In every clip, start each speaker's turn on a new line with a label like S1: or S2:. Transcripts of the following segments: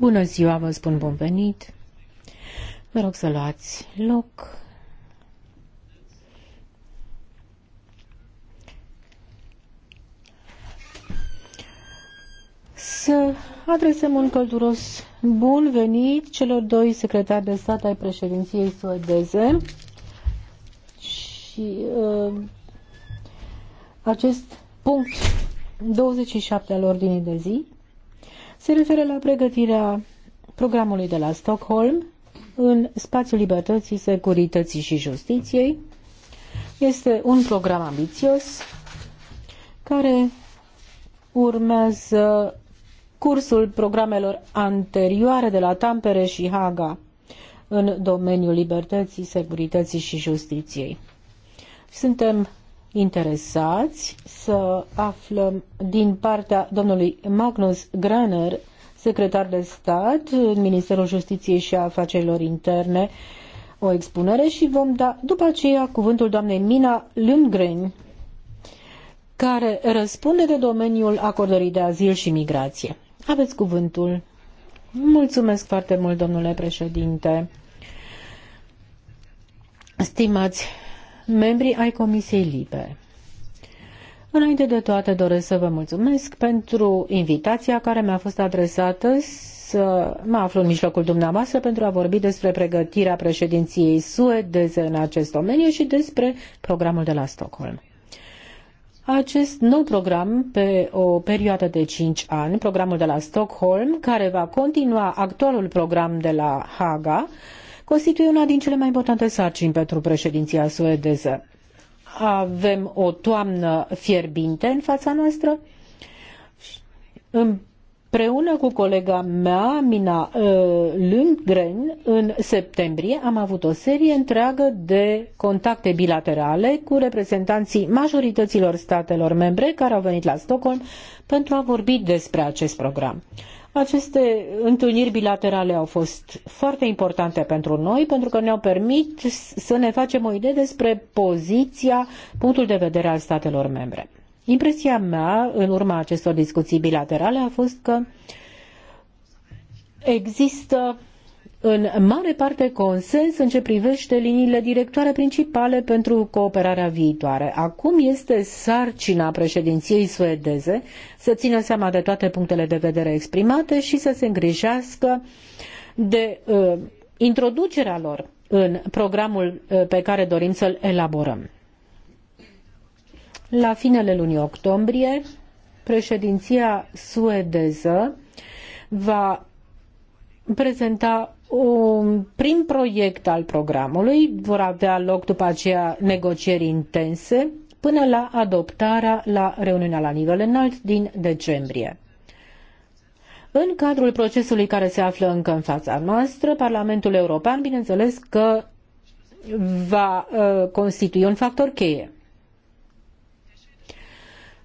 S1: Bună ziua, vă spun bun venit. Vă rog să luați loc. să adresăm un călduros bun venit celor doi secretari de stat ai președinției suedeze și uh, acest punct 27 al ordinii de zi se referă la pregătirea programului de la Stockholm în spațiul libertății, securității și justiției. Este un program ambițios care urmează cursul programelor anterioare de la Tampere și Haga în domeniul libertății, securității și justiției. Suntem interesați să aflăm din partea domnului Magnus Graner, secretar de stat în Ministerul Justiției și Afacerilor Interne, o expunere și vom da după aceea cuvântul doamnei Mina Lundgren, care răspunde de domeniul acordării de azil și migrație. Aveți cuvântul. Mulțumesc foarte mult, domnule președinte. Stimați membrii ai Comisiei Libe. Înainte de toate doresc să vă mulțumesc pentru invitația care mi-a fost adresată să mă aflu în mijlocul dumneavoastră pentru a vorbi despre pregătirea președinției suedeze în acest domeniu și despre programul de la Stockholm. Acest nou program pe o perioadă de 5 ani, programul de la Stockholm, care va continua actualul program de la Haga, constituie una din cele mai importante sarcini pentru președinția suedeză. Avem o toamnă fierbinte în fața noastră. Împreună cu colega mea, Mina uh, Lundgren, în septembrie am avut o serie întreagă de contacte bilaterale cu reprezentanții majorităților statelor membre care au venit la Stockholm pentru a vorbi despre acest program. Aceste întâlniri bilaterale au fost foarte importante pentru noi pentru că ne-au permit să ne facem o idee despre poziția, punctul de vedere al statelor membre. Impresia mea în urma acestor discuții bilaterale a fost că există în mare parte consens în ce privește liniile directoare principale pentru cooperarea viitoare. Acum este sarcina președinției suedeze să țină seama de toate punctele de vedere exprimate și să se îngrijească de uh, introducerea lor în programul uh, pe care dorim să-l elaborăm. La finele lunii octombrie, președinția suedeză va prezenta un prim proiect al programului, vor avea loc după aceea negocieri intense până la adoptarea la reuniunea la nivel înalt din decembrie. În cadrul procesului care se află încă în fața noastră, Parlamentul European, bineînțeles că va uh, constitui un factor cheie.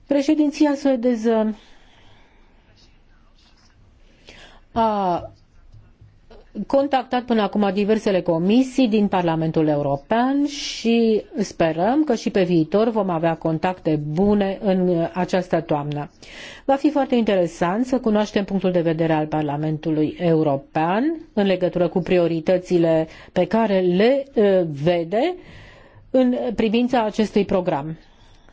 S1: Președinția suedeză a contactat până acum diversele comisii din Parlamentul European și sperăm că și pe viitor vom avea contacte bune în uh, această toamnă. Va fi foarte interesant să cunoaștem punctul de vedere al Parlamentului European în legătură cu prioritățile pe care le uh, vede în privința acestui program.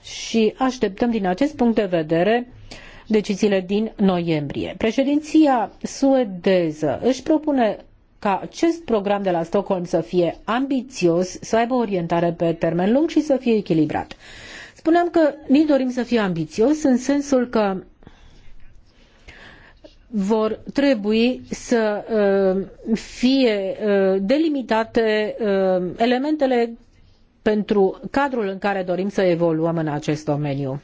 S1: Și așteptăm din acest punct de vedere deciziile din noiembrie. Președinția suedeză își propune ca acest program de la Stockholm să fie ambițios, să aibă orientare pe termen lung și să fie echilibrat. Spuneam că ni dorim să fie ambițios în sensul că vor trebui să uh, fie uh, delimitate uh, elementele pentru cadrul în care dorim să evoluăm în acest domeniu.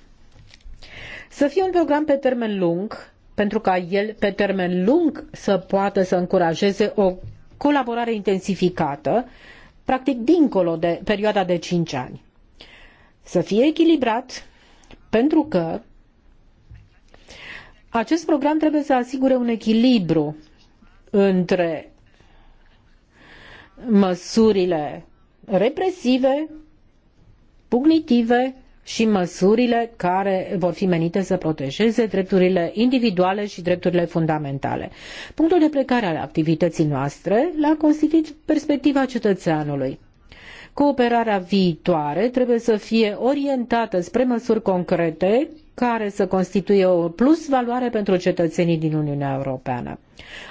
S1: Să fie un program pe termen lung pentru ca el pe termen lung să poată să încurajeze o colaborare intensificată, practic dincolo de perioada de 5 ani. Să fie echilibrat pentru că acest program trebuie să asigure un echilibru între măsurile represive, punitive și măsurile care vor fi menite să protejeze drepturile individuale și drepturile fundamentale. Punctul de plecare al activității noastre l-a constituit perspectiva cetățeanului. Cooperarea viitoare trebuie să fie orientată spre măsuri concrete care să constituie o plus valoare pentru cetățenii din Uniunea Europeană.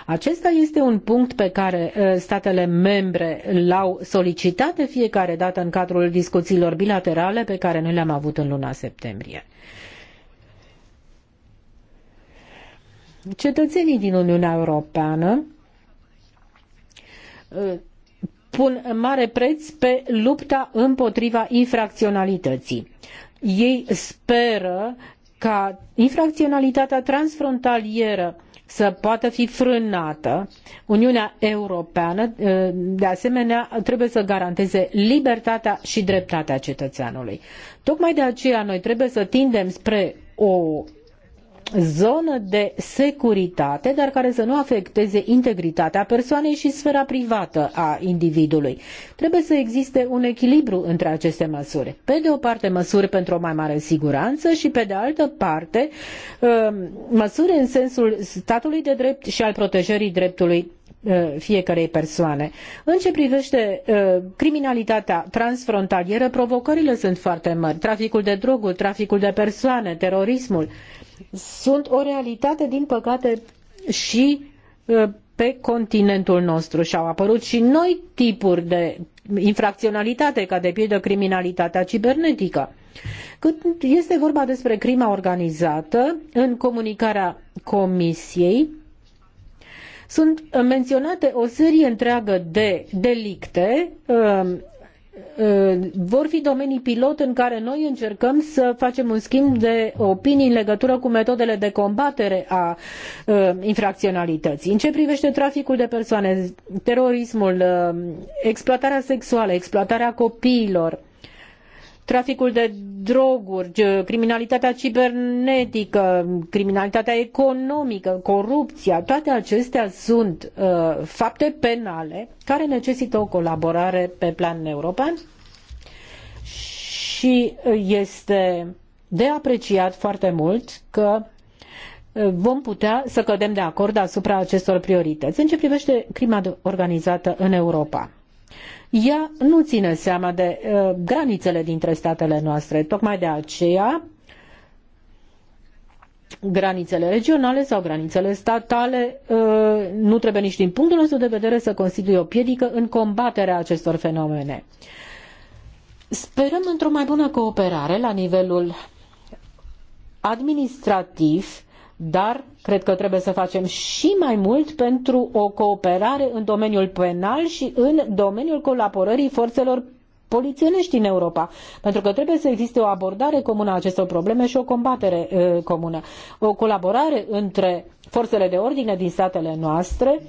S1: Acesta este un punct pe care uh, statele membre l-au solicitat de fiecare dată în cadrul discuțiilor bilaterale pe care noi le-am avut în luna septembrie. Cetățenii din Uniunea Europeană uh, pun mare preț pe lupta împotriva infracționalității. Ei speră ca infracționalitatea transfrontalieră să poată fi frânată. Uniunea Europeană, eh, de asemenea, trebuie să garanteze libertatea și dreptatea cetățeanului. Tocmai de aceea noi trebuie să tindem spre o zonă de securitate, dar care să nu afecteze integritatea persoanei și sfera privată a individului. Trebuie să existe un echilibru între aceste măsuri. Pe de o parte, măsuri pentru o mai mare siguranță și pe de altă parte, ă, măsuri în sensul statului de drept și al protejării dreptului Uh, fiecarei persoane. În ce privește uh, criminalitatea transfrontalieră, provocările sunt foarte mari. Traficul de droguri, traficul de persoane, terorismul sunt o realitate, din păcate, și uh, pe continentul nostru și au apărut și noi tipuri de infracționalitate, ca de pildă criminalitatea cibernetică. Cât este vorba despre crima organizată, în comunicarea Comisiei sunt menționate o serie întreagă de delicte um, uh, vor fi domenii pilot în care noi încercăm să facem un schimb de opinii în legătură cu metodele de combatere a uh, infracționalității. În ce privește traficul de persoane, terorismul, uh, exploatarea sexuală, exploatarea copiilor, traficul de droguri, criminalitatea cibernetică, criminalitatea economică, corupția, toate acestea sunt uh, fapte penale care necesită o colaborare pe plan european și este de apreciat foarte mult că uh, vom putea să cădem de acord asupra acestor priorități în ce privește crima organizată în Europa ea nu ține seama de uh, granițele dintre statele noastre. Tocmai de aceea, granițele regionale sau granițele statale uh, nu trebuie nici din punctul nostru de vedere să constituie o piedică în combaterea acestor fenomene. Sperăm într-o mai bună cooperare la nivelul administrativ dar cred că trebuie să facem și mai mult pentru o cooperare în domeniul penal și în domeniul colaborării forțelor polițienești în Europa, pentru că trebuie să existe o abordare comună a acestor probleme și o combatere e, comună. O colaborare între forțele de ordine din statele noastre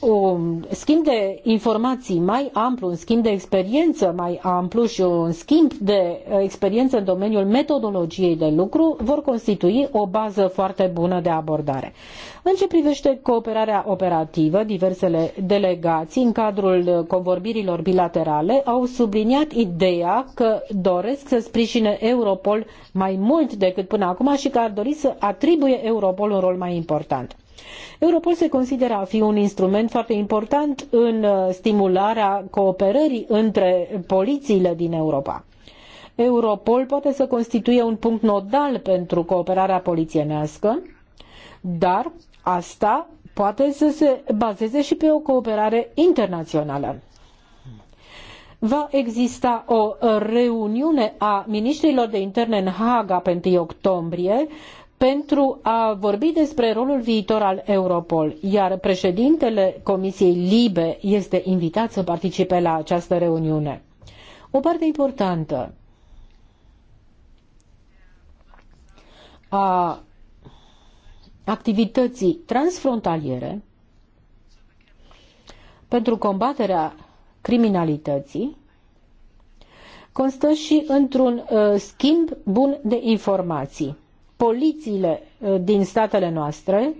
S1: un schimb de informații mai amplu, un schimb de experiență mai amplu și un schimb de uh, experiență în domeniul metodologiei de lucru vor constitui o bază foarte bună de abordare. În ce privește cooperarea operativă, diversele delegații în cadrul convorbirilor bilaterale au subliniat ideea că doresc să sprijine Europol mai mult decât până acum și că ar dori să atribuie Europol un rol mai important. Europol se consideră a fi un instrument foarte important în uh, stimularea cooperării între polițiile din Europa. Europol poate să constituie un punct nodal pentru cooperarea polițienească, dar asta poate să se bazeze și pe o cooperare internațională va exista o reuniune a ministrilor de interne în Haga pe 1 octombrie pentru a vorbi despre rolul viitor al Europol, iar președintele Comisiei Libe este invitat să participe la această reuniune. O parte importantă a activității transfrontaliere pentru combaterea criminalității constă și într-un uh, schimb bun de informații polițiile uh, din statele noastre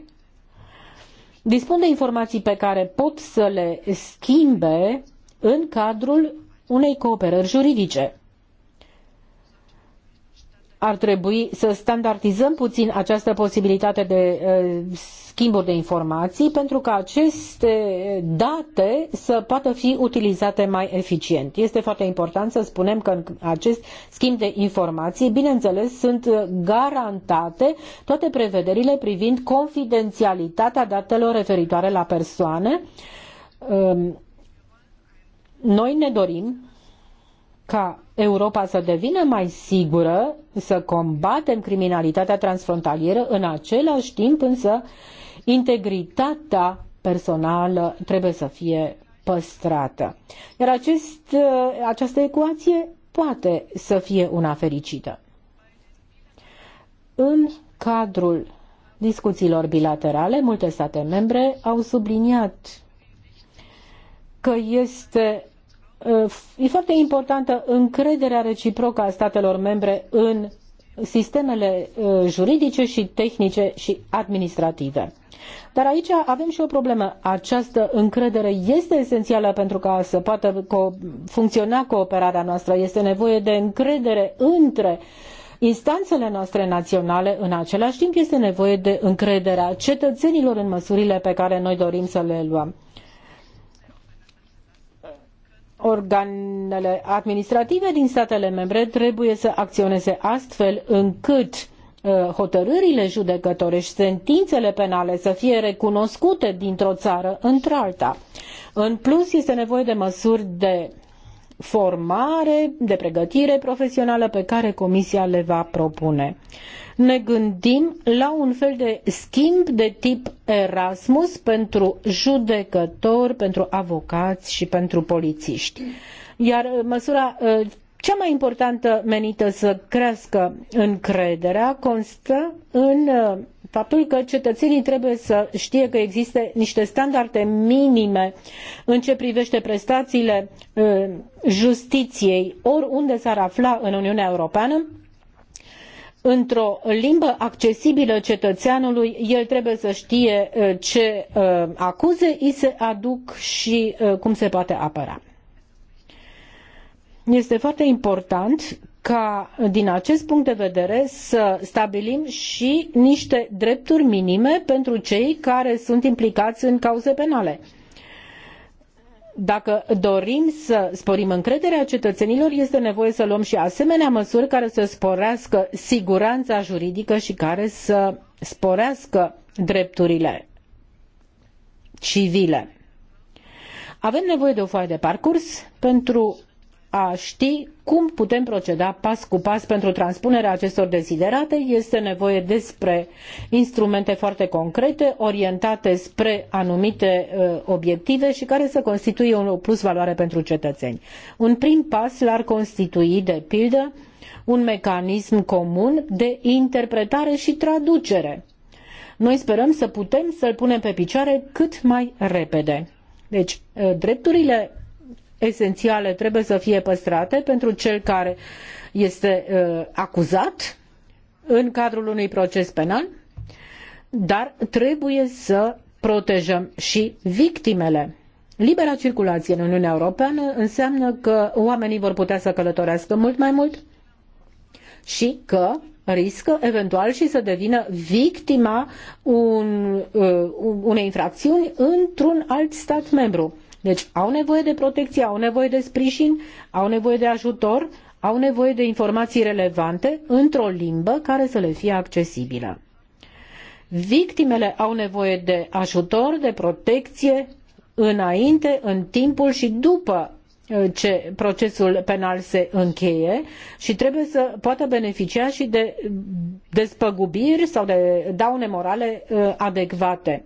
S1: dispun de informații pe care pot să le schimbe în cadrul unei cooperări juridice. Ar trebui să standardizăm puțin această posibilitate de uh, schimburi de informații pentru ca aceste date să poată fi utilizate mai eficient. Este foarte important să spunem că în acest schimb de informații, bineînțeles, sunt garantate toate prevederile privind confidențialitatea datelor referitoare la persoane. Um, noi ne dorim ca Europa să devină mai sigură, să combatem criminalitatea transfrontalieră, în același timp însă integritatea personală trebuie să fie păstrată. Iar acest, uh, această ecuație poate să fie una fericită. În cadrul discuțiilor bilaterale, multe state membre au subliniat că este uh, e foarte importantă încrederea reciprocă a statelor membre în sistemele uh, juridice și tehnice și administrative. Dar aici avem și o problemă. Această încredere este esențială pentru ca să poată co- funcționa cooperarea noastră. Este nevoie de încredere între instanțele noastre naționale. În același timp este nevoie de încrederea cetățenilor în măsurile pe care noi dorim să le luăm organele administrative din statele membre trebuie să acționeze astfel încât Uh, hotărârile judecătorești, sentințele penale să fie recunoscute dintr-o țară într-alta. În plus, este nevoie de măsuri de formare, de pregătire profesională pe care Comisia le va propune. Ne gândim la un fel de schimb de tip Erasmus pentru judecători, pentru avocați și pentru polițiști. Iar măsura uh, cea mai importantă menită să crească încrederea constă în uh, faptul că cetățenii trebuie să știe că există niște standarde minime în ce privește prestațiile uh, justiției oriunde s-ar afla în Uniunea Europeană, într-o limbă accesibilă cetățeanului, el trebuie să știe uh, ce acuze i se aduc și cum se poate apăra este foarte important ca din acest punct de vedere să stabilim și niște drepturi minime pentru cei care sunt implicați în cauze penale. Dacă dorim să sporim încrederea cetățenilor, este nevoie să luăm și asemenea măsuri care să sporească siguranța juridică și care să sporească drepturile civile. Avem nevoie de o foaie de parcurs pentru a ști cum putem proceda pas cu pas pentru transpunerea acestor deziderate, este nevoie despre instrumente foarte concrete, orientate spre anumite uh, obiective și care să constituie o plus valoare pentru cetățeni. Un prim pas l-ar constitui, de pildă, un mecanism comun de interpretare și traducere. Noi sperăm să putem să-l punem pe picioare cât mai repede. Deci, uh, drepturile esențiale trebuie să fie păstrate pentru cel care este uh, acuzat în cadrul unui proces penal, dar trebuie să protejăm și victimele. Libera circulație în Uniunea Europeană înseamnă că oamenii vor putea să călătorească mult mai mult și că riscă eventual și să devină victima un, uh, unei infracțiuni într-un alt stat membru. Deci au nevoie de protecție, au nevoie de sprijin, au nevoie de ajutor, au nevoie de informații relevante într-o limbă care să le fie accesibilă. Victimele au nevoie de ajutor, de protecție înainte, în timpul și după uh, ce procesul penal se încheie și trebuie să poată beneficia și de despăgubiri sau de daune morale uh, adecvate.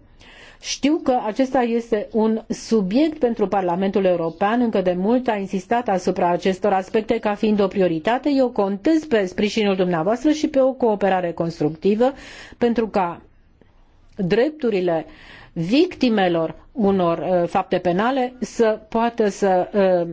S1: Știu că acesta este un subiect pentru Parlamentul European, încă de mult a insistat asupra acestor aspecte ca fiind o prioritate. Eu contez pe sprijinul dumneavoastră și pe o cooperare constructivă pentru ca drepturile victimelor unor uh, fapte penale să poată să uh,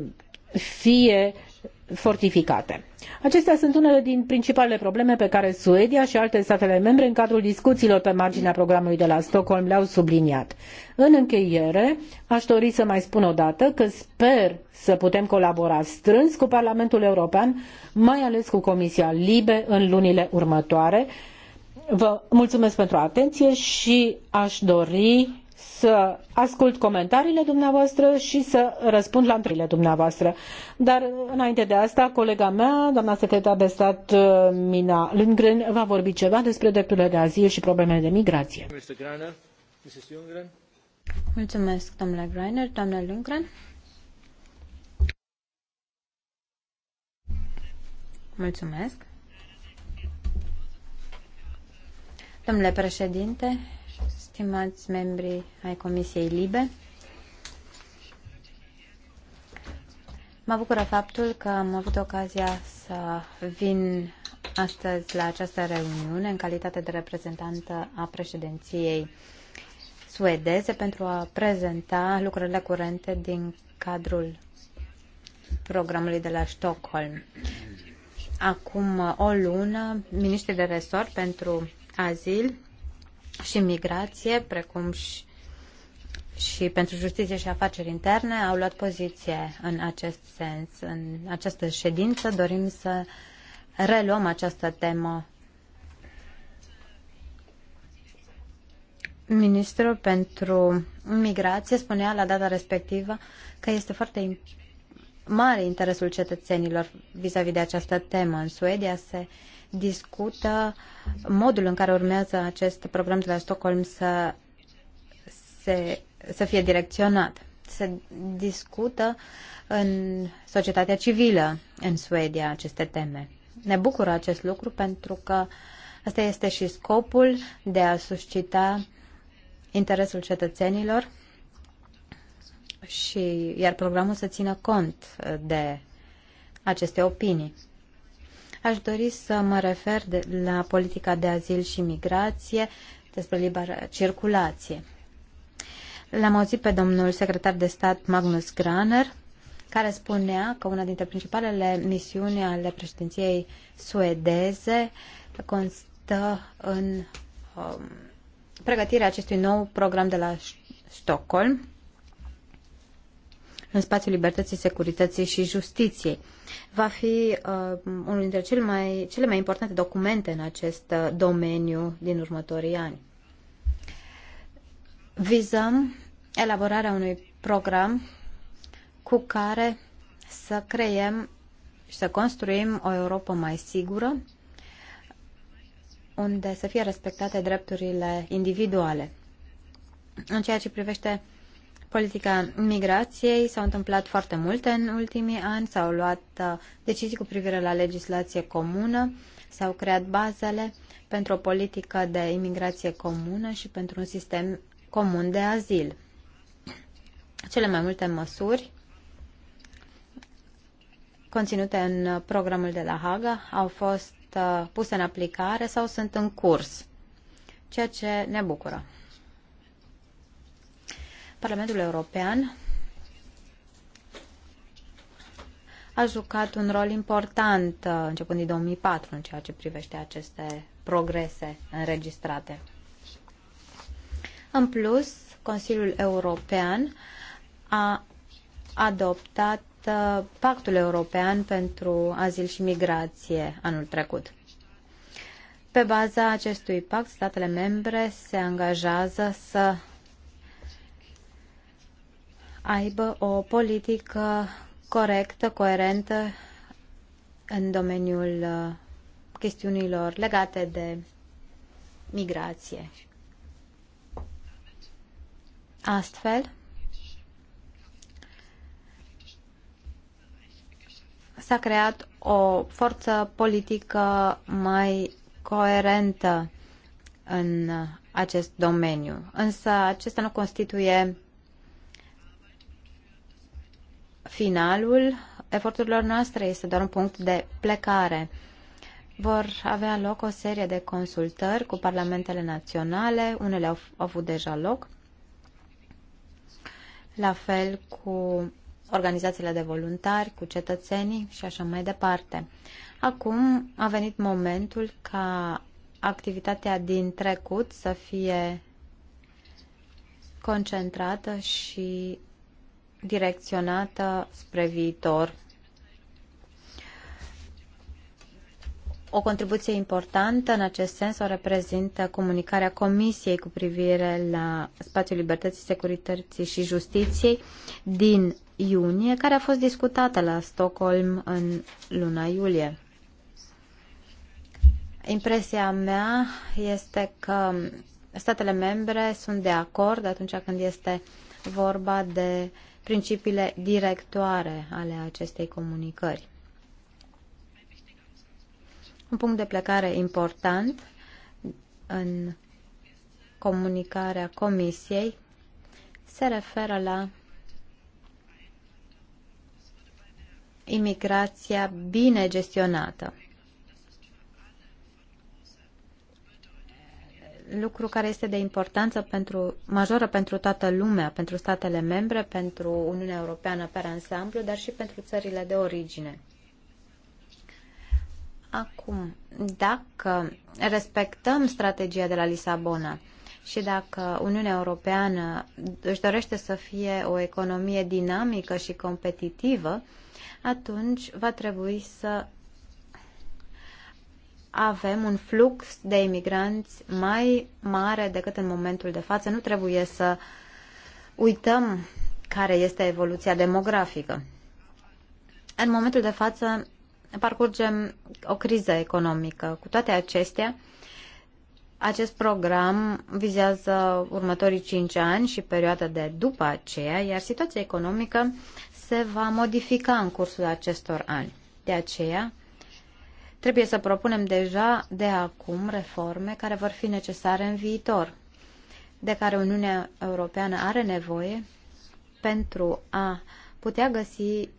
S1: fie uh, fortificate. Acestea sunt unele din principalele probleme pe care Suedia și alte statele membre în cadrul discuțiilor pe marginea programului de la Stockholm le-au subliniat. În încheiere, aș dori să mai spun o dată că sper să putem colabora strâns cu Parlamentul European, mai ales cu Comisia Libe în lunile următoare. Vă mulțumesc pentru atenție și aș dori să ascult comentariile dumneavoastră și să răspund la întrebările dumneavoastră. Dar înainte de asta, colega mea, doamna secretar de stat uh, Mina Lundgren, va vorbi ceva despre drepturile de azil și problemele de migrație.
S2: Mulțumesc, domnule Greiner, doamna Lundgren. Mulțumesc. Domnule președinte, stimați membri ai Comisiei Libe, mă bucură faptul că am avut ocazia să vin astăzi la această reuniune în calitate de reprezentantă a președinției suedeze pentru a prezenta lucrurile curente din cadrul programului de la Stockholm. Acum o lună, ministrii de resort pentru azil și migrație, precum și, și pentru justiție și afaceri interne, au luat poziție în acest sens. În această ședință dorim să reluăm această temă. Ministrul pentru migrație spunea la data respectivă că este foarte mare interesul cetățenilor vis-a-vis -vis de această temă. În Suedia se uh, discută modul în care urmează acest program de la Stockholm să, se, să fie direcționat. Se discută în societatea civilă în Suedia aceste teme. Ne bucură acest lucru pentru că asta este și scopul de a suscita interesul cetățenilor și iar programul să țină cont de aceste opinii. Aș dori să mă refer de, la politica de azil și migrație despre libera circulație. L-am auzit pe domnul secretar de stat Magnus Graner, care spunea că una dintre principalele misiuni ale președinției suedeze constă în um, pregătirea acestui nou program de la Stockholm, în spațiul libertății, securității și justiției. Va fi uh, unul dintre cele mai, cele mai importante documente în acest uh, domeniu din următorii ani. Vizăm elaborarea unui program cu care să creiem și să construim o Europa mai sigură, unde să fie respectate drepturile individuale. În ceea ce privește politica migrației s-au întâmplat foarte multe în ultimii ani, s-au luat uh, decizii cu privire la legislație comună, s-au creat bazele pentru o politică de imigrație comună și pentru un sistem comun de azil. Cele mai multe măsuri conținute în programul de la Haga au fost uh, puse în aplicare sau sunt în curs, ceea ce ne bucură. Parlamentul European a jucat un rol important uh, începând din 2004 în ceea ce privește aceste progrese înregistrate. În plus, Consiliul European a adoptat uh, Pactul European pentru Azil și Migrație anul trecut. Pe baza acestui pact, statele membre se angajează să aibă o politică corectă, coerentă în domeniul uh, chestiunilor legate de migrație. Astfel, s-a creat o forță politică mai coerentă în acest domeniu. Însă acesta nu constituie finalul eforturilor noastre este doar un punct de plecare. Vor avea loc o serie de consultări cu parlamentele naționale, unele au avut deja loc, la fel cu organizațiile de voluntari, cu cetățenii și așa mai departe. Acum a venit momentul ca activitatea din trecut să fie concentrată și direcționată spre viitor. O contribuție importantă în acest sens o reprezintă comunicarea Comisiei cu privire la spațiul libertății, securității și justiției din iunie, care a fost discutată la Stockholm în luna iulie. Impresia mea este că statele membre sunt de acord atunci când este vorba de uh, principiile directoare ale acestei comunicări. Un punct de plecare important în comunicarea Comisiei se referă la imigrația bine gestionată. lucru care este de importanță pentru, majoră pentru toată lumea, pentru statele membre, pentru Uniunea Europeană pe ansamblu, dar și pentru țările de origine. Acum, dacă respectăm strategia de la Lisabona și dacă Uniunea Europeană își dorește să fie o economie dinamică și competitivă, atunci va trebui să avem un flux de imigranți mai mare decât în momentul de față. Nu trebuie să uităm care este evoluția demografică. În momentul de față parcurgem o criză economică. Cu toate acestea, acest program vizează următorii 5 ani și perioada de după aceea, iar situația economică se va modifica în cursul acestor ani. De aceea, Trebuie să propunem deja de acum reforme care vor fi necesare în viitor, de care Uniunea Europeană are nevoie pentru a putea găsi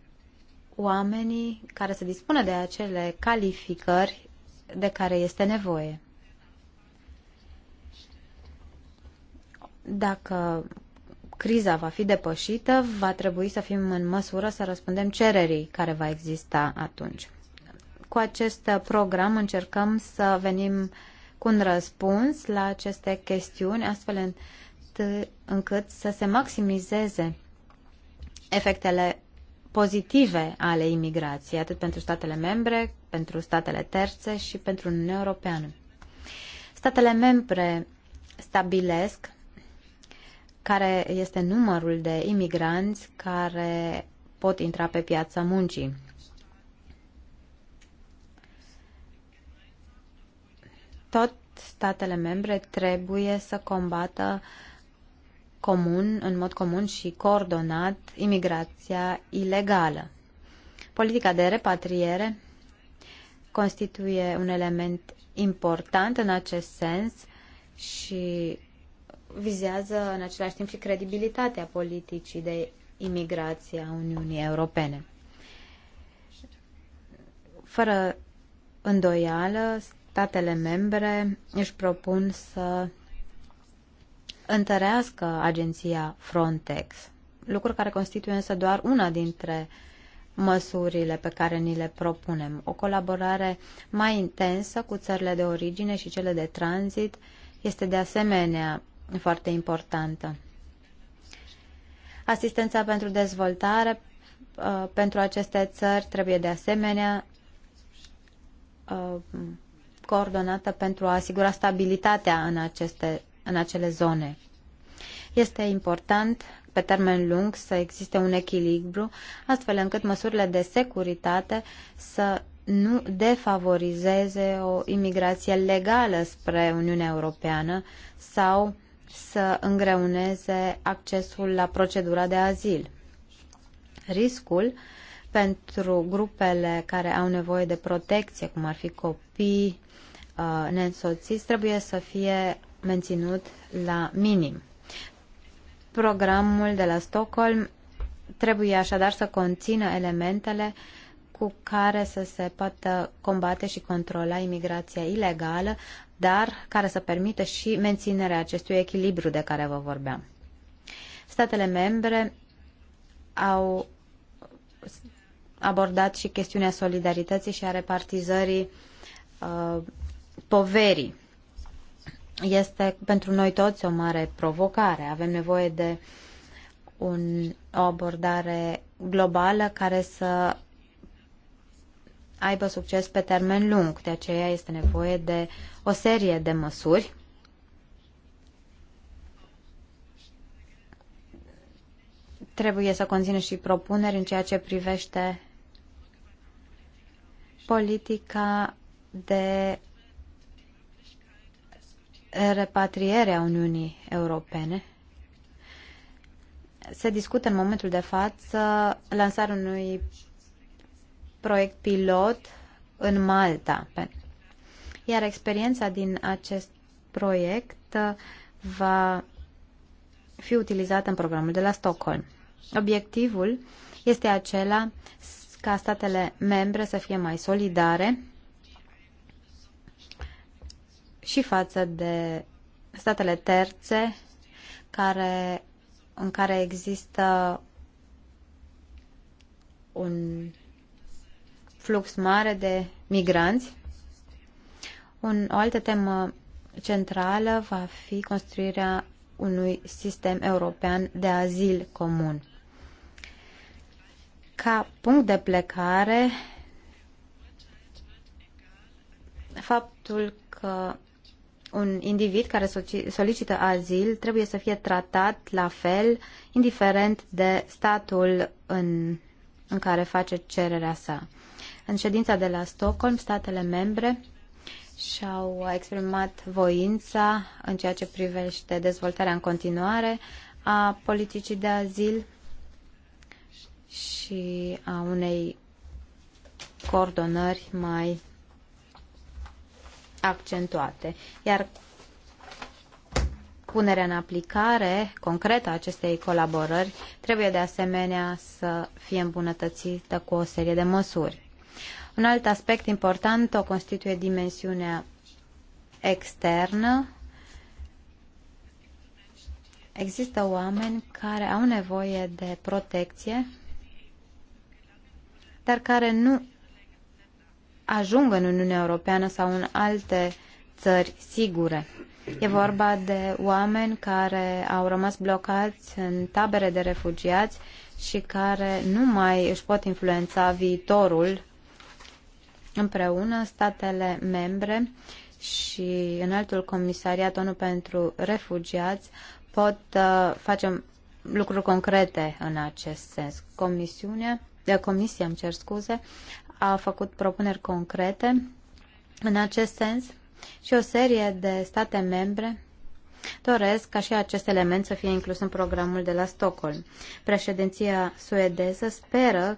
S2: oamenii care să dispună de acele calificări de care este nevoie. Dacă criza va fi depășită, va trebui să fim în măsură să răspundem cererii care va exista atunci. Cu acest program încercăm să venim cu un răspuns la aceste chestiuni, astfel încât să se maximizeze efectele pozitive ale imigrației, atât pentru statele membre, pentru statele terțe și pentru Uniunea Europeană. Statele membre stabilesc care este numărul de imigranți care pot intra pe piața muncii. tot statele membre trebuie să combată comun, în mod comun și coordonat imigrația ilegală. Politica de repatriere constituie un element important în acest sens și vizează în același timp și credibilitatea politicii de imigrație a Uniunii Europene. Fără îndoială, statele membre își propun să întărească agenția Frontex, lucru care constituie însă doar una dintre măsurile pe care ni le propunem. O colaborare mai intensă cu țările de origine și cele de tranzit este de asemenea foarte importantă. Asistența pentru dezvoltare uh, pentru aceste țări trebuie de asemenea uh, coordonată pentru a asigura stabilitatea în, aceste, în acele zone. Este important pe termen lung să existe un echilibru, astfel încât măsurile de securitate să nu defavorizeze o imigrație legală spre Uniunea Europeană sau să îngreuneze accesul la procedura de azil. Riscul pentru grupele care au nevoie de protecție, cum ar fi copii, Uh, neînsoțiți trebuie să fie menținut la minim. Programul de la Stockholm trebuie așadar să conțină elementele cu care să se poată combate și controla imigrația ilegală, dar care să permită și menținerea acestui echilibru de care vă vorbeam. Statele membre au abordat și chestiunea solidarității și a repartizării uh, poverii este pentru noi toți o mare provocare. Avem nevoie de un, o abordare globală care să aibă succes pe termen lung. De aceea este nevoie de o serie de măsuri trebuie să conțină și propuneri în ceea ce privește politica de repatrierea Uniunii Europene. Se discută în momentul de față lansarea unui proiect pilot în Malta. Iar experiența din acest proiect va fi utilizată în programul de la Stockholm. Obiectivul este acela ca statele membre să fie mai solidare și față de statele terțe care, în care există un flux mare de migranți. Un, o altă temă centrală va fi construirea unui sistem european de azil comun. Ca punct de plecare, faptul că un individ care solicită azil trebuie să fie tratat la fel, indiferent de statul în, în care face cererea sa. În ședința de la Stockholm, statele membre și-au exprimat voința în ceea ce privește dezvoltarea în continuare a politicii de azil și a unei coordonări mai accentuate, iar punerea în aplicare concretă a acestei colaborări trebuie de asemenea să fie îmbunătățită cu o serie de măsuri. Un alt aspect important o constituie dimensiunea externă. Există oameni care au nevoie de protecție, dar care nu ajung în Uniunea Europeană sau în alte țări sigure. E vorba de oameni care au rămas blocați în tabere de refugiați și care nu mai își pot influența viitorul împreună statele membre și în altul comisariat ONU pentru refugiați pot uh, face lucruri concrete în acest sens. Comisiunea, de uh, comisie, îmi cer scuze, a făcut propuneri concrete în acest sens și o serie de state membre doresc ca și acest element să fie inclus în programul de la Stockholm. Președinția suedeză speră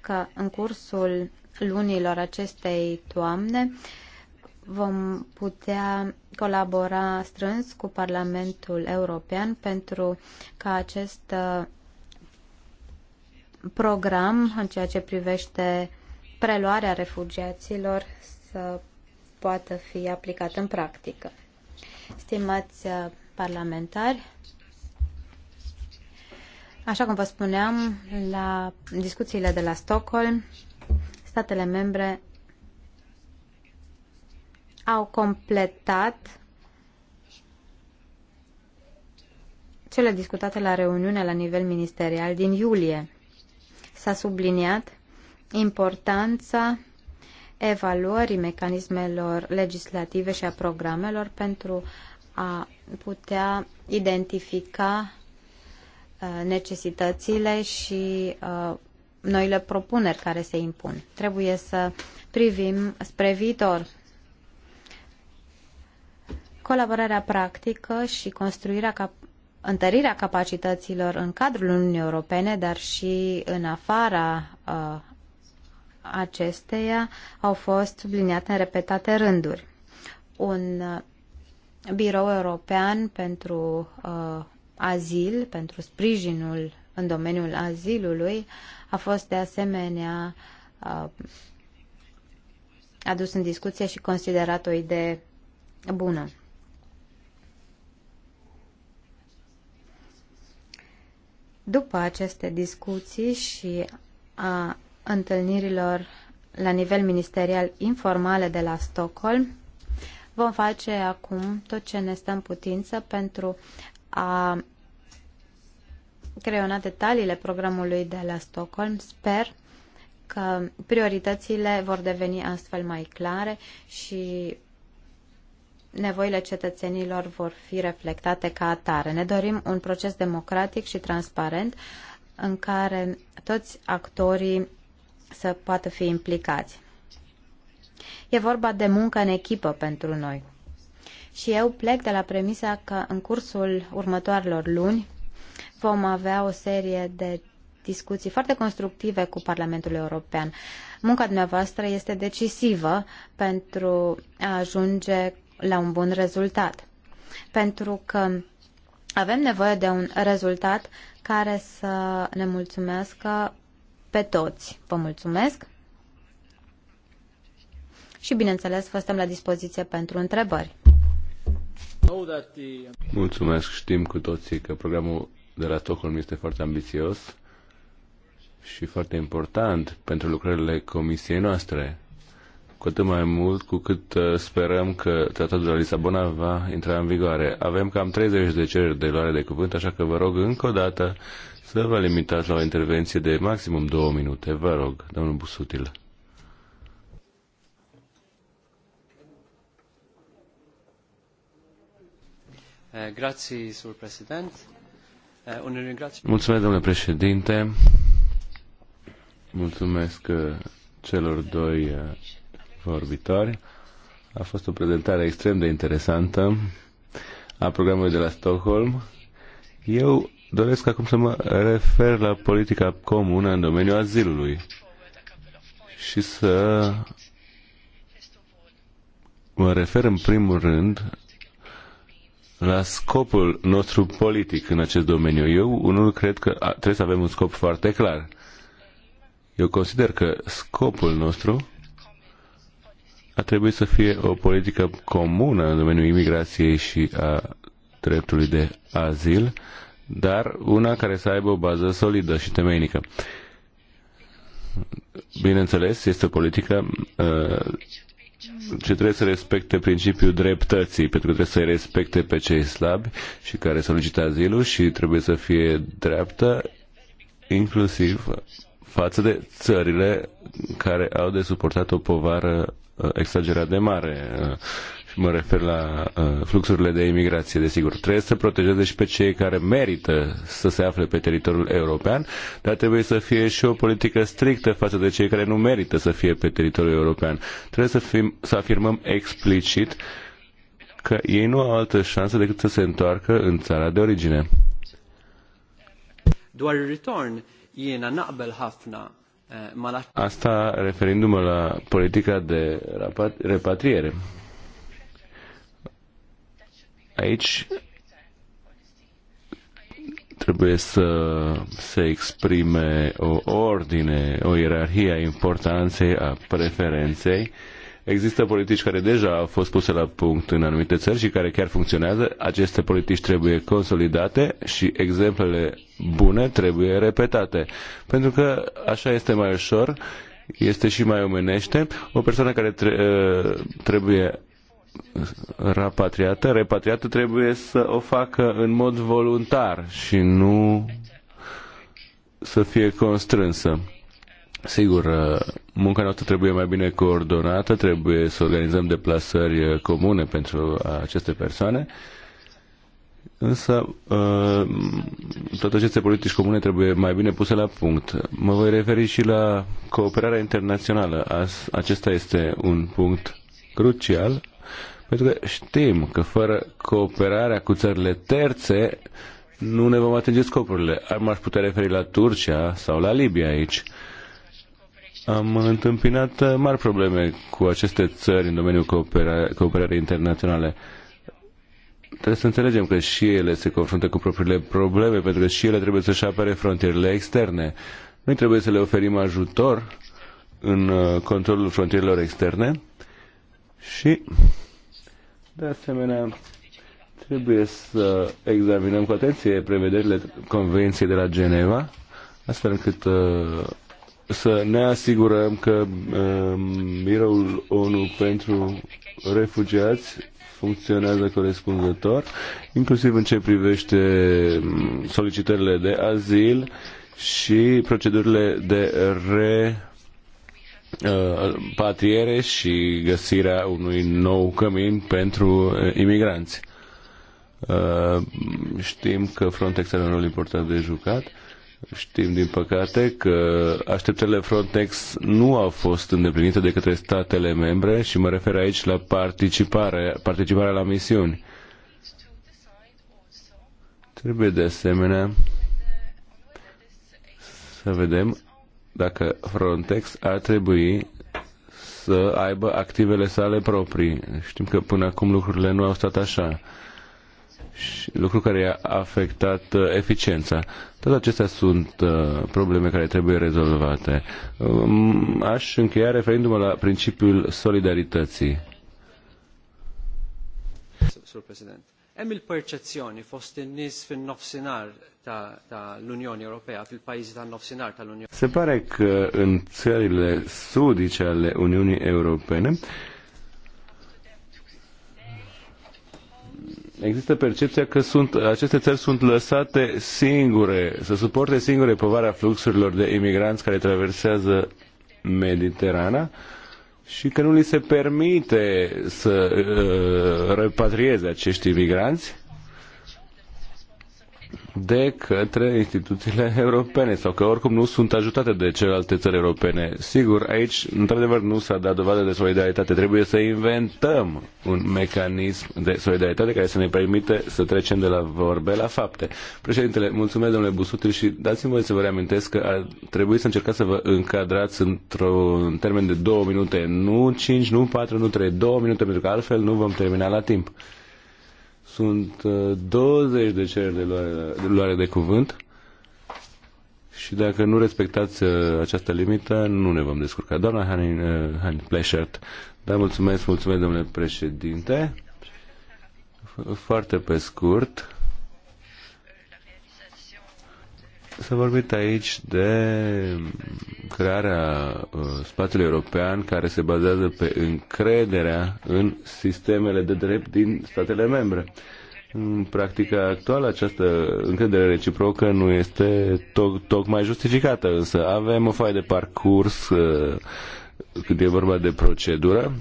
S2: că în cursul lunilor acestei toamne vom putea colabora strâns cu Parlamentul European pentru ca acest uh, program în ceea ce privește preluarea refugiaților să poată fi aplicată în practică. Stimați uh, parlamentari, așa cum vă spuneam, la discuțiile de la Stockholm, statele membre au completat cele discutate la reuniune la nivel ministerial din iulie. S-a subliniat importanța evaluării mecanismelor legislative și a programelor pentru a putea identifica uh, necesitățile și uh, noile propuneri care se impun. Trebuie să privim spre viitor. Colaborarea practică și construirea cap- întărirea capacităților în cadrul Uniunii Europene, dar și în afara uh, acesteia au fost subliniate în repetate rânduri. Un uh, birou european pentru uh, azil, pentru sprijinul în domeniul azilului, a fost de asemenea uh, adus în discuție și considerat o idee bună. După aceste discuții și a întâlnirilor la nivel ministerial informale de la Stockholm, vom face acum tot ce ne stă în putință pentru a creiona detaliile programului de la Stockholm. Sper că prioritățile vor deveni astfel mai clare și nevoile cetățenilor vor fi reflectate ca atare. Ne dorim un proces democratic și transparent în care toți actorii să poată fi implicați. E vorba de muncă în echipă pentru noi. Și eu plec de la premisa că în cursul următoarelor luni vom avea o serie de discuții foarte constructive cu Parlamentul European. Munca dumneavoastră este decisivă pentru a ajunge la un bun rezultat. Pentru că avem nevoie de un rezultat care să ne mulțumească pe toți. Vă mulțumesc și, bineînțeles, vă stăm la dispoziție pentru întrebări.
S3: Mulțumesc. Știm cu toții că programul de la Stockholm este foarte ambițios și foarte important pentru lucrările comisiei noastre. Cu atât mai mult cu cât uh, sperăm că tratatul de la Lisabona va intra în vigoare. Avem cam 30 de cereri de luare de cuvânt, așa că vă rog încă o dată să vă limitați la o intervenție de maximum două minute. Vă rog, domnul Busutil.
S4: Eh, eh, Mulțumesc,
S3: domnule președinte. Mulțumesc eh, celor doi vorbitori. A fost o prezentare extrem de interesantă a programului de la Stockholm. Eu Doresc acum să mă refer la politica comună în domeniul azilului și să mă refer în primul rând la scopul nostru politic în acest domeniu. Eu, unul, cred că trebuie să avem un scop foarte clar. Eu consider că scopul nostru a trebuit să fie o politică comună în domeniul imigrației și a dreptului de azil, dar una care să aibă o bază solidă și temeinică. Bineînțeles, este o politică uh, ce trebuie să respecte principiul dreptății, pentru că trebuie să-i respecte pe cei slabi și care solicită azilul și trebuie să fie dreaptă, inclusiv față de țările care au de suportat o povară uh, exagerat de mare și mă refer la uh, fluxurile de imigrație, desigur. Trebuie să protejeze și pe cei care merită să se afle pe teritoriul european, dar trebuie să fie și o politică strictă față de cei care nu merită să fie pe teritoriul european. Trebuie să, fim, să afirmăm explicit că ei nu au altă șansă decât să se întoarcă în țara de origine. Eh, Asta referindu-mă la politica de repatriere. Aici trebuie să se exprime o ordine, o ierarhie a importanței, a preferenței. Există politici care deja au fost puse la punct în anumite țări și care chiar funcționează. Aceste politici trebuie consolidate și exemplele bune trebuie repetate. Pentru că așa este mai ușor, este și mai omenește. O persoană care trebuie rapatriată, repatriată trebuie să o facă în mod voluntar și nu să fie constrânsă. Sigur, uh, munca noastră trebuie mai bine coordonată, trebuie să organizăm deplasări uh, comune pentru aceste persoane, însă uh, toate aceste politici comune trebuie mai bine puse la punct. Mă voi referi și la cooperarea internațională. Acesta este un punct crucial pentru că știm că fără cooperarea cu țările terțe nu ne vom atinge scopurile. M-aș putea referi la Turcia sau la Libia aici. Am întâmpinat uh, mari probleme cu aceste țări în domeniul cooperare, cooperării internaționale. Trebuie să înțelegem că și ele se confruntă cu propriile probleme, pentru că și ele trebuie să-și apere frontierele externe. Noi trebuie să le oferim ajutor în uh, controlul frontierelor externe și de asemenea, trebuie să examinăm cu atenție prevederile Convenției de la Geneva, astfel încât uh, să ne asigurăm că um, biroul ONU pentru refugiați funcționează corespunzător, inclusiv în ce privește um, solicitările de azil și procedurile de re Uh, patriere și găsirea unui nou cămin pentru uh, imigranți. Uh, știm că Frontex are un rol important de jucat. Știm, din păcate, că așteptările Frontex nu au fost îndeplinite de către statele membre și mă refer aici la participare, participarea la misiuni. Trebuie de asemenea să vedem dacă Frontex ar trebui să aibă activele sale proprii. Știm că până acum lucrurile nu au stat așa. Și lucru care i-a afectat uh, eficiența. Toate acestea sunt uh, probleme care trebuie rezolvate. Um, aș încheia referindu-mă la principiul solidarității.
S4: Sur President, emil percezioni fost în nis nofsinar da, da, se pare
S3: că în țările sudice ale Uniunii Europene există percepția că sunt, aceste țări sunt lăsate singure, să suporte singure povara fluxurilor de imigranți care traversează Mediterana și că nu li se permite să uh, repatrieze acești imigranți de către instituțiile europene sau că oricum nu sunt ajutate de celelalte țări europene. Sigur, aici, într-adevăr, nu s-a dat dovadă de solidaritate. Trebuie să inventăm un mecanism de solidaritate care să ne permite să trecem de la vorbe la fapte. Președintele, mulțumesc, domnule Busutil, și dați-mi voie să vă reamintesc că ar trebui să încercați să vă încadrați într-un termen de două minute, nu cinci, nu patru, nu trei, două minute, pentru că altfel nu vom termina la timp. Sunt 20 uh, de cereri de luare, de luare de cuvânt și dacă nu respectați uh, această limită, nu ne vom descurca. Doamna Hanin, uh, Hanin Pleșert, da, mulțumesc, mulțumesc, domnule președinte. Foarte pe scurt, S-a vorbit aici de crearea uh, spațiului european care se bazează pe încrederea în sistemele de drept din statele membre. În practica actuală, această încredere reciprocă nu este to- tocmai justificată, însă avem o foaie de parcurs uh, când e vorba de procedură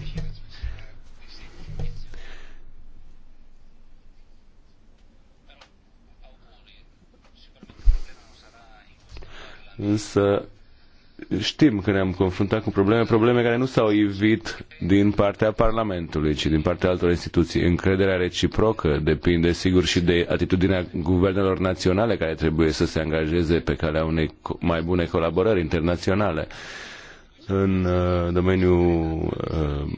S3: însă știm că ne-am confruntat cu probleme, probleme care nu s-au ivit din partea Parlamentului, ci din partea altor instituții. Încrederea reciprocă depinde, sigur, și de atitudinea guvernelor naționale care trebuie să se angajeze pe calea unei mai bune colaborări internaționale în uh, domeniul uh,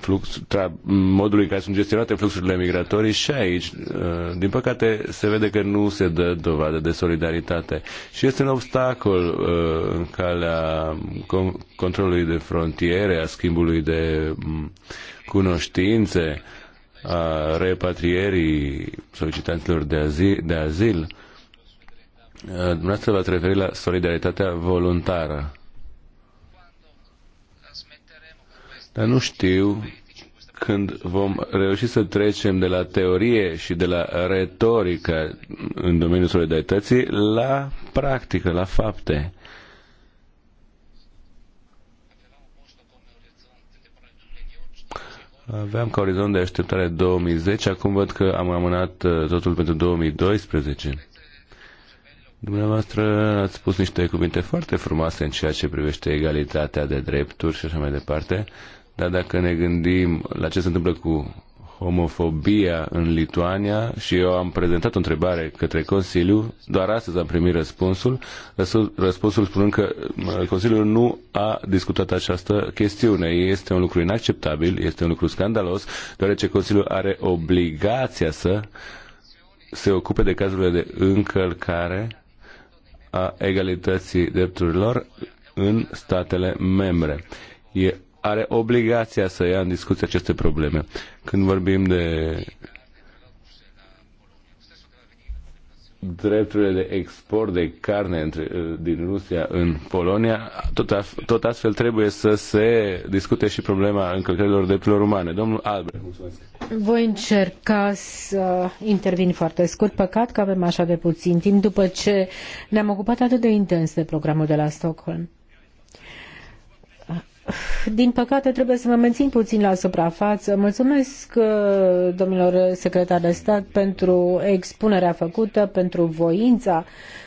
S3: flux, tra, modului în care sunt gestionate fluxurile migratorii și aici, uh, din păcate, se vede că nu se dă dovadă de solidaritate și este un obstacol uh, în calea controlului de frontiere, a schimbului de mm, cunoștințe, a repatrierii solicitanților de azil. De azil. Uh, dumneavoastră v-ați referit la solidaritatea voluntară Dar nu știu când vom reuși să trecem de la teorie și de la retorică în domeniul solidarității la practică, la fapte. Aveam ca orizont de așteptare 2010, acum văd că am amânat uh, totul pentru 2012. Dumneavoastră ați spus niște cuvinte foarte frumoase în ceea ce privește egalitatea de drepturi și așa mai departe. Uh, dar dacă ne gândim la ce se întâmplă cu homofobia în Lituania și eu am prezentat o întrebare către Consiliu, doar astăzi am primit răspunsul, răspunsul spunând că Consiliul nu a discutat această chestiune. Este un lucru inacceptabil, este un lucru scandalos, deoarece Consiliul are obligația să se ocupe de cazurile de încălcare a egalității drepturilor în statele membre. E are obligația să ia în discuție aceste probleme. Când vorbim de drepturile de export de carne între, din Rusia în Polonia, tot, tot astfel trebuie să se discute și problema încălcărilor drepturilor umane. Domnul Albrecht, mulțumesc.
S1: Voi încerca să intervin foarte scurt. Păcat că avem așa de puțin timp după ce ne-am ocupat atât de intens de programul de la Stockholm. Din păcate trebuie să mă mențin puțin la suprafață. Mulțumesc uh, domnilor secretari de stat pentru expunerea făcută, pentru voința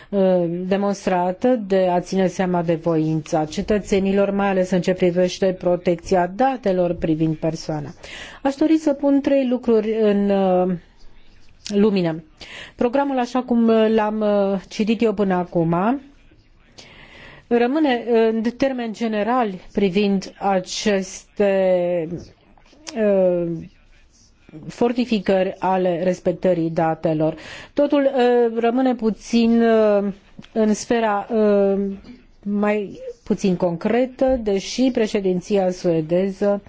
S1: uh, demonstrată de a ține seama de voința cetățenilor, mai ales în ce privește protecția datelor privind persoana. Aș dori să pun trei lucruri în uh, lumină. Programul, așa cum l-am citit eu până acum, rămâne în termeni generali privind aceste ă, fortificări ale respectării datelor. Totul ă, rămâne puțin ă, în sfera mai puțin concretă, deși președinția suedeză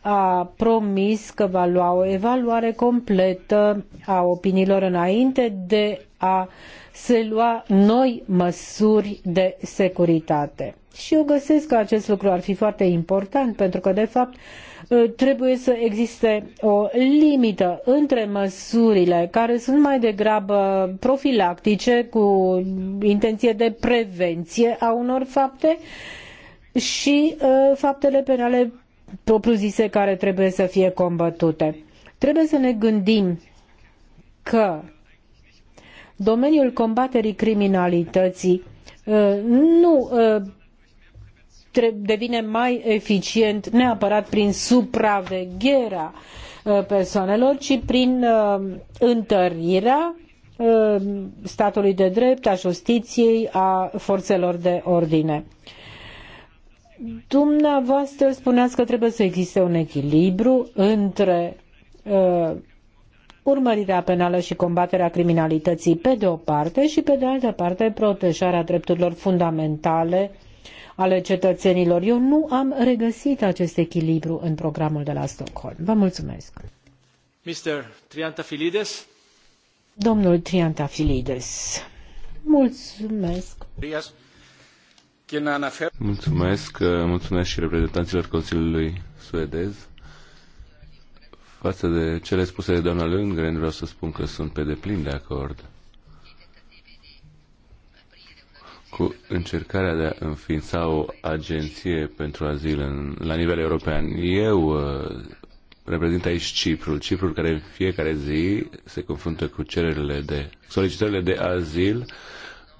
S1: a promis că va lua o evaluare completă a opiniilor înainte de a uh, se lua noi măsuri de securitate. Și eu găsesc că acest lucru ar fi foarte important pentru că, de fapt, ă, trebuie să existe o limită între măsurile care sunt mai degrabă profilactice cu intenție de prevenție a unor fapte și uh, faptele penale propriu-zise care trebuie să fie combătute. Trebuie să ne gândim că domeniul combaterii criminalității uh, nu uh, devine mai eficient neapărat prin supravegherea uh, persoanelor, ci prin întărirea statului de drept, a justiției, a forțelor de ordine. Dumneavoastră spuneați că trebuie să existe un echilibru între urmărirea penală și combaterea criminalității pe de o parte și pe de altă parte protejarea drepturilor fundamentale ale cetățenilor. Eu nu am regăsit acest echilibru în programul de la Stockholm. Vă mulțumesc.
S5: Mr. Triantafilides.
S1: Domnul Triantafilides. Mulțumesc.
S3: Mulțumesc, mulțumesc și reprezentanților Consiliului suedez Față de cele spuse de doamna Lundgren, vreau să spun că sunt pe deplin de acord cu încercarea de a înființa o agenție pentru azil în, la nivel european. Eu uh, reprezint aici Ciprul, Ciprul care în fiecare zi se confruntă cu cererile de solicitările de azil uh,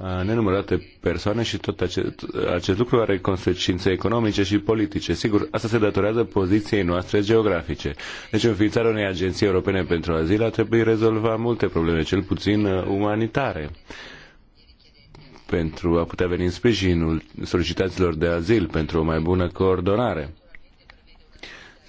S3: Uh, nenumărate persoane și tot acest, acest lucru are consecințe economice și politice. Sigur, asta se datorează poziției noastre geografice. Deci înființarea unei agenții europene pentru azil a trebuit rezolva multe probleme, cel puțin uh, umanitare pentru a putea veni în sprijinul solicitaților de azil, pentru o mai bună coordonare.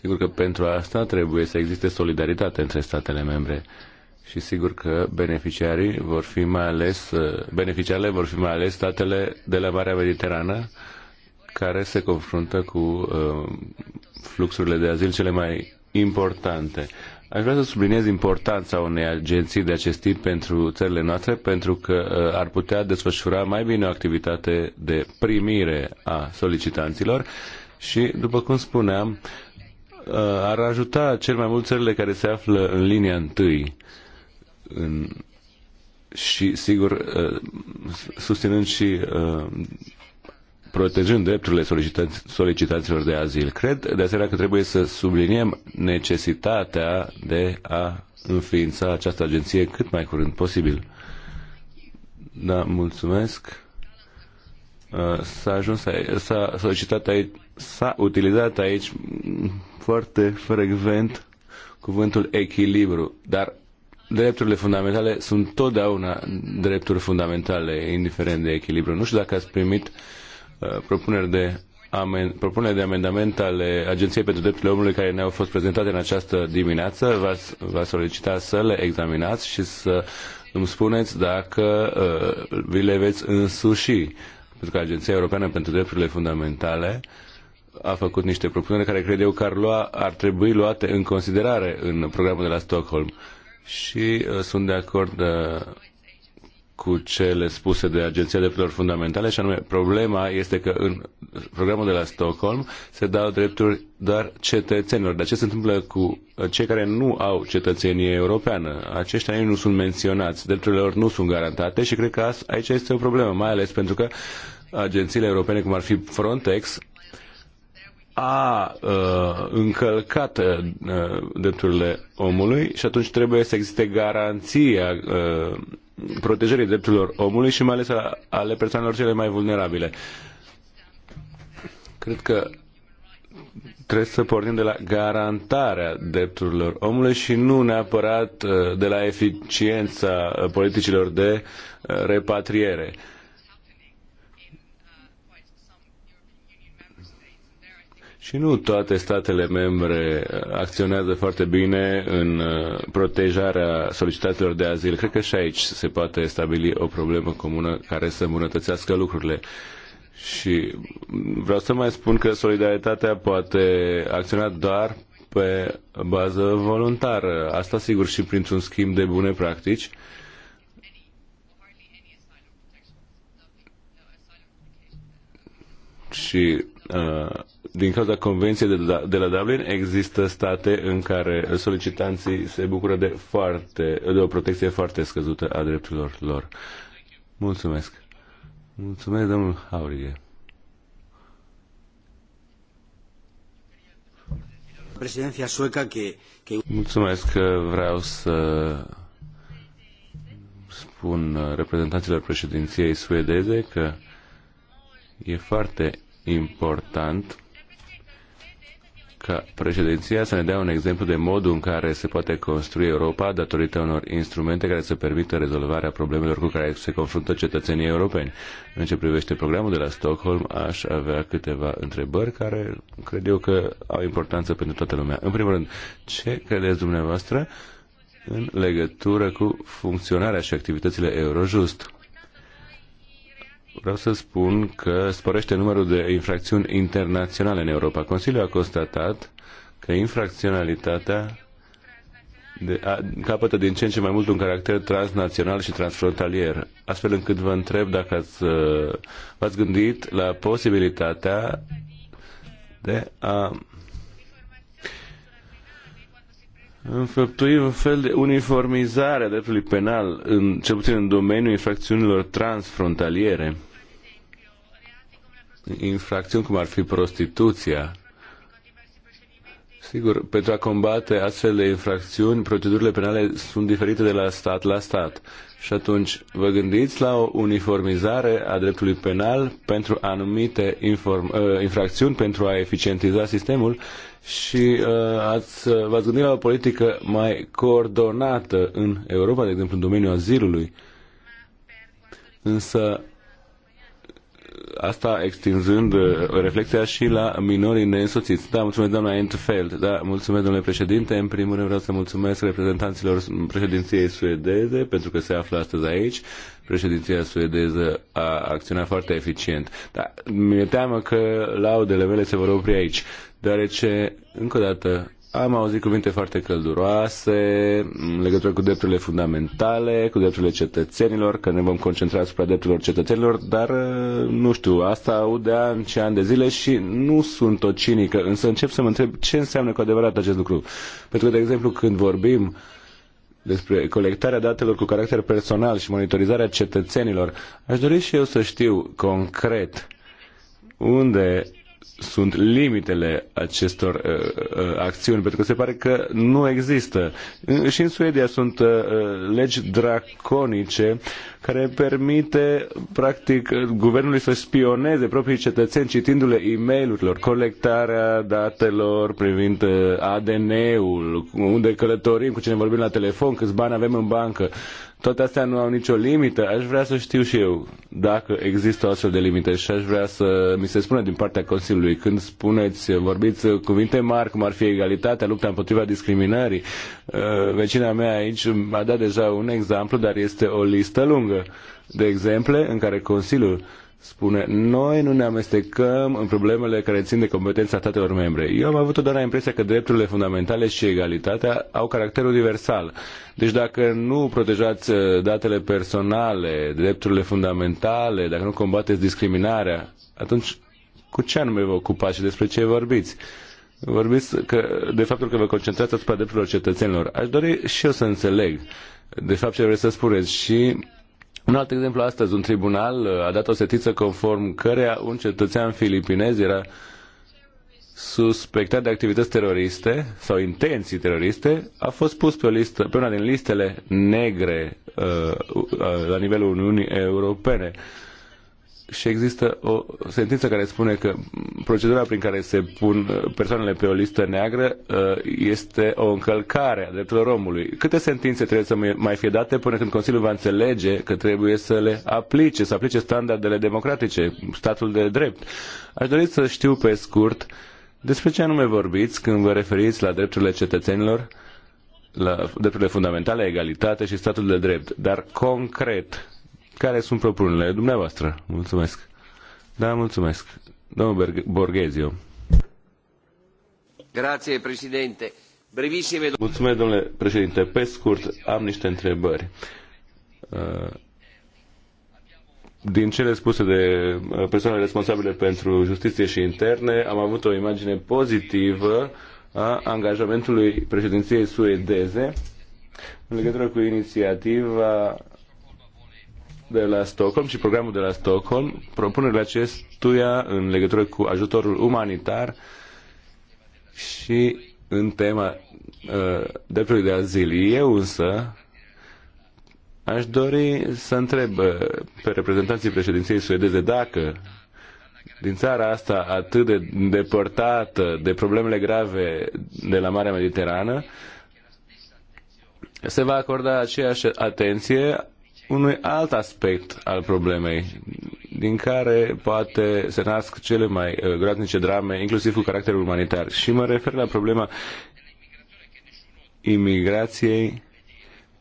S3: Sigur că pentru asta trebuie să existe solidaritate între statele membre. Uh, și sigur că beneficiarii vor fi mai ales, uh, beneficiarele vor fi mai ales statele de la Marea Mediterană care se confruntă cu uh, fluxurile de azil cele mai importante. Aș vrea să subliniez importanța unei agenții de acest tip pentru țările noastre, pentru că uh, ar putea desfășura mai bine o activitate de primire a solicitanților și, după cum spuneam, uh, ar ajuta cel mai mult țările care se află în linia întâi în, și, sigur, uh, susținând și uh, protejând drepturile solicitaților de azil. Cred, de asemenea, că trebuie să subliniem necesitatea de a înființa această agenție cât mai curând posibil. Da, mulțumesc. Uh, s-a ajuns aici, s-a solicitat aici, s-a utilizat aici mm, foarte frecvent cuvântul echilibru, dar drepturile fundamentale sunt totdeauna drepturi fundamentale, indiferent de echilibru. Nu știu dacă ați primit uh, propuneri de amen, propuneri de amendament ale Agenției pentru Drepturile Omului care ne-au fost prezentate în această dimineață. v a solicita să le examinați și să îmi spuneți dacă uh, vi le veți însuși. Pentru că Agenția Europeană pentru Drepturile Fundamentale a făcut niște propuneri care cred eu că ar, lua, ar trebui luate în considerare în programul de la Stockholm. Uh, și uh, sunt de acord uh, cu cele spuse de Agenția Drepturilor Fundamentale și anume problema este că în programul de la Stockholm se dau drepturi doar cetățenilor. Dar ce se întâmplă cu uh, cei care nu au cetățenie europeană? Aceștia ei nu sunt menționați, drepturile lor nu sunt garantate și cred că aici este o problemă, mai ales pentru că agențiile europene, cum ar fi Frontex, a uh, încălcat uh, drepturile omului și atunci trebuie să existe garanția uh, protejării drepturilor omului și mai ales a, ale persoanelor cele mai vulnerabile. Cred că trebuie să pornim de la garantarea drepturilor omului și nu neapărat uh, de la eficiența uh, politicilor de uh, repatriere. Uh, Și nu toate statele membre acționează foarte bine în uh, protejarea solicitatelor de azil. Cred că și aici se poate stabili o problemă comună care să îmbunătățească lucrurile. Și vreau să mai spun că solidaritatea poate acționa doar pe bază voluntară. Asta sigur și printr-un schimb de bune practici. Și uh, din cauza Convenției de la, de la Dublin, există state în care solicitanții se bucură de, foarte, de o protecție foarte scăzută a drepturilor lor. Mulțumesc. Mulțumesc, domnul Aurie.
S5: Presidenția sueca că.
S3: Mulțumesc că vreau să spun reprezentanților președinției suedeze că e foarte important ca președinția să ne dea un exemplu de modul în care se poate construi Europa datorită unor instrumente care să permită rezolvarea problemelor cu care se confruntă cetățenii europeni. În ce privește programul de la Stockholm, aș avea câteva întrebări care cred eu că au importanță pentru toată lumea. În primul rând, ce credeți dumneavoastră în legătură cu funcționarea și activitățile Eurojust? vreau să spun că sporește numărul de infracțiuni internaționale în Europa. Consiliul a constatat că infracționalitatea de, a, capătă din ce în ce mai mult un caracter transnațional și transfrontalier, astfel încât vă întreb dacă ați, uh, v-ați gândit la posibilitatea de a înfăptui un fel de uniformizare a dreptului penal, în, cel puțin în domeniul infracțiunilor transfrontaliere infracțiuni cum ar fi prostituția. Sigur, pentru a combate astfel de infracțiuni, procedurile penale sunt diferite de la stat la stat. Și atunci, vă gândiți la o uniformizare a dreptului penal pentru anumite inform, uh, infracțiuni, pentru a eficientiza sistemul și uh, ați, uh, v-ați gândit la o politică mai coordonată în Europa, de exemplu în domeniul azilului. Însă, asta extinzând uh, reflexia și la minorii neînsoțiți. Da, mulțumesc doamna Entfeld, da, mulțumesc domnule președinte. În primul rând vreau să mulțumesc reprezentanților președinției suedeze pentru că se află astăzi aici. Președinția suedeză a acționat foarte eficient. Dar mi-e teamă că laudele mele se vor opri aici, deoarece, încă o dată, am auzit cuvinte foarte călduroase în legătură cu drepturile fundamentale, cu drepturile cetățenilor, că ne vom concentra asupra drepturilor cetățenilor, dar uh, nu știu, asta aud de ani și ani de zile și nu sunt o cinică, însă încep să mă întreb ce înseamnă cu adevărat acest lucru. Pentru că, de exemplu, când vorbim despre colectarea datelor cu caracter personal și monitorizarea cetățenilor, aș dori și eu să știu concret unde sunt limitele acestor uh, uh, acțiuni, pentru că se pare că nu există. Și în Suedia sunt uh, legi draconice care permite, practic, guvernului să spioneze proprii cetățeni citindu-le e mail colectarea datelor privind uh, ADN-ul, unde călătorim, cu cine vorbim la telefon, câți bani avem în bancă. Uh, toate astea nu au nicio limită. Aș vrea să știu și eu dacă există o astfel de limită și aș vrea să mi se spună din partea Consiliului când spuneți, vorbiți cuvinte mari, cum ar fi egalitatea, lupta împotriva discriminării. Uh, vecina mea aici a dat deja un exemplu, dar este o listă lungă de exemple în care Consiliul uh, spune noi nu ne amestecăm în problemele care țin de competența statelor membre. Eu am avut doar impresia că drepturile fundamentale și egalitatea au caracter universal. Deci dacă nu protejați uh, datele personale, drepturile fundamentale, dacă nu combateți discriminarea, atunci cu ce anume vă ocupați și despre ce vorbiți? Vorbiți că, de faptul că vă concentrați asupra drepturilor cetățenilor. Aș dori și eu să înțeleg de fapt ce vreți să spuneți și un alt exemplu astăzi, un tribunal uh, a dat o setiță conform cărea un cetățean filipinez era suspectat de activități teroriste sau intenții teroriste, a fost pus pe, o listă, pe una din listele negre uh, uh, la nivelul Uniunii Europene. Uh, și există o sentință care spune că procedura prin care se pun uh, persoanele pe o listă neagră uh, este o încălcare a drepturilor omului. Câte sentințe trebuie să mai fie date până când Consiliul va înțelege că trebuie să le aplice, să aplice standardele democratice, statul de drept? Aș dori să știu pe scurt despre ce anume vorbiți când vă referiți la drepturile cetățenilor, la drepturile fundamentale, egalitate și statul de drept, dar concret care sunt propunerile dumneavoastră? Mulțumesc. Da, mulțumesc. Domnul Borghezio.
S6: Grație, președinte.
S3: Brevisime... Mulțumesc, domnule președinte. Pe scurt, am niște întrebări. Uh, din cele spuse de uh, persoanele responsabile pentru justiție și interne, am avut o imagine pozitivă a angajamentului președinției suedeze în legătură cu inițiativa de la Stockholm și programul de la Stockholm, propunerile acestuia în legătură cu ajutorul umanitar și în tema uh, dreptului de azil. Eu însă aș dori să întreb uh, pe reprezentanții președinției suedeze dacă din țara asta atât de depărtată de problemele grave de la Marea Mediterană, se va acorda aceeași atenție unui alt aspect al problemei, din care poate se nasc cele mai uh, groaznice drame, inclusiv cu caracter umanitar. Și mă refer la problema imigrației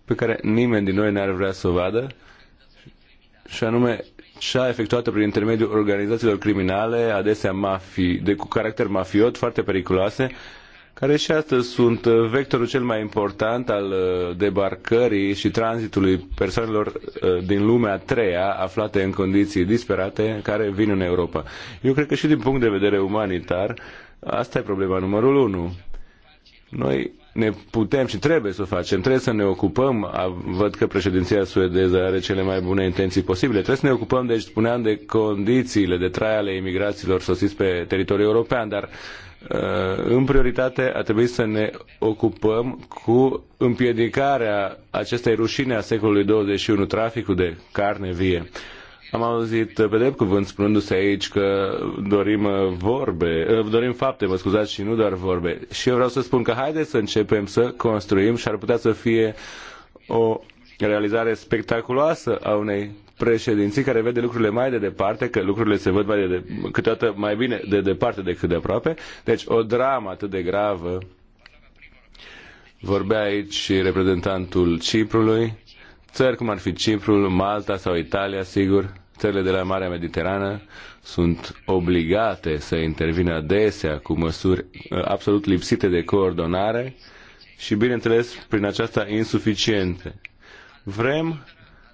S3: pe care nimeni din noi n-ar vrea să o vadă, și anume cea efectuată prin intermediul organizațiilor criminale, adesea mafii, de cu caracter mafiot, foarte periculoase, uh, care și astăzi sunt uh, vectorul cel mai important al uh, debarcării și tranzitului persoanelor uh, din lumea a treia, aflate în condiții disperate, care vin în Europa. Eu cred că și din punct de vedere umanitar, asta e problema numărul unu. Noi ne putem și trebuie să o facem, trebuie să ne ocupăm, văd că președinția suedeză are cele mai bune intenții posibile, trebuie să ne ocupăm, deci spuneam, de condițiile de trai ale imigraților sosiți pe teritoriul european, dar Uh, în prioritate ar trebui să ne ocupăm cu împiedicarea acestei rușine a secolului 21, traficul de carne vie. Am auzit pe drept cuvânt spunându-se aici că dorim uh, vorbe, uh, dorim fapte, mă scuzați, și nu doar vorbe. Și eu vreau să spun că haideți să începem să construim și ar putea să fie o realizare spectaculoasă a unei președinții care vede lucrurile mai de departe, că lucrurile se văd mai de, câteodată mai bine de departe decât de aproape. Deci o dramă atât de gravă. Vorbea aici și reprezentantul Ciprului. Țări cum ar fi Ciprul, Malta sau Italia, sigur, țările de la Marea Mediterană sunt obligate să intervină adesea cu măsuri uh, absolut lipsite de coordonare și, bineînțeles, prin aceasta insuficiente. Vrem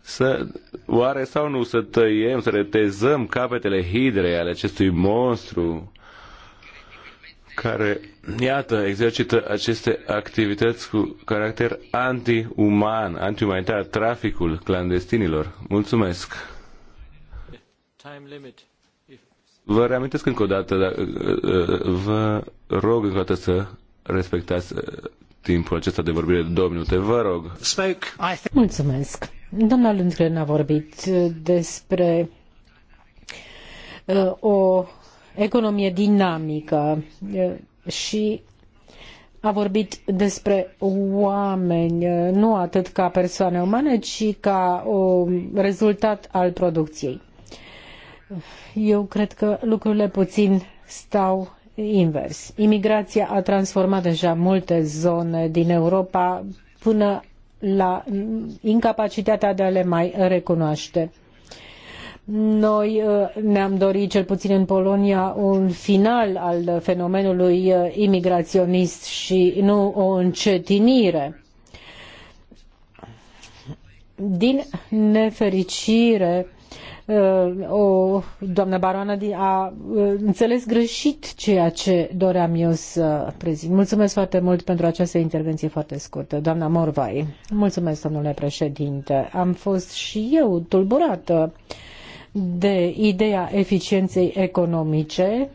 S3: să, oare sau nu să tăiem, să retezăm capetele hidrei ale acestui monstru care, iată, exercită aceste activități cu caracter anti-uman, anti-umanitar, traficul clandestinilor. Mulțumesc!
S5: Time limit.
S3: Vă reamintesc încă o dată, dar, uh, uh, vă rog încă o dată să respectați uh, timpul acesta de vorbire de două minute. Vă rog.
S1: Mulțumesc. Doamna Lundgren a vorbit despre uh, o economie dinamică uh, și a vorbit despre oameni, uh, nu atât ca persoane umane, ci ca o rezultat al producției. Eu cred că lucrurile puțin stau invers. Imigrația a transformat deja multe zone din Europa până la incapacitatea de a le mai recunoaște. Noi uh, ne-am dorit, cel puțin în Polonia, un final al fenomenului uh, imigraționist și nu o încetinire. Din nefericire, Uh, o doamnă baroană a uh, înțeles greșit ceea ce doream eu să prezint. Mulțumesc foarte mult pentru această intervenție foarte scurtă. Doamna Morvai, mulțumesc, domnule președinte. Am fost și eu tulburată de ideea eficienței economice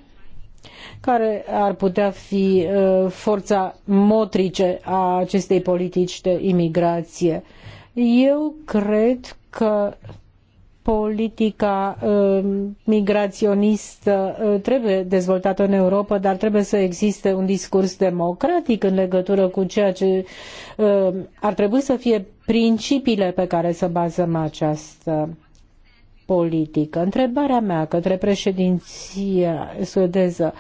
S1: care ar putea fi uh, forța motrice a acestei politici de imigrație. Eu cred că politica um, migraționistă uh, trebuie dezvoltată în Europa, dar trebuie să existe un discurs democratic în legătură cu ceea ce um, ar trebui să fie principiile pe care să bazăm această politică. Întrebarea mea către președinția suedeză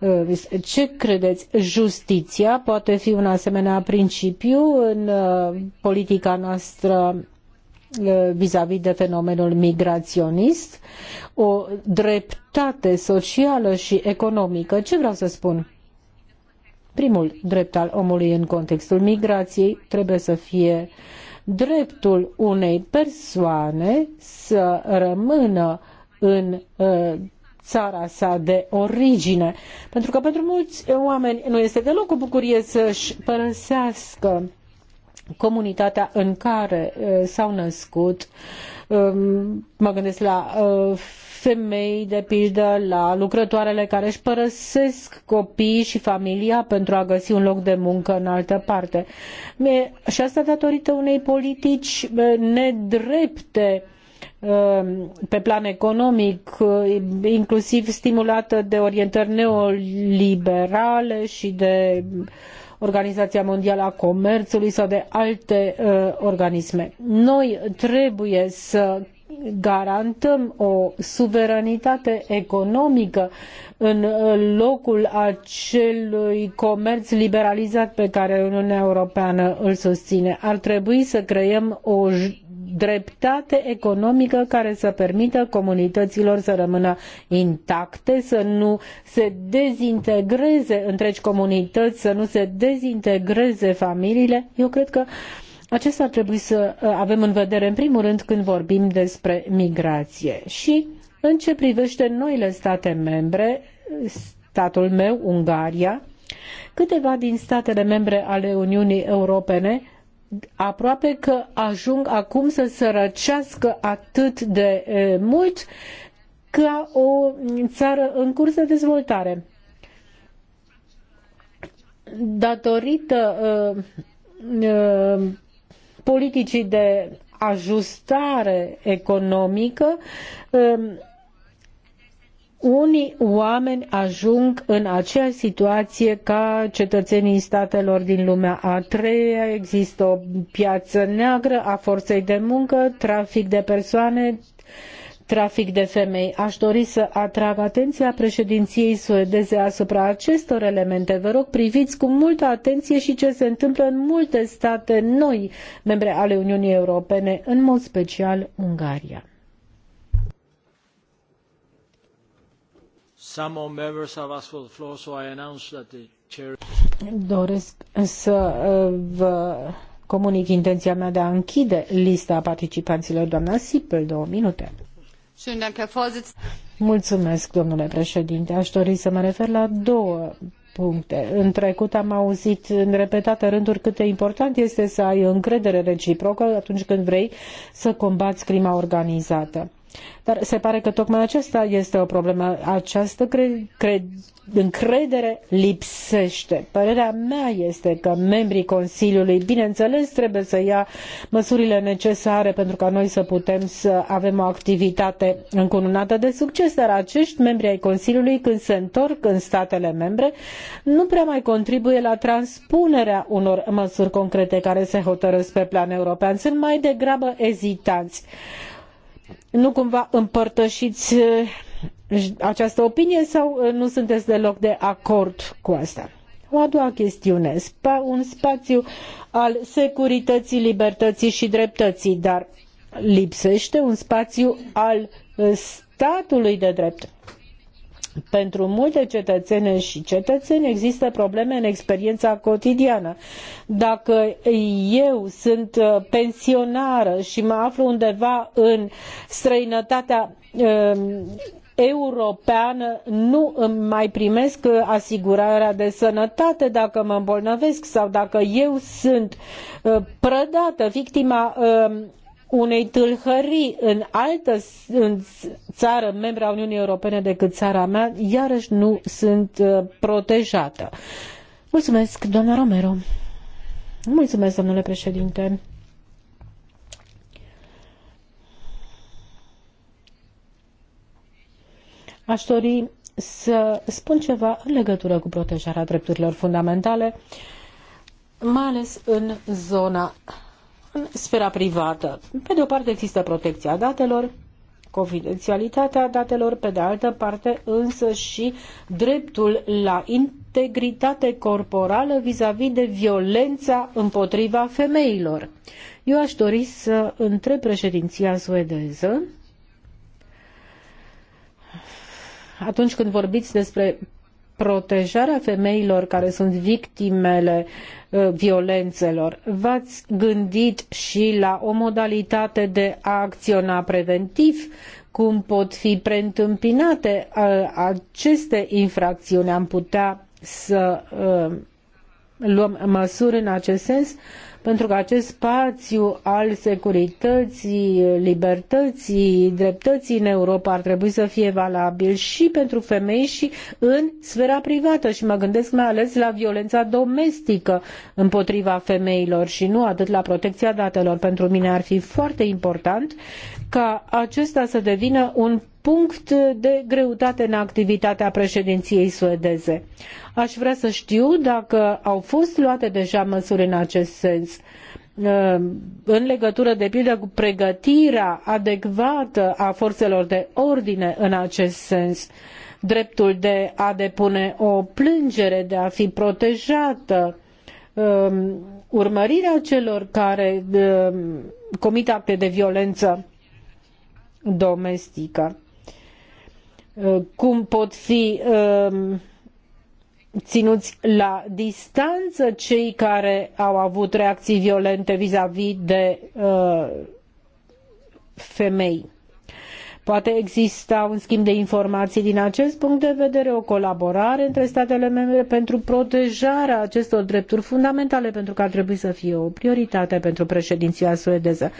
S1: uh, ce credeți? Justiția poate fi un asemenea principiu în uh, politica noastră vis-a-vis -vis de fenomenul migraționist, o dreptate socială și economică. Ce vreau să spun? Primul drept al omului în contextul migrației trebuie să fie dreptul unei persoane să rămână în uh, țara sa de origine. Pentru că pentru mulți oameni nu este deloc o bucurie să-și părăsească comunitatea în care uh, s-au născut. Um, mă gândesc la uh, femei, de pildă, la lucrătoarele care își părăsesc copiii și familia pentru a găsi un loc de muncă în altă parte. Și asta datorită unei politici uh, nedrepte um, pe plan economic, inclusiv stimulată de orientări neoliberale și de uh, Organizația Mondială a Comerțului sau de alte uh, organisme. Noi trebuie să garantăm o suveranitate economică în uh, locul acelui comerț liberalizat pe care Uniunea Europeană îl susține. Ar trebui să creăm o dreptate economică care să permită comunităților să rămână intacte, să nu se dezintegreze întregi comunități, să nu se dezintegreze familiile. Eu cred că acesta ar trebui să uh, avem în vedere în primul rând când vorbim despre migrație. Și în ce privește noile state membre, statul meu, Ungaria, câteva din statele membre ale Uniunii Europene aproape că ajung acum să sărăcească atât de mult ca o țară în curs de dezvoltare. Datorită politicii de ajustare economică, unii oameni ajung în aceeași situație ca cetățenii statelor din lumea a treia, există o piață neagră a forței de muncă, trafic de persoane, trafic de femei. Aș dori să atrag atenția președinției suedeze asupra acestor elemente. Vă rog, priviți cu multă atenție și ce se întâmplă în multe state noi, membre ale Uniunii Europene, în mod special Ungaria.
S5: Some more members have asked for the floor, so I announce that the chair...
S1: Doresc să uh, vă comunic intenția mea de a închide lista participanților. Doamna Sipel, două minute. Mulțumesc, domnule președinte. Aș dori să mă refer la două puncte. În trecut am auzit în repetate rânduri cât de important este să ai încredere reciprocă atunci când vrei să combați crima organizată. Dar se pare că tocmai aceasta este o problemă. Această cre- cre- încredere lipsește. Părerea mea este că membrii Consiliului, bineînțeles, trebuie să ia măsurile necesare pentru ca noi să putem să avem o activitate încununată de succes, dar acești membri ai Consiliului, când se întorc în statele membre, nu prea mai contribuie la transpunerea unor măsuri concrete care se hotărăsc pe plan european. Sunt mai degrabă ezitanți nu cumva împărtășiți eh, această opinie sau eh, nu sunteți deloc de acord cu asta? O a doua chestiune, un spațiu al securității, libertății și dreptății, dar lipsește un spațiu al eh, statului de drept pentru multe cetățene și cetățeni există probleme în experiența cotidiană. Dacă eu sunt uh, pensionară și mă aflu undeva în străinătatea um, europeană nu îmi mai primesc uh, asigurarea de sănătate dacă mă îmbolnăvesc sau dacă eu sunt uh, prădată, victima um, unei tâlhării în altă în țară membra Uniunii Europene decât țara mea, iarăși nu sunt uh, protejată. Mulțumesc, doamna Romero. Mulțumesc, domnule președinte. Aș dori să spun ceva în legătură cu protejarea drepturilor fundamentale, mai ales în zona în sfera privată. Pe de o parte există protecția datelor, confidențialitatea datelor, pe de altă parte însă și dreptul la integritate corporală vis-a-vis -vis de violența împotriva femeilor. Eu aș dori să întreb președinția suedeză atunci când vorbiți despre protejarea femeilor care sunt victimele uh, violențelor. V-ați gândit și la o modalitate de a acționa preventiv? Cum pot fi preîntâmpinate uh, aceste infracțiuni? Am putea să uh, luăm măsuri în acest sens? pentru că acest spațiu al securității, libertății, dreptății în Europa ar trebui să fie valabil și pentru femei și în sfera privată și mă gândesc mai ales la violența domestică împotriva femeilor și nu atât la protecția datelor. Pentru mine ar fi foarte important ca acesta să devină un punct de greutate în activitatea președinției suedeze. Aș vrea să știu dacă au fost luate deja măsuri în acest sens uh, în legătură de pildă cu pregătirea adecvată a forțelor de ordine în acest sens, dreptul de a depune o plângere, de a fi protejată, um, urmărirea celor care um, comit acte de violență domestică. Uh, cum pot fi um, ținuți la distanță cei care au avut reacții violente vis-a-vis de uh, femei. Poate exista un schimb de informații din acest punct de vedere, o colaborare între statele membre pentru protejarea acestor drepturi fundamentale, pentru că ar trebui să fie o prioritate pentru președinția suedeză.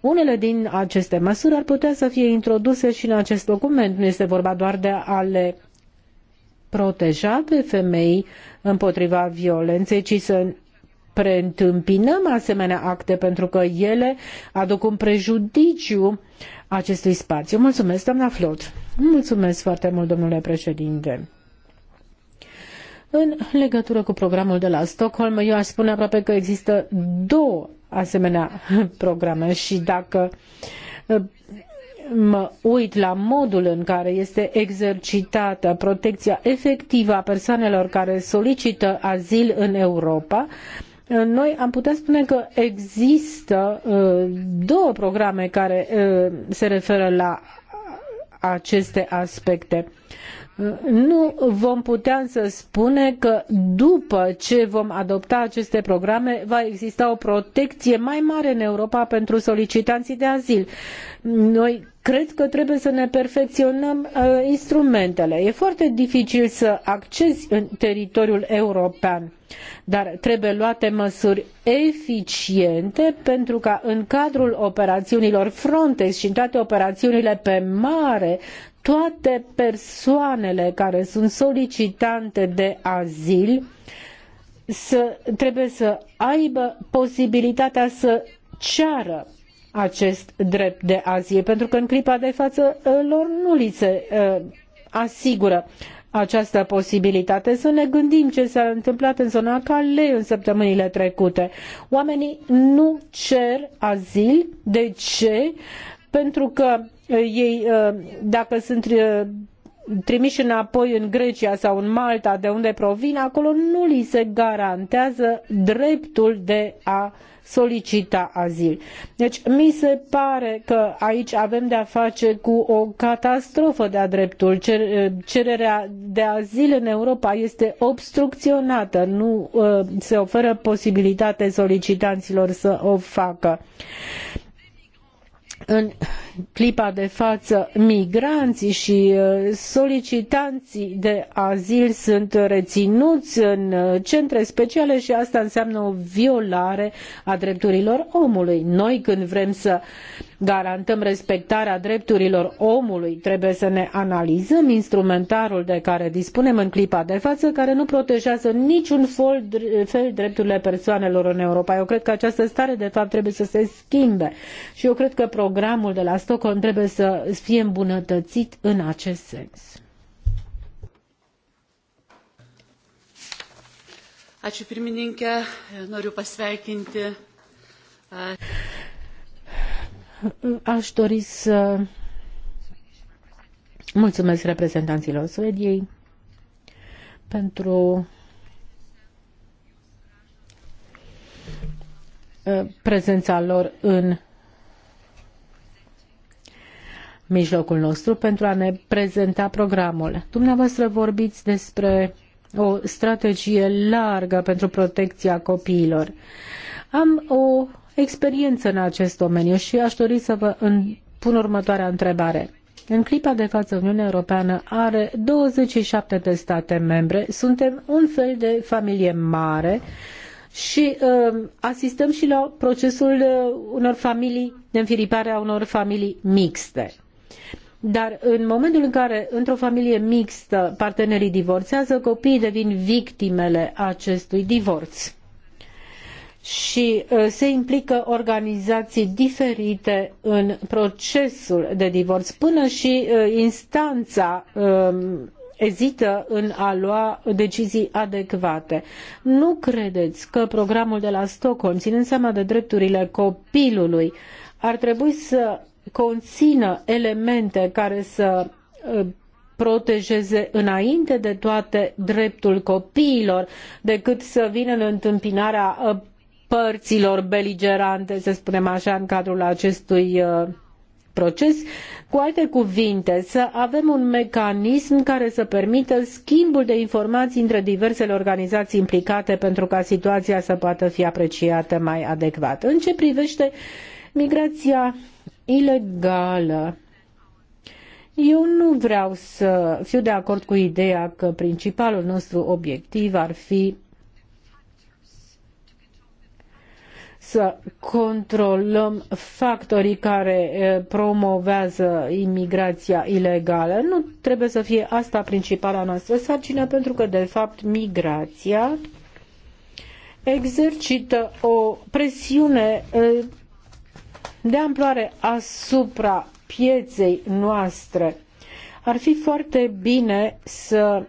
S1: Unele din aceste măsuri ar putea să fie introduse și în acest document. Nu este vorba doar de a le proteja pe femei împotriva violenței, ci să preîntâmpinăm asemenea acte pentru că ele aduc un prejudiciu acestui spațiu. Mulțumesc, doamna Flot. Mulțumesc foarte mult, domnule președinte. În legătură cu programul de la Stockholm, eu aș spune aproape că există două asemenea programe și dacă uh, mă uit la modul în care este exercitată protecția efectivă a persoanelor care solicită azil în Europa, noi am putea spune că există uh, două programe care uh, se referă la aceste aspecte nu vom putea să spune că după ce vom adopta aceste programe va exista o protecție mai mare în Europa pentru solicitanții de azil. Noi cred că trebuie să ne perfecționăm uh, instrumentele. E foarte dificil să accesi în teritoriul european, dar trebuie luate măsuri eficiente pentru ca în cadrul operațiunilor Frontex și în toate operațiunile pe mare toate persoanele care sunt solicitante de azil să, trebuie să aibă posibilitatea să ceară acest drept de azil, pentru că în clipa de față uh, lor nu li se uh, asigură această posibilitate. Să ne gândim ce s-a întâmplat în zona Calei în săptămânile trecute. Oamenii nu cer azil. De ce? Pentru că Uh, ei, uh, dacă sunt uh, trimiși înapoi în Grecia sau în Malta, de unde provin, acolo nu li se garantează dreptul de a solicita azil. Deci mi se pare că aici avem de-a face cu o catastrofă de-a dreptul. Cer cererea de azil în Europa este obstrucționată, nu uh, se oferă posibilitate solicitanților să o facă în clipa de față migranii și uh, solicitanii de azil sunt reinui în uh, centre speciale și asta înseamnă o violare a drepturilor omului. Noi când vrem să garantăm respectarea drepturilor omului, trebuie să ne analizăm instrumentarul de care dispunem în clipa de față, care nu protejează niciun fel drepturile persoanelor în Europa. Eu cred că această stare, de fapt, trebuie să se schimbe și eu cred că programul de la Stockholm trebuie să fie îmbunătățit în acest sens.
S4: Ačiū pirmininkė, noriu pasveikinti.
S1: Aș dori să mulțumesc reprezentanților Suediei pentru uh, prezența lor în mijlocul nostru pentru a ne prezenta programul. Dumneavoastră vorbiți despre o strategie largă pentru protecția copiilor. Am o experiență în acest domeniu și aș dori să vă pun următoarea întrebare. În clipa de față, Uniunea Europeană are 27 de state membre, suntem un fel de familie mare și uh, asistăm și la procesul uh, unor familii, de înfiripare a unor familii mixte. Dar în momentul în care într-o familie mixtă partenerii divorțează, copiii devin victimele acestui divorț și uh, se implică organizații diferite în procesul de divorț. Până și uh, instanța um, ezită în a lua decizii adecvate. Nu credeți că programul de la Stockholm, ținând seama de drepturile copilului, ar trebui să conțină elemente care să uh, protejeze înainte de toate dreptul copiilor, decât să vină în întâmpinarea părților beligerante, să spunem așa, în cadrul acestui uh, proces. Cu alte cuvinte, să avem un mecanism care să permită schimbul de informații între diversele organizații implicate pentru ca situația să poată fi apreciată mai adecvat. În ce privește migrația ilegală, eu nu vreau să fiu de acord cu ideea că principalul nostru obiectiv ar fi să controlăm factorii care promovează imigrația ilegală. Nu trebuie să fie asta principala noastră sarcină, pentru că, de fapt, migrația exercită o presiune de amploare asupra pieței noastre. Ar fi foarte bine să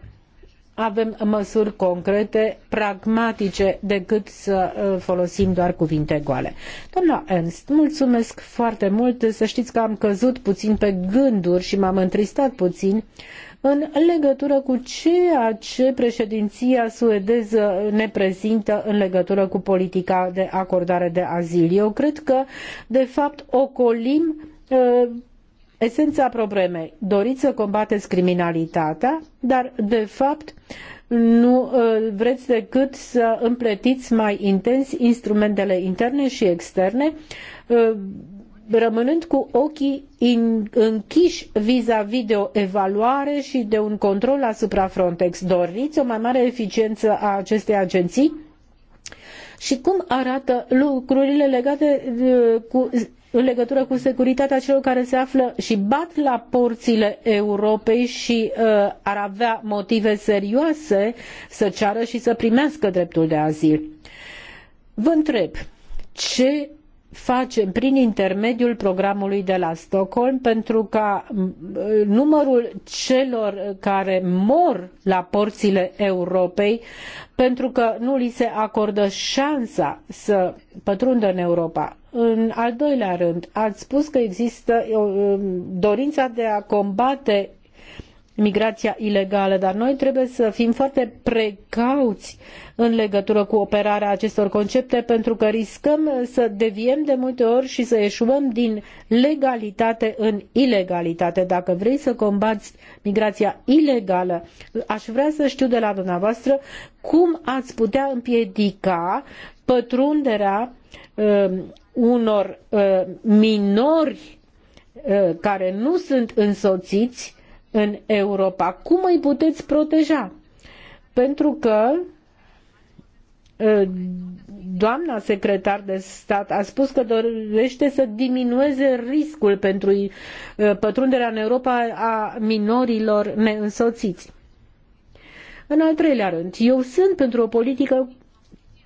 S1: avem măsuri concrete, pragmatice, decât să uh, folosim doar cuvinte goale. Doamna Ernst, mulțumesc foarte mult. Să știți că am căzut puțin pe gânduri și m-am întristat puțin în legătură cu ceea ce președinția suedeză ne prezintă în legătură cu politica de acordare de azil. Eu cred că, de fapt, ocolim uh, esența problemei. Doriți să combateți criminalitatea, dar de fapt nu ă, vreți decât să împletiți mai intens instrumentele interne și externe, ă, rămânând cu ochii închiși vis-a-vis -vis de o evaluare și de un control asupra Frontex. Doriți o mai mare eficiență a acestei agenții? Și cum arată lucrurile legate ă, cu în legătură cu securitatea celor care se află și bat la porțile Europei și uh, ar avea motive serioase să ceară și să primească dreptul de azil. Vă întreb, ce facem prin intermediul programului de la Stockholm pentru ca numărul celor care mor la porțile Europei pentru că nu li se acordă șansa să pătrundă în Europa. În al doilea rând, ați spus că există uh, um, dorința de a combate migrația ilegală, dar noi trebuie să fim foarte precauți în legătură cu operarea acestor concepte pentru că riscăm să deviem de multe ori și să eșuăm din legalitate în ilegalitate. Dacă vrei să combați migrația ilegală, aș vrea să știu de la dumneavoastră cum ați putea împiedica pătrunderea uh, unor uh, minori uh, care nu sunt însoțiți în Europa. Cum îi puteți proteja? Pentru că uh, doamna secretar de stat a spus că dorește să diminueze riscul pentru uh, pătrunderea în Europa a minorilor neînsoțiți. În al treilea rând, eu sunt pentru o politică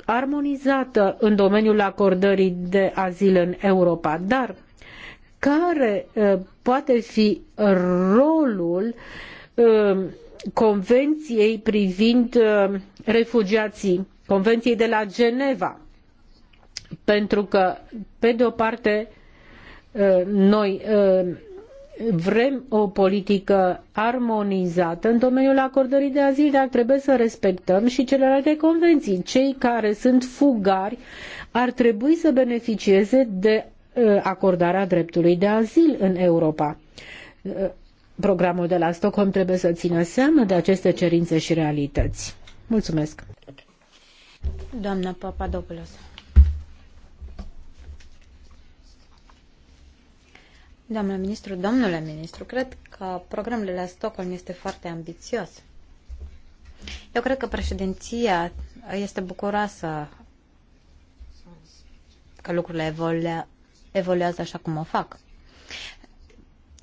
S1: armonizată în domeniul acordării de azil în Europa, dar care uh, poate fi rolul uh, Convenției privind uh, refugiații, Convenției de la Geneva. Pentru că, pe de o parte, noi vrem o politică armonizată în domeniul acordării de azil, dar trebuie să respectăm și celelalte convenții. Cei care sunt fugari ar trebui să beneficieze de Uh, acordarea dreptului de azil în Europa. Uh, programul de la Stockholm trebuie să țină seama de aceste cerințe și realități. Mulțumesc.
S2: Doamna Papadopoulos. Doamna ministru, domnule ministru, cred că programul de la Stockholm este foarte ambițios. Eu cred că președinția este bucuroasă că lucrurile evolua, evoluează așa cum o fac.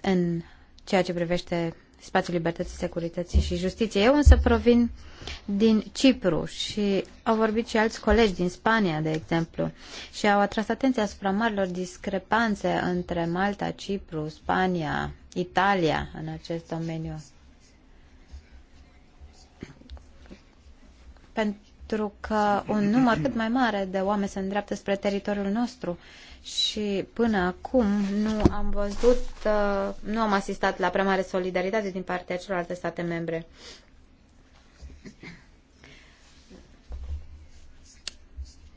S2: În ceea ce privește spațiul libertății, securității și justiției. Eu însă provin din Cipru și au vorbit și alți colegi din Spania, de exemplu, și au atras atenția asupra marilor discrepanțe între Malta, Cipru, Spania, Italia în acest domeniu. Pentru că un număr cât mai mare de oameni se îndreaptă spre teritoriul nostru și până acum nu am văzut, uh, nu am asistat la prea mare solidaritate din partea celorlalte state membre.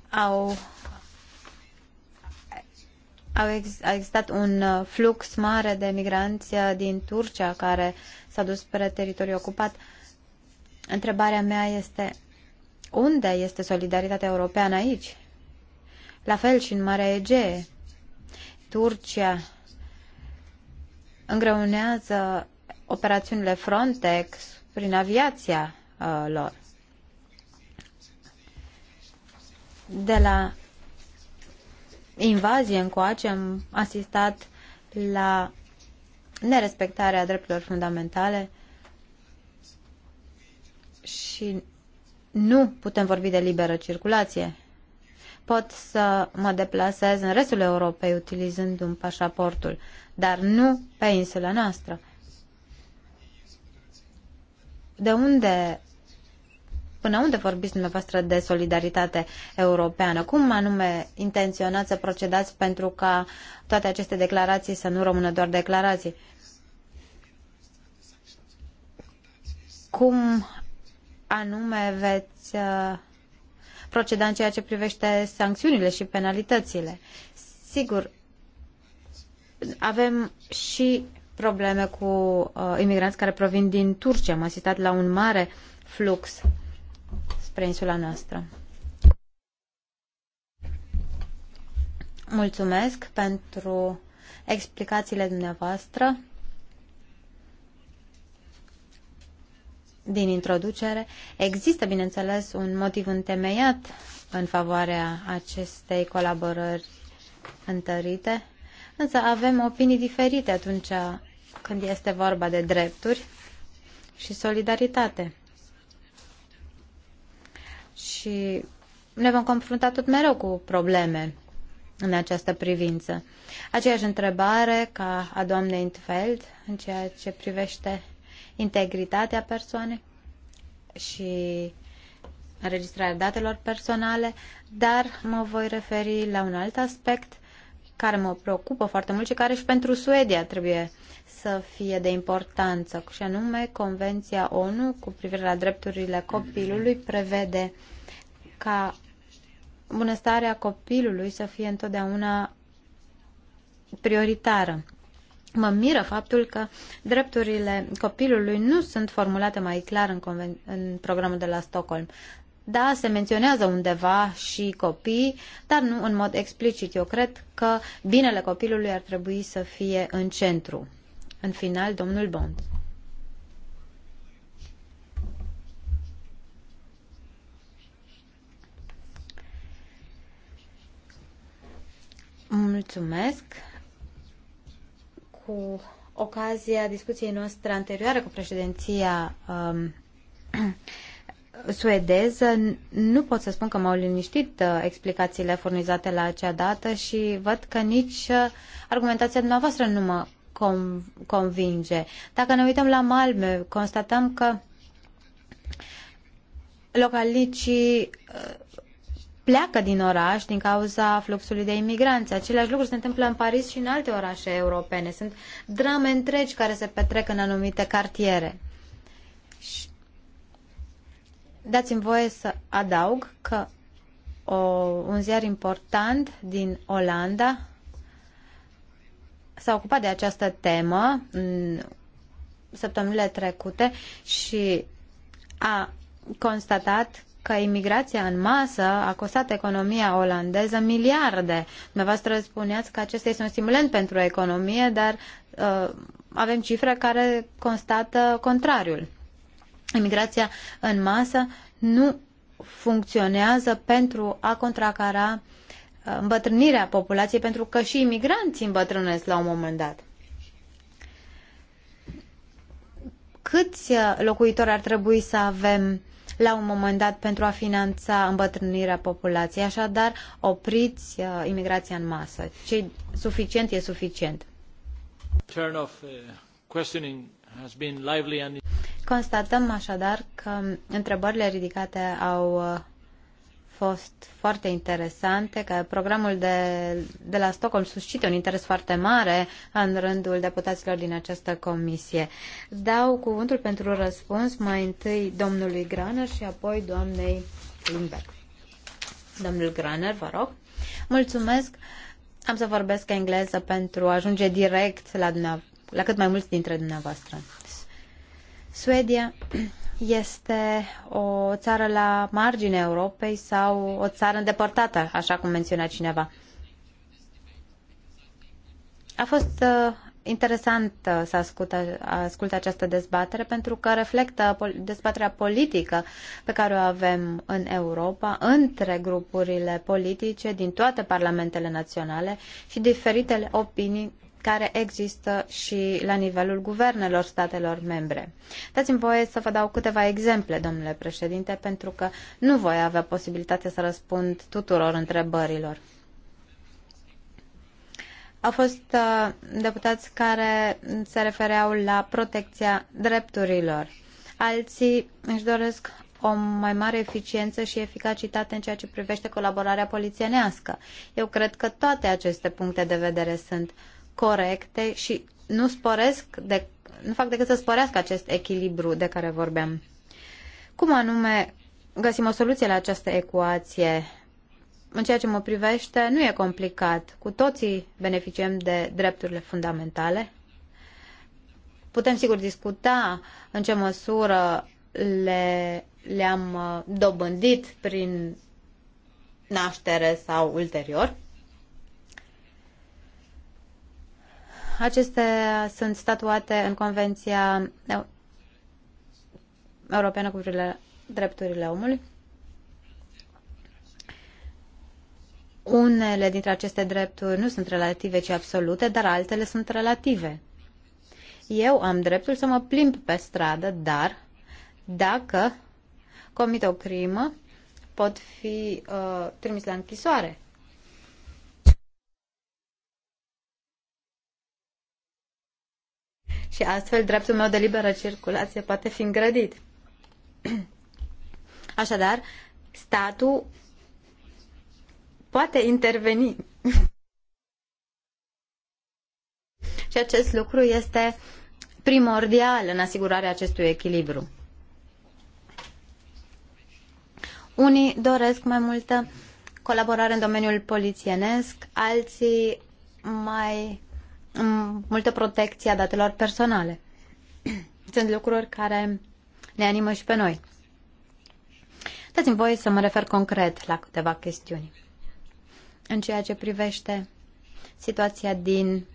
S2: Au, au ex, a existat un uh, flux mare de migranți uh, din Turcia care s-a dus spre teritoriul ocupat. Întrebarea mea este unde este solidaritatea europeană aici? La fel și în Marea Egee. Turcia îngreunează operațiunile Frontex prin aviația uh, lor. De la invazie încoace am asistat la nerespectarea drepturilor fundamentale și nu putem vorbi de liberă circulație pot să mă deplasez în restul Europei utilizând un pașaportul, dar nu pe insula noastră. De unde Până unde vorbiți dumneavoastră de solidaritate europeană? Cum anume intenționați să procedați pentru ca toate aceste declarații să nu rămână doar declarații? Cum anume veți uh, proceda în ceea ce privește sancțiunile și penalitățile. Sigur, avem și probleme cu uh, imigranți care provin din Turcia. Am asistat la un mare flux spre insula noastră. Mulțumesc pentru explicațiile dumneavoastră. din introducere, există, bineînțeles, un motiv întemeiat în favoarea acestei colaborări întărite, însă avem opinii diferite atunci când este vorba de drepturi și solidaritate. Și ne vom confrunta tot mereu cu probleme în această privință. Aceeași întrebare ca a doamnei Intfeld în ceea ce privește integritatea persoanei și înregistrarea datelor personale, dar mă voi referi la un alt aspect care mă preocupă foarte mult și care și pentru Suedia trebuie să fie de importanță, și anume Convenția ONU cu privire la drepturile copilului prevede ca bunăstarea copilului să fie întotdeauna prioritară. Mă miră faptul că drepturile copilului nu sunt formulate mai clar în, în programul de la Stockholm. Da, se menționează undeva și copii, dar nu în mod explicit. Eu cred că binele copilului ar trebui să fie în centru. În final, domnul Bond. Mulțumesc cu ocazia discuției noastre anterioare cu președinția um, suedeză, nu pot să spun că m-au liniștit uh, explicațiile furnizate la acea dată și văd că nici uh, argumentația dumneavoastră nu mă convinge. Dacă ne uităm la Malme, constatăm că localnicii uh, pleacă din oraș din cauza fluxului de imigranți. Același lucru se întâmplă în Paris și în alte orașe europene. Sunt drame întregi care se petrec în anumite cartiere. Dați-mi voie să adaug că o, un ziar important din Olanda s-a ocupat de această temă în săptămânile trecute și a constatat că imigrația în masă a costat economia olandeză miliarde. Dumneavoastră spuneați că acesta este un stimulant pentru economie, dar uh, avem cifre care constată contrariul. Imigrația în masă nu funcționează pentru a contracara uh, îmbătrânirea populației, pentru că și imigranții îmbătrânesc la un moment dat. Câți uh, locuitori ar trebui să avem la un moment dat pentru a finanța îmbătrânirea populației. Așadar, opriți uh, imigrația în masă. Ce suficient e suficient.
S5: Turn of, uh, has been and...
S2: Constatăm așadar că întrebările ridicate au uh, fost foarte interesante, că programul de, de la Stockholm suscite un interes foarte mare în rândul deputaților din această comisie. Dau cuvântul pentru răspuns mai întâi domnului Graner și apoi doamnei Lindberg. Domnul Graner, vă rog. Mulțumesc. Am să vorbesc engleză pentru a ajunge direct la, la cât mai mulți dintre dumneavoastră. Suedia este o țară la marginea Europei sau o țară îndepărtată, așa cum menționa cineva. A fost uh, interesant uh, să ascult, ascult această dezbatere pentru că reflectă dezbaterea politică pe care o avem în Europa între grupurile politice din toate parlamentele naționale și diferitele opinii care există și la nivelul guvernelor statelor membre. Dați-mi voie să vă dau câteva exemple, domnule președinte, pentru că nu voi avea posibilitatea să răspund tuturor întrebărilor. Au fost uh, deputați care se refereau la protecția drepturilor. Alții își doresc o mai mare eficiență și eficacitate în ceea ce privește colaborarea polițienească. Eu cred că toate aceste puncte de vedere sunt corecte și nu sporesc de, nu fac decât să sporească acest echilibru de care vorbeam. Cum anume găsim o soluție la această ecuație? În ceea ce mă privește, nu e complicat. Cu toții beneficiem de drepturile fundamentale. Putem sigur discuta în ce măsură le, le-am uh, dobândit prin naștere sau ulterior. Acestea sunt statuate în Convenția Europeană cu privire drepturile omului. Unele dintre aceste drepturi nu sunt relative, ci absolute, dar altele sunt relative. Eu am dreptul să mă plimb pe stradă, dar dacă comit o crimă, pot fi uh, trimis la închisoare. și astfel dreptul meu de liberă circulație poate fi îngrădit. Așadar, statul poate interveni. și acest lucru este primordial în asigurarea acestui echilibru. Unii doresc mai multă colaborare în domeniul polițienesc, alții mai Mm, multă protecție a datelor personale. Sunt lucruri care ne animă și pe noi. Dați-mi voie să mă refer concret la câteva chestiuni. În ceea ce privește situația din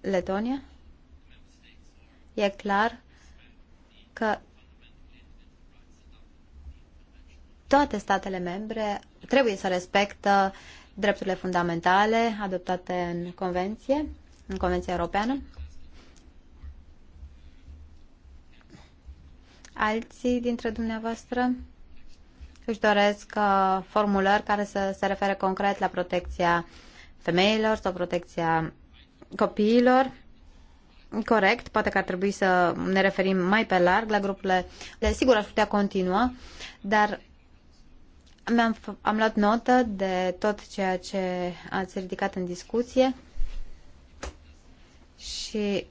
S2: Letonia, e clar că toate statele membre trebuie să respectă drepturile fundamentale adoptate în Convenție, în Convenția Europeană. Alții dintre dumneavoastră își doresc uh, formulări care să se refere concret la protecția femeilor sau protecția copiilor. Corect, poate că ar trebui să ne referim mai pe larg la grupurile. Sigur, aș putea continua, dar am am luat notă de tot ceea ce ați ridicat în discuție și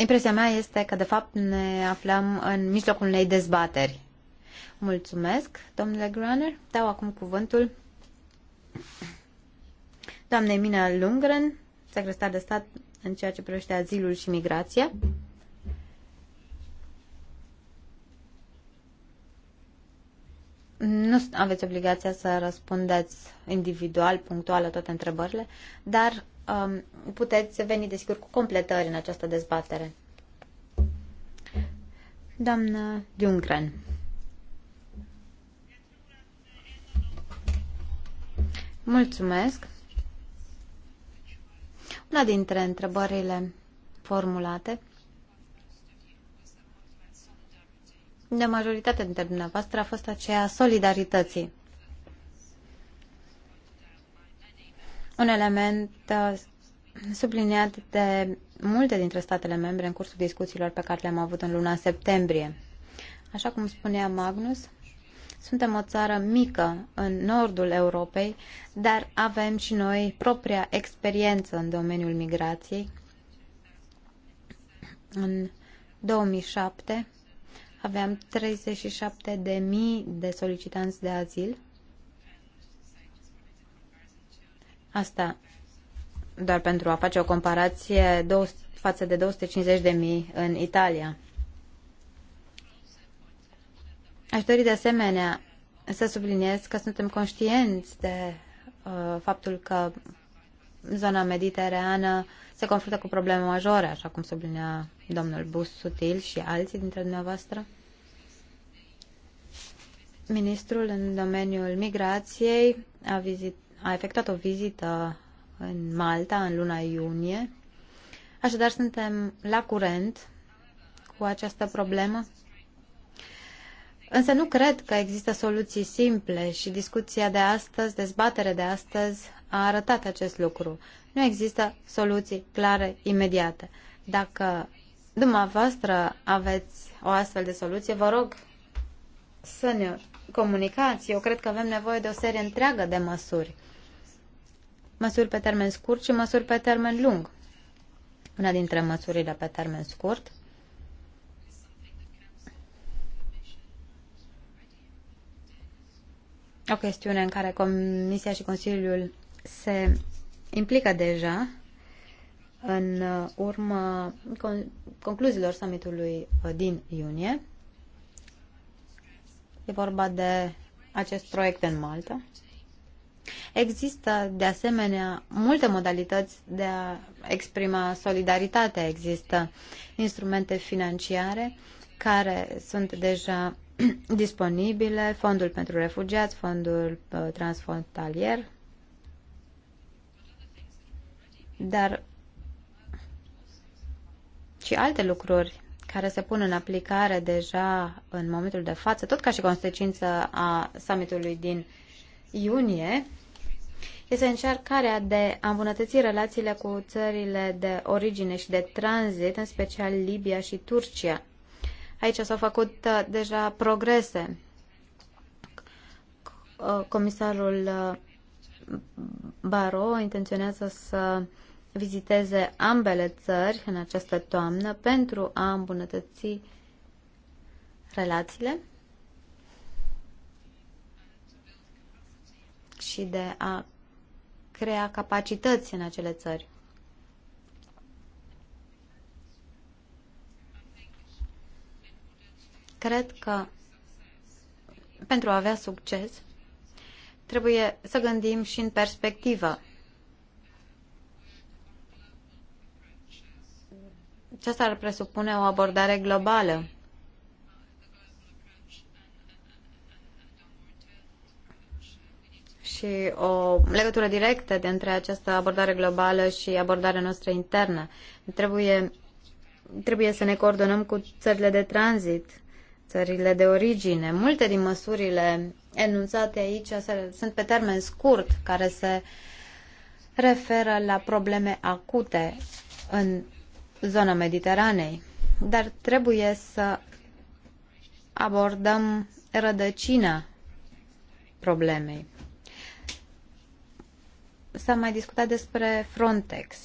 S2: impresia mea este că, de fapt, ne aflăm în mijlocul unei dezbateri. Mulțumesc, domnule Gruner. Dau acum cuvântul doamnei Mina Lundgren, secretar de stat în ceea ce privește azilul și migrația. nu aveți obligația să răspundeți individual, punctual la toate întrebările, dar um, puteți veni, desigur, cu completări în această dezbatere. Doamna Jungren. Mulțumesc. Una dintre întrebările formulate de majoritate dintre dumneavoastră a fost aceea solidarității. Un element uh, subliniat de multe dintre statele membre în cursul discuțiilor pe care le-am avut în luna septembrie. Așa cum spunea Magnus, suntem o țară mică în nordul Europei, dar avem și noi propria experiență în domeniul migrației. În 2007 aveam 37.000 de solicitanți de azil. Asta doar pentru a face o comparație față de 250.000 în Italia. Aș dori de asemenea să subliniez că suntem conștienți de uh, faptul că zona mediterană se confruntă cu probleme majore, așa cum sublinea domnul Sutil și alții dintre dumneavoastră? Ministrul în domeniul migrației a, vizit, a efectuat o vizită în Malta în luna iunie. Așadar, suntem la curent cu această problemă. Însă nu cred că există soluții simple și discuția de astăzi, dezbaterea de astăzi, a arătat acest lucru nu există soluții clare imediate. Dacă dumneavoastră aveți o astfel de soluție, vă rog să ne comunicați. Eu cred că avem nevoie de o serie întreagă de măsuri. Măsuri pe termen scurt și măsuri pe termen lung. Una dintre măsurile pe termen scurt o chestiune în care Comisia și Consiliul se implică deja în uh, urma concluziilor summitului uh, din iunie. E vorba de acest proiect în Malta. Există, de asemenea, multe modalități de a exprima solidaritatea. Există instrumente financiare care sunt deja disponibile, fondul pentru refugiați, fondul uh, transfrontalier, dar și alte lucruri care se pun în aplicare deja în momentul de față, tot ca și consecință a summitului din iunie, este încercarea de a îmbunătăți relațiile cu țările de origine și de tranzit, în special Libia și Turcia. Aici s-au făcut uh, deja progrese. Comisarul uh, Baro intenționează să viziteze ambele țări în această toamnă pentru a îmbunătăți relațiile și de a crea capacități în acele țări. Cred că pentru a avea succes trebuie să gândim și în perspectivă Aceasta ar presupune o abordare globală. și o legătură directă dintre această abordare globală și abordarea noastră internă. Trebuie, trebuie să ne coordonăm cu țările de tranzit, țările de origine. Multe din măsurile enunțate aici sunt pe termen scurt, care se referă la probleme acute în zona Mediteranei. Dar trebuie să abordăm rădăcina problemei. S-a mai discutat despre Frontex.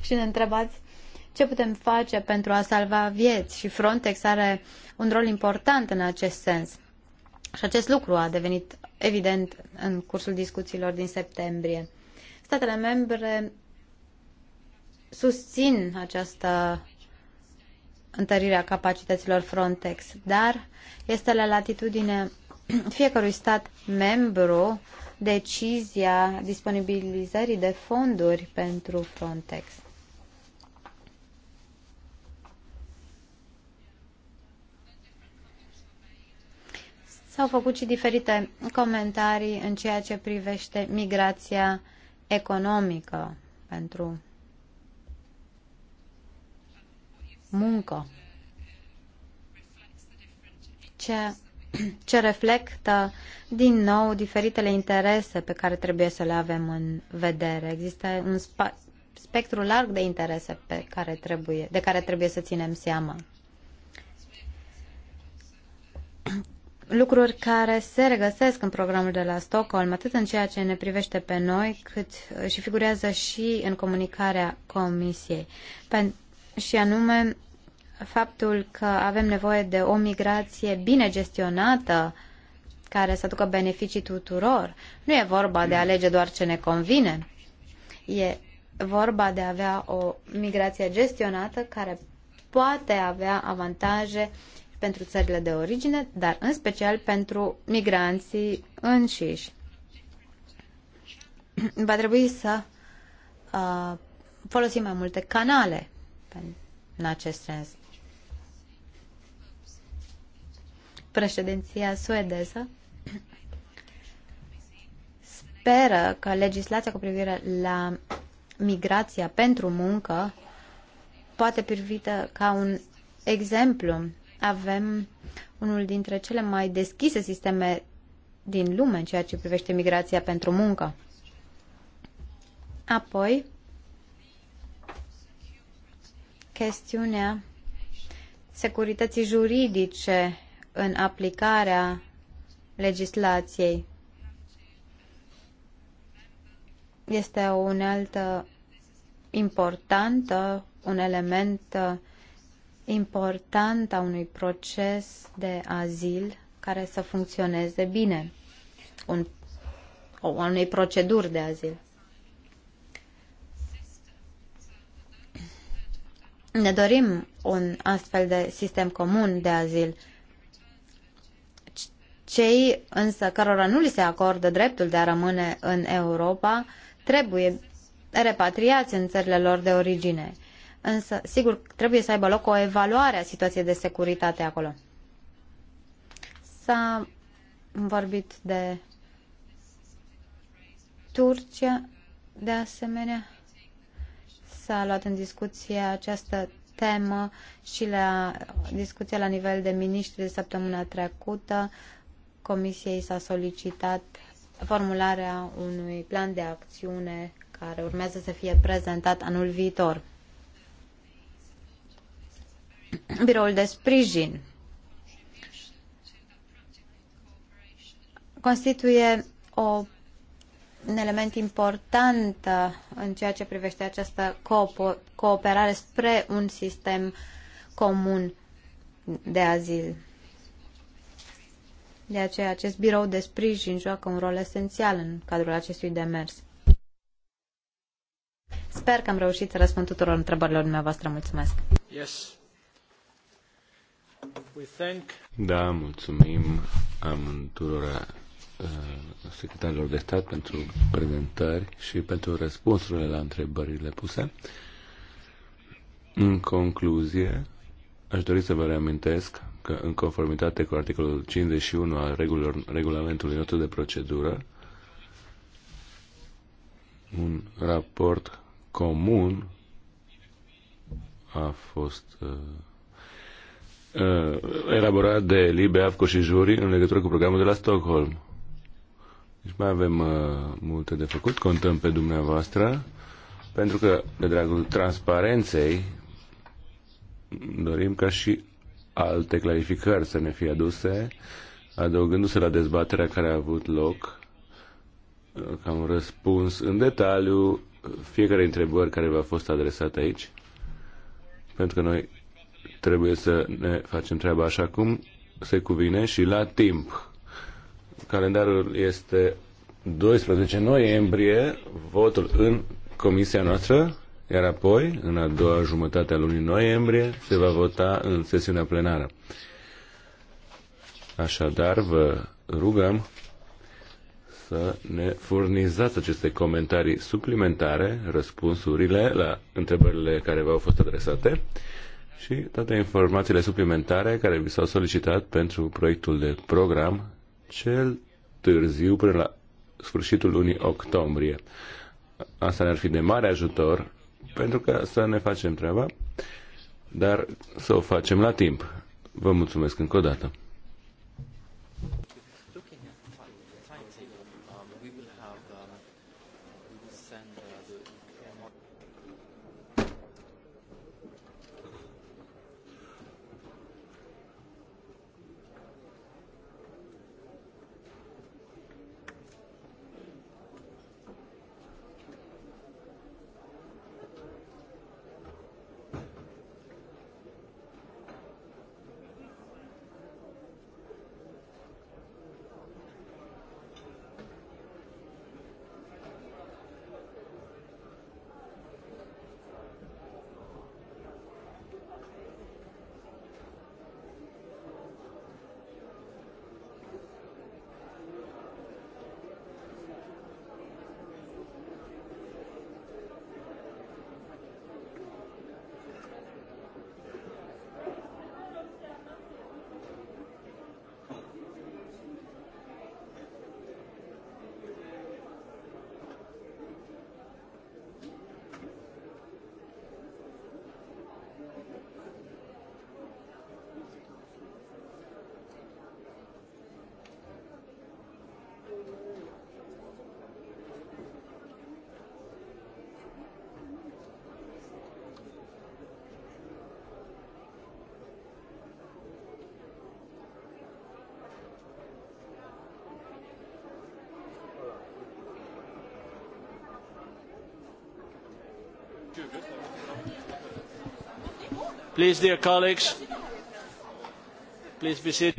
S2: Și ne întrebați ce putem face pentru a salva vieți și Frontex are un rol important în acest sens. Și acest lucru a devenit evident în cursul discuțiilor din septembrie. Statele membre susțin această întărire a capacităților Frontex, dar este la latitudine fiecărui stat membru decizia disponibilizării de fonduri pentru Frontex. S-au făcut și diferite comentarii în ceea ce privește migrația economică pentru muncă. Ce, ce reflectă din nou diferitele interese pe care trebuie să le avem în vedere. Există un spa- spectru larg de interese pe care trebuie, de care trebuie să ținem seama lucruri care se regăsesc în programul de la Stockholm, atât în ceea ce ne privește pe noi, cât și figurează și în comunicarea Comisiei. Pen- și anume faptul că avem nevoie de o migrație bine gestionată care să aducă beneficii tuturor. Nu e vorba de a alege doar ce ne convine. E vorba de a avea o migrație gestionată care poate avea avantaje pentru țările de origine, dar în special pentru migranții înșiși. Va trebui să uh, folosim mai multe canale în acest sens. Președinția suedeză speră că legislația cu privire la migrația pentru muncă poate privită ca un exemplu avem unul dintre cele mai deschise sisteme din lume în ceea ce privește migrația pentru muncă. Apoi, chestiunea securității juridice în aplicarea legislației este o unealtă importantă, un element important a unui proces de azil care să funcționeze bine, un, o, a unei proceduri de azil. Ne dorim un astfel de sistem comun de azil. Cei însă cărora nu li se acordă dreptul de a rămâne în Europa trebuie repatriați în țările lor de origine însă sigur trebuie să aibă loc o evaluare a situației de securitate acolo. S-a vorbit de Turcia, de asemenea, s-a luat în discuție această temă și la discuția la nivel de miniștri de săptămâna trecută, Comisiei s-a solicitat formularea unui plan de acțiune care urmează să fie prezentat anul viitor biroul de sprijin constituie o, un element important uh, în ceea ce privește această cooperare spre un sistem comun de azil. De aceea, acest birou de sprijin joacă un rol esențial în cadrul acestui demers. Sper că am reușit să răspund tuturor întrebărilor dumneavoastră. Mulțumesc! Yes.
S3: Da, mulțumim amândurora uh, secretarilor de stat pentru prezentări și pentru răspunsurile la întrebările puse. În concluzie, aș dori să vă reamintesc că în conformitate cu articolul 51 al regulor, regulamentului nostru de procedură, un raport comun a fost uh, uh, elaborat de Libe, AFCO și Juri în legătură cu programul de la Stockholm. Deci mai avem uh, multe de făcut, contăm pe dumneavoastră, pentru că, de dragul transparenței, dorim ca și alte clarificări să ne fie aduse, adăugându-se la dezbaterea care a avut loc, uh, că am răspuns în detaliu uh, fiecare întrebări care v-a fost adresată aici, pentru că noi trebuie să ne facem treaba așa cum se cuvine și la timp. Calendarul este 12 noiembrie, votul în comisia noastră, iar apoi, în a doua jumătate a lunii noiembrie, se va vota în sesiunea plenară. Așadar, vă rugăm să ne furnizați aceste comentarii suplimentare, răspunsurile la întrebările care v-au fost adresate și toate informațiile suplimentare care vi s-au solicitat pentru proiectul de program cel târziu până la sfârșitul lunii octombrie. Asta ne-ar fi de mare ajutor pentru că să ne facem treaba, dar să o facem la timp. Vă mulțumesc încă o dată.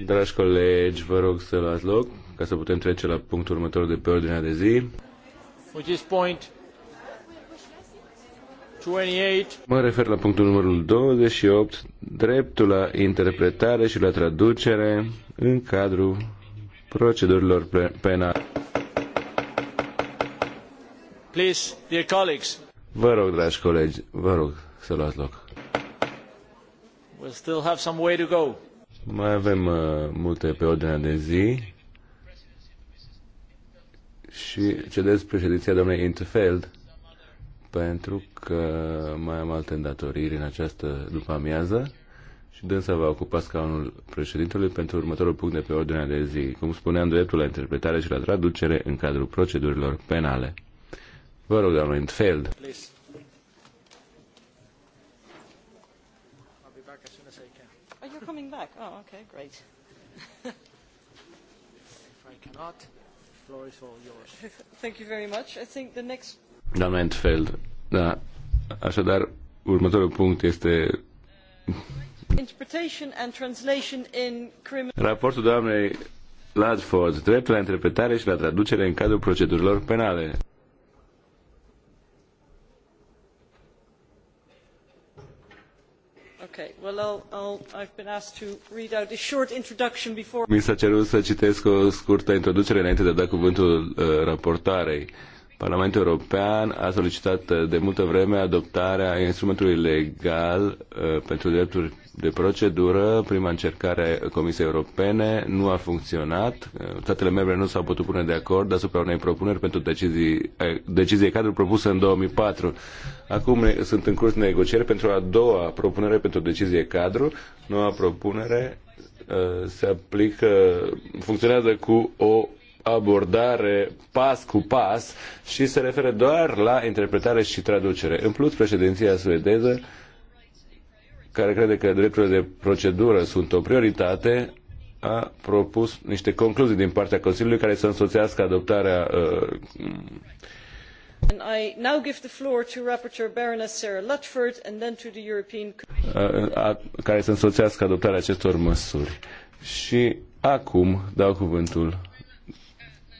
S3: Dragi colegi, vă rog să luați loc ca să putem trece la punctul următor de pe ordinea de zi.
S5: Which is point
S3: 28. Mă refer la punctul numărul 28, dreptul la interpretare și la traducere în cadrul procedurilor penale.
S5: Please, dear colleagues.
S3: Vă rog, dragi colegi, vă rog să luați loc
S5: still have some way to go.
S3: Mai avem uh, multe pe ordinea de zi și cedez președinția domnului Interfeld pentru că mai am alte îndatoriri în această după amiază și dânsa va ocupa scaunul președintelui pentru următorul punct de pe ordinea de zi, cum spuneam, dreptul la interpretare și la traducere în cadrul procedurilor penale. Vă rog, domnul Intfeld. Please.
S4: Oh, okay, great. if I cannot, the floor is all yours. Thank you very much. I think the next...
S3: Doamna Entfeld, da, așadar, următorul punct este
S4: Interpretation and translation in criminal...
S3: Raportul doamnei Ladford, dreptul la interpretare și la traducere în cadrul procedurilor penale. Mi s-a cerut să citesc o scurtă introducere înainte de a da cuvântul uh, raportarei. Parlamentul European a solicitat uh, de multă vreme adoptarea instrumentului legal uh, pentru drepturi de procedură, prima încercare a Comisiei Europene nu a funcționat. Statele membre nu s-au putut pune de acord asupra unei propuneri pentru decizii, eh, decizie cadru propusă în 2004. Acum sunt în curs negocieri pentru a doua propunere pentru decizie cadru. Noua propunere eh, se aplică, funcționează cu o abordare pas cu pas și se referă doar la interpretare și traducere. În plus, președinția suedeză care crede că drepturile de procedură sunt o prioritate, a propus niște concluzii din partea Consiliului care să însoțească adoptarea uh, care să însoțească adoptarea acestor măsuri. Și acum dau cuvântul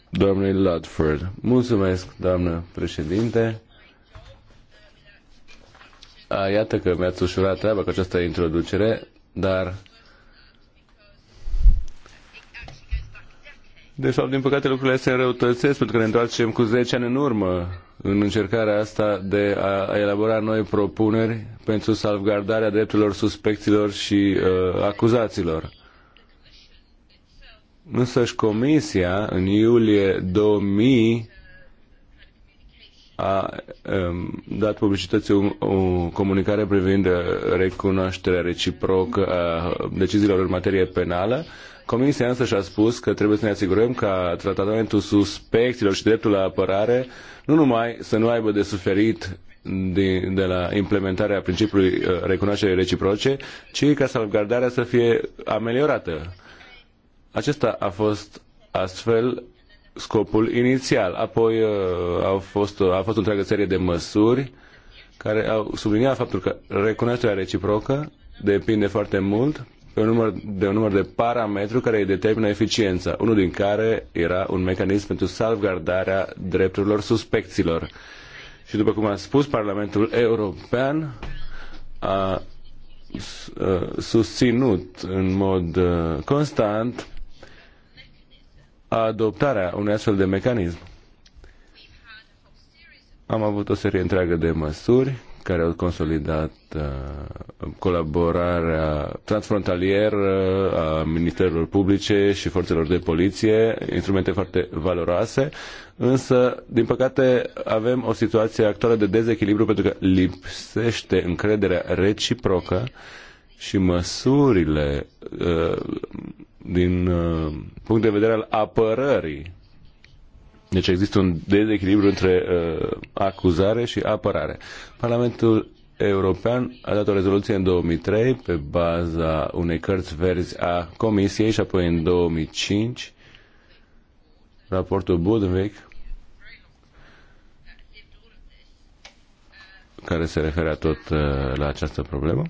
S3: domnului Ludford. Mulțumesc, doamnă președinte. Iată că mi-ați ușurat treaba cu această introducere, dar De fapt, din păcate, lucrurile se înrăutățesc pentru că ne întoarcem cu 10 ani în urmă în încercarea asta de a elabora noi propuneri pentru salvgardarea drepturilor suspecților și uh, acuzaților. Însăși Comisia, în iulie 2000, a um, dat publicității o, o comunicare privind uh, recunoașterea reciprocă a deciziilor în materie penală. Comisia însă și-a spus că trebuie să ne asigurăm ca tratamentul suspecților și dreptul la apărare nu numai să nu aibă de suferit de, de la implementarea principiului uh, recunoașterii reciproce, ci ca salvgardarea să fie ameliorată. Acesta a fost astfel scopul inițial. Apoi uh, au fost, uh, a fost o întreagă serie de măsuri care au subliniat faptul că recunoașterea reciprocă depinde foarte mult pe un număr, de un număr de parametru care îi determină eficiența, unul din care era un mecanism pentru salvgardarea drepturilor suspecților. Și după cum a spus, Parlamentul European a uh, susținut în mod constant adoptarea unui astfel de mecanism. Am avut o serie întreagă de măsuri care au consolidat uh, colaborarea transfrontalieră a ministerilor publice și forțelor de poliție, instrumente foarte valoroase, însă, din păcate, avem o situație actuală de dezechilibru pentru că lipsește încrederea reciprocă și măsurile uh, din uh, punct de vedere al apărării. Deci există un dezechilibru între uh, acuzare și apărare. Parlamentul European a dat o rezoluție în 2003 pe baza unei cărți verzi a Comisiei și apoi în 2005 raportul Budwig care se referea tot uh, la această problemă.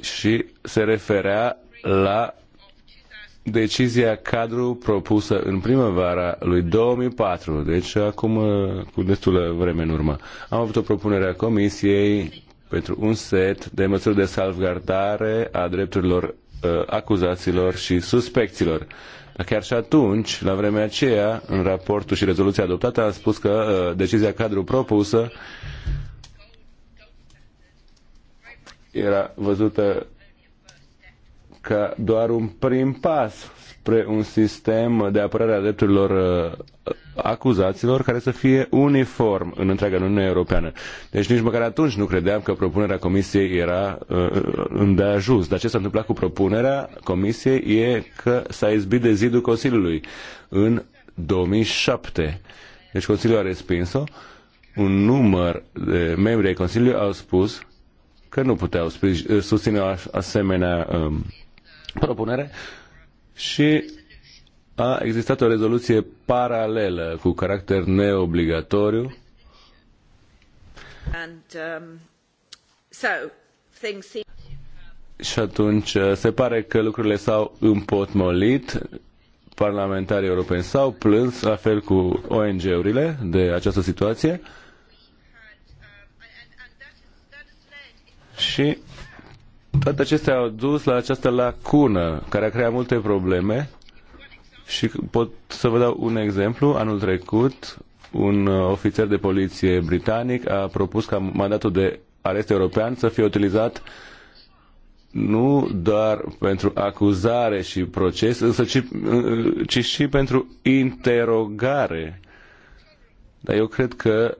S3: și se referea la decizia cadru propusă în primăvara lui 2004, deci acum uh, cu destulă vreme în urmă. Am avut o propunere a Comisiei pentru un set de măsuri de salvgardare a drepturilor uh, acuzaților și suspecților. Dar chiar și atunci, la vremea aceea, în raportul și rezoluția adoptată, am spus că uh, decizia cadru propusă uh, era văzută ca doar un prim pas spre un sistem de apărare a drepturilor uh, acuzaților care să fie uniform în întreaga Uniune Europeană. Deci nici măcar atunci nu credeam că propunerea Comisiei era uh, îndeajuns. Dar ce s-a întâmplat cu propunerea Comisiei e că s-a izbit de zidul Consiliului în 2007. Deci Consiliul a respins-o. Un număr de membri ai Consiliului au spus că nu puteau eh, susține o asemenea um, propunere și a existat o rezoluție paralelă cu caracter neobligatoriu.
S4: And, um, so, things...
S3: Și atunci eh, se pare că lucrurile s-au împotmolit parlamentarii europeni s-au plâns, la fel cu ONG-urile, de această situație. Și toate acestea au dus la această lacună care a creat multe probleme și pot să vă dau un exemplu. Anul trecut, un ofițer de poliție britanic a propus ca mandatul de arest european să fie utilizat nu doar pentru acuzare și proces, însă ci, ci și pentru interogare. Dar eu cred că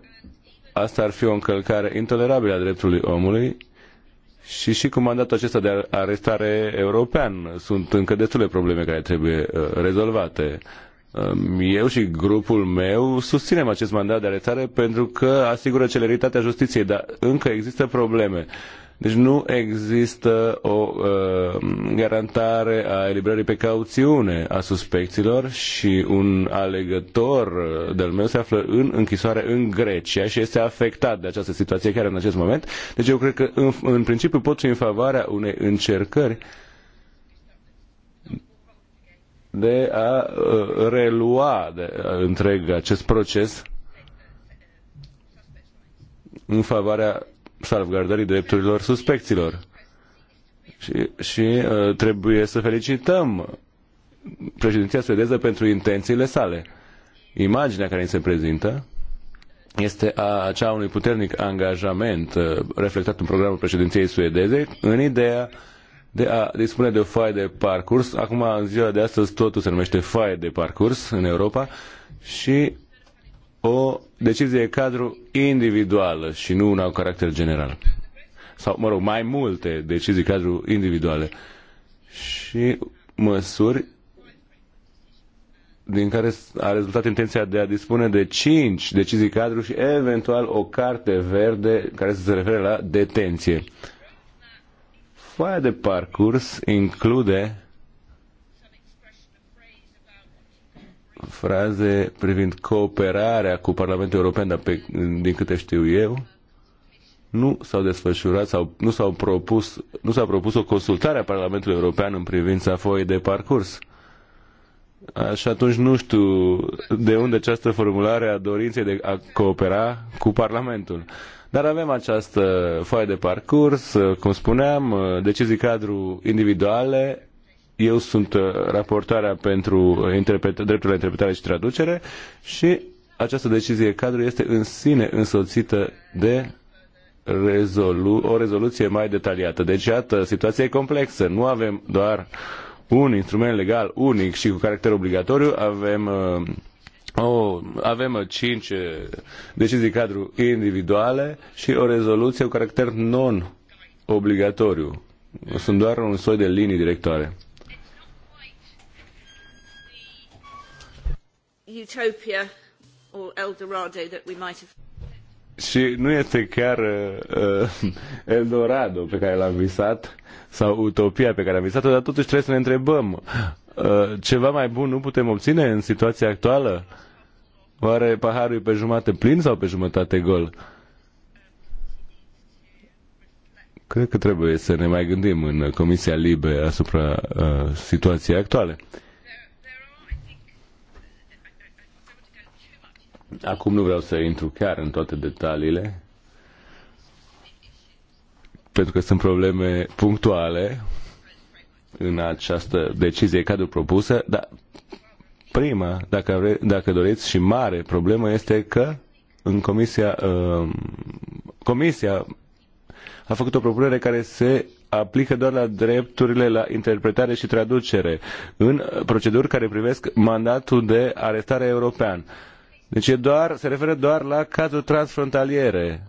S3: asta ar fi o încălcare intolerabilă a dreptului omului și și cu mandatul acesta de arestare european sunt încă destule probleme care trebuie uh, rezolvate. Um, eu și grupul meu susținem acest mandat de arestare pentru că asigură celeritatea justiției, dar încă există probleme. Uh, deci nu există o uh, garantare a eliberării pe cauțiune a suspecților și un alegător uh, de-al meu se află în închisoare în Grecia și este afectat de această situație care în acest moment. Deci eu cred că în, în principiu pot fi în favoarea unei încercări de a uh, relua de, a, uh, întreg acest proces în favoarea salvgardării drepturilor suspecților. Și, și uh, trebuie să felicităm președinția suedeză pentru intențiile sale. Imaginea care ni se prezintă este a, acea unui puternic angajament uh, reflectat în programul președinției suedeze în ideea de a dispune de o foaie de parcurs. Acum, în ziua de astăzi, totul se numește foaie de parcurs în Europa și o decizie cadru individuală și nu una cu caracter general. Sau, mă rog, mai multe decizii cadru individuale și măsuri din care a rezultat intenția de a dispune de cinci decizii cadru și eventual o carte verde care să se refere la detenție. Foaia de parcurs include fraze privind cooperarea cu Parlamentul European, dar pe, din câte știu eu, nu s-au desfășurat sau nu s-au propus, nu s-a propus o consultare a Parlamentului European în privința foii de parcurs. Și atunci nu știu de unde această formulare a dorinței de a coopera cu Parlamentul. Dar avem această foaie de parcurs, cum spuneam, decizii cadru individuale eu sunt uh, raportarea pentru dreptul la interpretare și traducere și această decizie cadru este în sine însoțită de rezolu- o rezoluție mai detaliată. Deci, iată, situația e complexă. Nu avem doar un instrument legal unic și cu caracter obligatoriu, avem uh, Oh, avem uh, cinci uh, decizii cadru individuale și o rezoluție cu caracter non-obligatoriu. Sunt doar un soi de linii directoare.
S1: utopia or El Dorado that we might have
S3: și nu este chiar uh, Eldorado pe care l-am visat sau utopia pe care am visat-o, dar totuși trebuie să ne întrebăm uh, ceva mai bun nu putem obține în situația actuală? Oare paharul e pe jumate plin sau pe jumătate gol? Cred că trebuie să ne mai gândim în Comisia Libe asupra uh, situației actuale. Acum nu vreau să intru chiar în toate detaliile, pentru că sunt probleme punctuale în această decizie cadru propusă, dar prima, dacă, vre, dacă doriți, și mare problemă este că în comisia, uh, comisia a făcut o propunere care se aplică doar la drepturile la interpretare și traducere în proceduri care privesc mandatul de arestare european. Uh, deci e doar, se referă doar la cazuri transfrontaliere.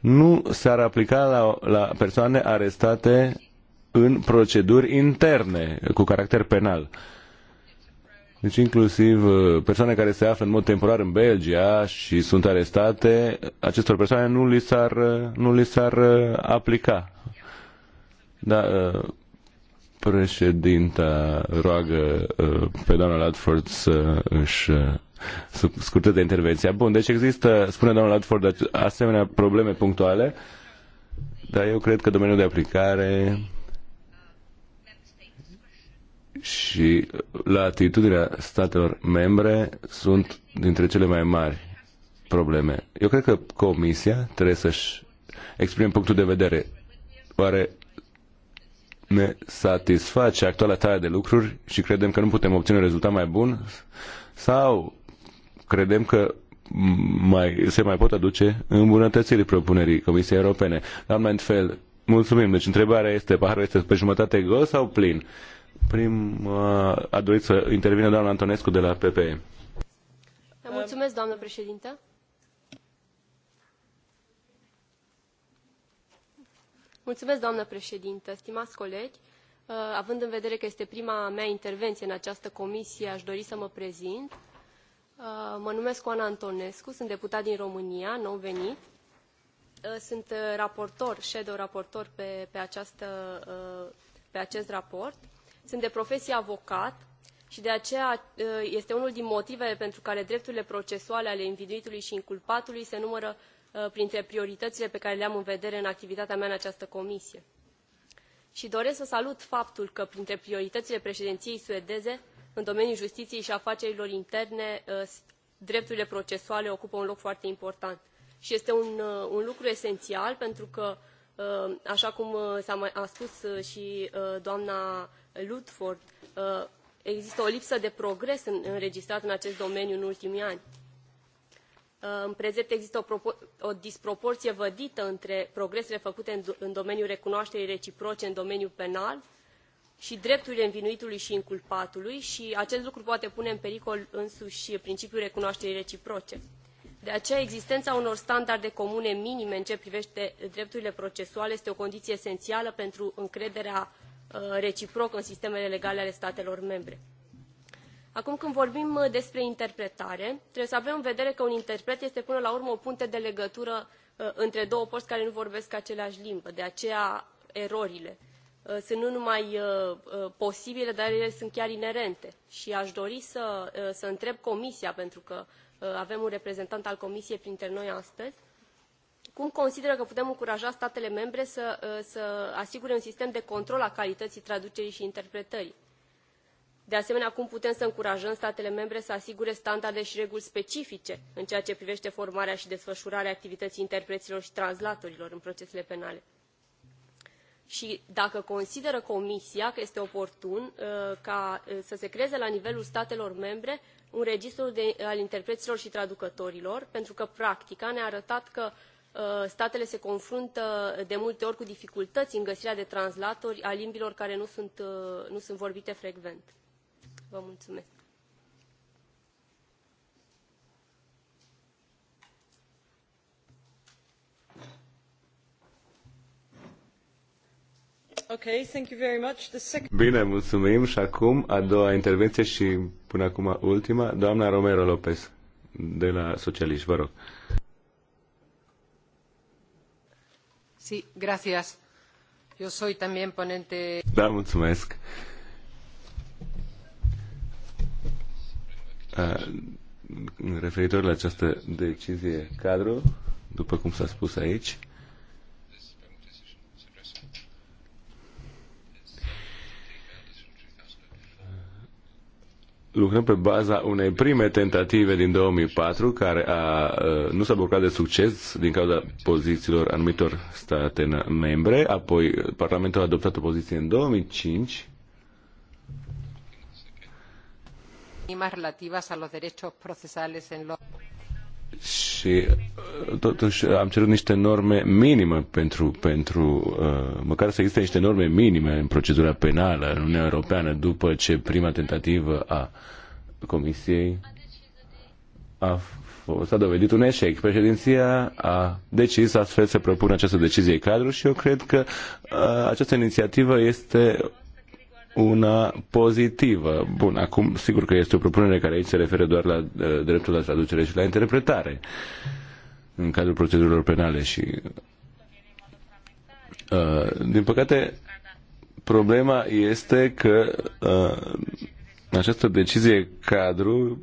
S3: Nu s-ar aplica la, la persoane arestate în proceduri interne cu caracter penal. Deci inclusiv uh, persoane care se află în mod temporar în Belgia și sunt arestate, acestor persoane nu li s-ar, uh, nu li s-ar uh, aplica. Da, președinta roagă pe doamna Ladford să își scurtă de intervenția. Bun, deci există, spune domnul Ladford, asemenea probleme punctuale, dar eu cred că domeniul de aplicare și la atitudinea statelor membre sunt dintre cele mai mari probleme. Eu cred că Comisia trebuie să-și exprime punctul de vedere. Oare ne satisface actuala tare de lucruri și credem că nu putem obține un rezultat mai bun? Sau credem că mai, se mai pot aduce îmbunătățiri propunerii Comisiei Europene. Doamna fel, mulțumim. Deci întrebarea este, paharul este pe jumătate gol sau plin? Prim a dorit să intervină doamna Antonescu de la PPE.
S6: Mulțumesc, doamnă președintă. Mulțumesc, doamnă președintă, stimați colegi. Uh, având în vedere că este prima mea intervenție în această comisie, aș dori să mă prezint. Uh, mă numesc Oana Antonescu, sunt deputat din România, nou venit. Uh, sunt uh, raportor, shadow raportor pe, pe, această, pe acest raport. Sunt de profesie avocat și de aceea este unul din motivele pentru care drepturile procesuale ale invinuitului și inculpatului se numără printre prioritățile pe care le am în vedere în activitatea mea în această comisie. Și doresc să salut faptul că printre prioritățile președinției suedeze în domeniul justiției și afacerilor interne, ă, drepturile procesuale ocupă un loc foarte important. Și este un, ă, un lucru esențial pentru că, ă, așa cum a spus și doamna Ludford, există o lipsă de progres înregistrat în acest domeniu în ultimii ani. În prezent există o, o disproporție vădită între progresele făcute în, în domeniul recunoașterii reciproce în domeniul penal și drepturile învinuitului și inculpatului și acest lucru poate pune în pericol însuși principiul recunoașterii reciproce. De aceea, existența unor standarde comune minime în ce privește drepturile procesuale este o condiție esențială pentru încrederea uh, reciprocă în sistemele legale ale statelor membre. Acum, când vorbim uh, despre interpretare, trebuie să avem în vedere că un interpret este până la urmă o punte de legătură uh, între două părți care nu vorbesc aceleași limbă, de aceea erorile Uh, sunt nu numai uh, uh, posibile, dar ele sunt chiar inerente. Și aș dori să, să întreb Comisia, pentru că avem un reprezentant al Comisiei printre noi astăzi, cum consideră că putem încuraja statele membre să, să asigure un sistem de control al calității traducerii și interpretării? De asemenea, cum putem să încurajăm statele membre să asigure standarde și reguli specifice în ceea ce privește formarea și desfășurarea activității interpreților și translatorilor în procesele penale? și dacă consideră Comisia că este oportun uh, ca uh, să se creeze la nivelul statelor membre un registru de, al interpreților și traducătorilor, pentru că practica ne-a arătat că uh, statele se confruntă de multe ori cu dificultăți în găsirea de translatori a limbilor care nu sunt, nu sunt vorbite frecvent. Vă mulțumesc.
S4: Bine,
S3: mulțumim și acum a doua intervenție și până acum ultima, doamna Romero Lopez de la Socialiști, vă rog.
S4: Sí, gracias.
S1: Eu soy también ponente...
S3: Da, mulțumesc. A, referitor la această decizie cadru, după cum s-a spus aici, lucrăm pe baza unei prime tentative din 2004, care a, ă, nu s-a bucurat de succes din cauza pozițiilor anumitor state membre. Apoi, Parlamentul a adoptat o poziție în 2005
S5: relativas a los derechos procesales en los
S3: și uh, totuși am cerut niște norme minime pentru, pentru uh, măcar să existe niște norme minime în procedura penală în Uniunea Europeană după ce prima tentativă a Comisiei a s-a dovedit un eșec. Președinția a decis astfel să propună această decizie cadru și eu cred că uh, această inițiativă este una pozitivă. Bun, acum sigur că este o propunere care aici se referă doar la uh, dreptul la traducere și la interpretare în cadrul procedurilor penale și uh, din păcate problema este că uh, această decizie cadru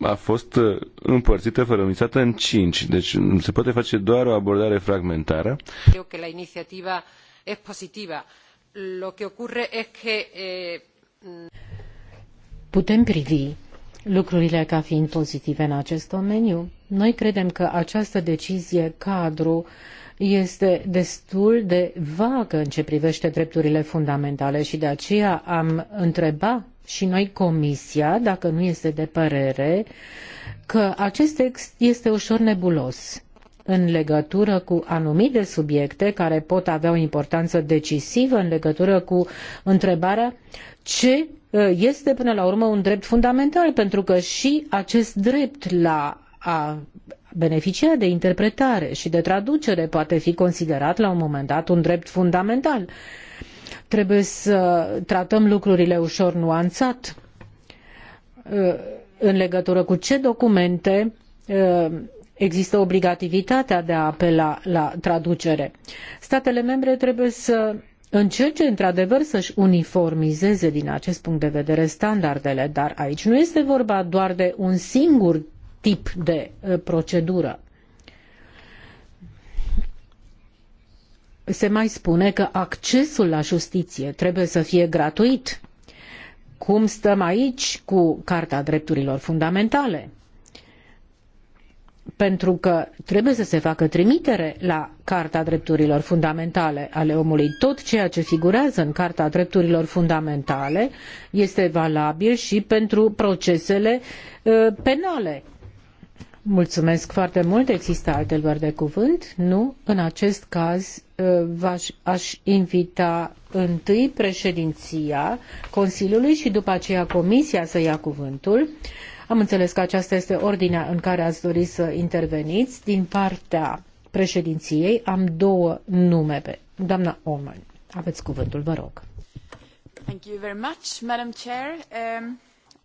S3: a fost uh, împărțită, fărămițată în cinci. Deci se poate face doar o abordare fragmentară.
S1: Cred că la inițiativa este pozitivă lo que ocurre es que eh, putem privi lucrurile ca fiind pozitive în acest domeniu. Noi credem că această decizie cadru este destul de vagă în ce privește drepturile fundamentale și de aceea am întrebat și noi Comisia, dacă nu este de părere, că acest text este ușor nebulos în legătură cu anumite subiecte care pot avea o importanță decisivă în legătură cu întrebarea ce uh, este până la urmă un drept fundamental, pentru că și acest drept la a beneficia de interpretare și de traducere poate fi considerat la un moment dat un drept fundamental. Trebuie să tratăm lucrurile ușor nuanțat uh, în legătură cu ce documente uh, există obligativitatea de a apela la traducere. Statele membre trebuie să încerce într-adevăr să-și uniformizeze din acest punct de vedere standardele, dar aici nu este vorba doar de un singur tip de uh, procedură. Se mai spune că accesul la justiție trebuie să fie gratuit. Cum stăm aici cu Carta Drepturilor Fundamentale? pentru că trebuie să se facă trimitere la Carta Drepturilor Fundamentale ale omului. Tot ceea ce figurează în Carta Drepturilor Fundamentale este valabil și pentru procesele uh, penale. Mulțumesc foarte mult. Există alte luări de cuvânt? Nu. În acest caz uh, v-aș, aș invita întâi președinția Consiliului și după aceea Comisia să ia cuvântul. Uh, am înțeles că aceasta este ordinea în care ați dori să interveniți. Din partea președinției am două nume. Pe. Doamna Oman, aveți cuvântul, vă rog. Thank you very much, Madam Chair.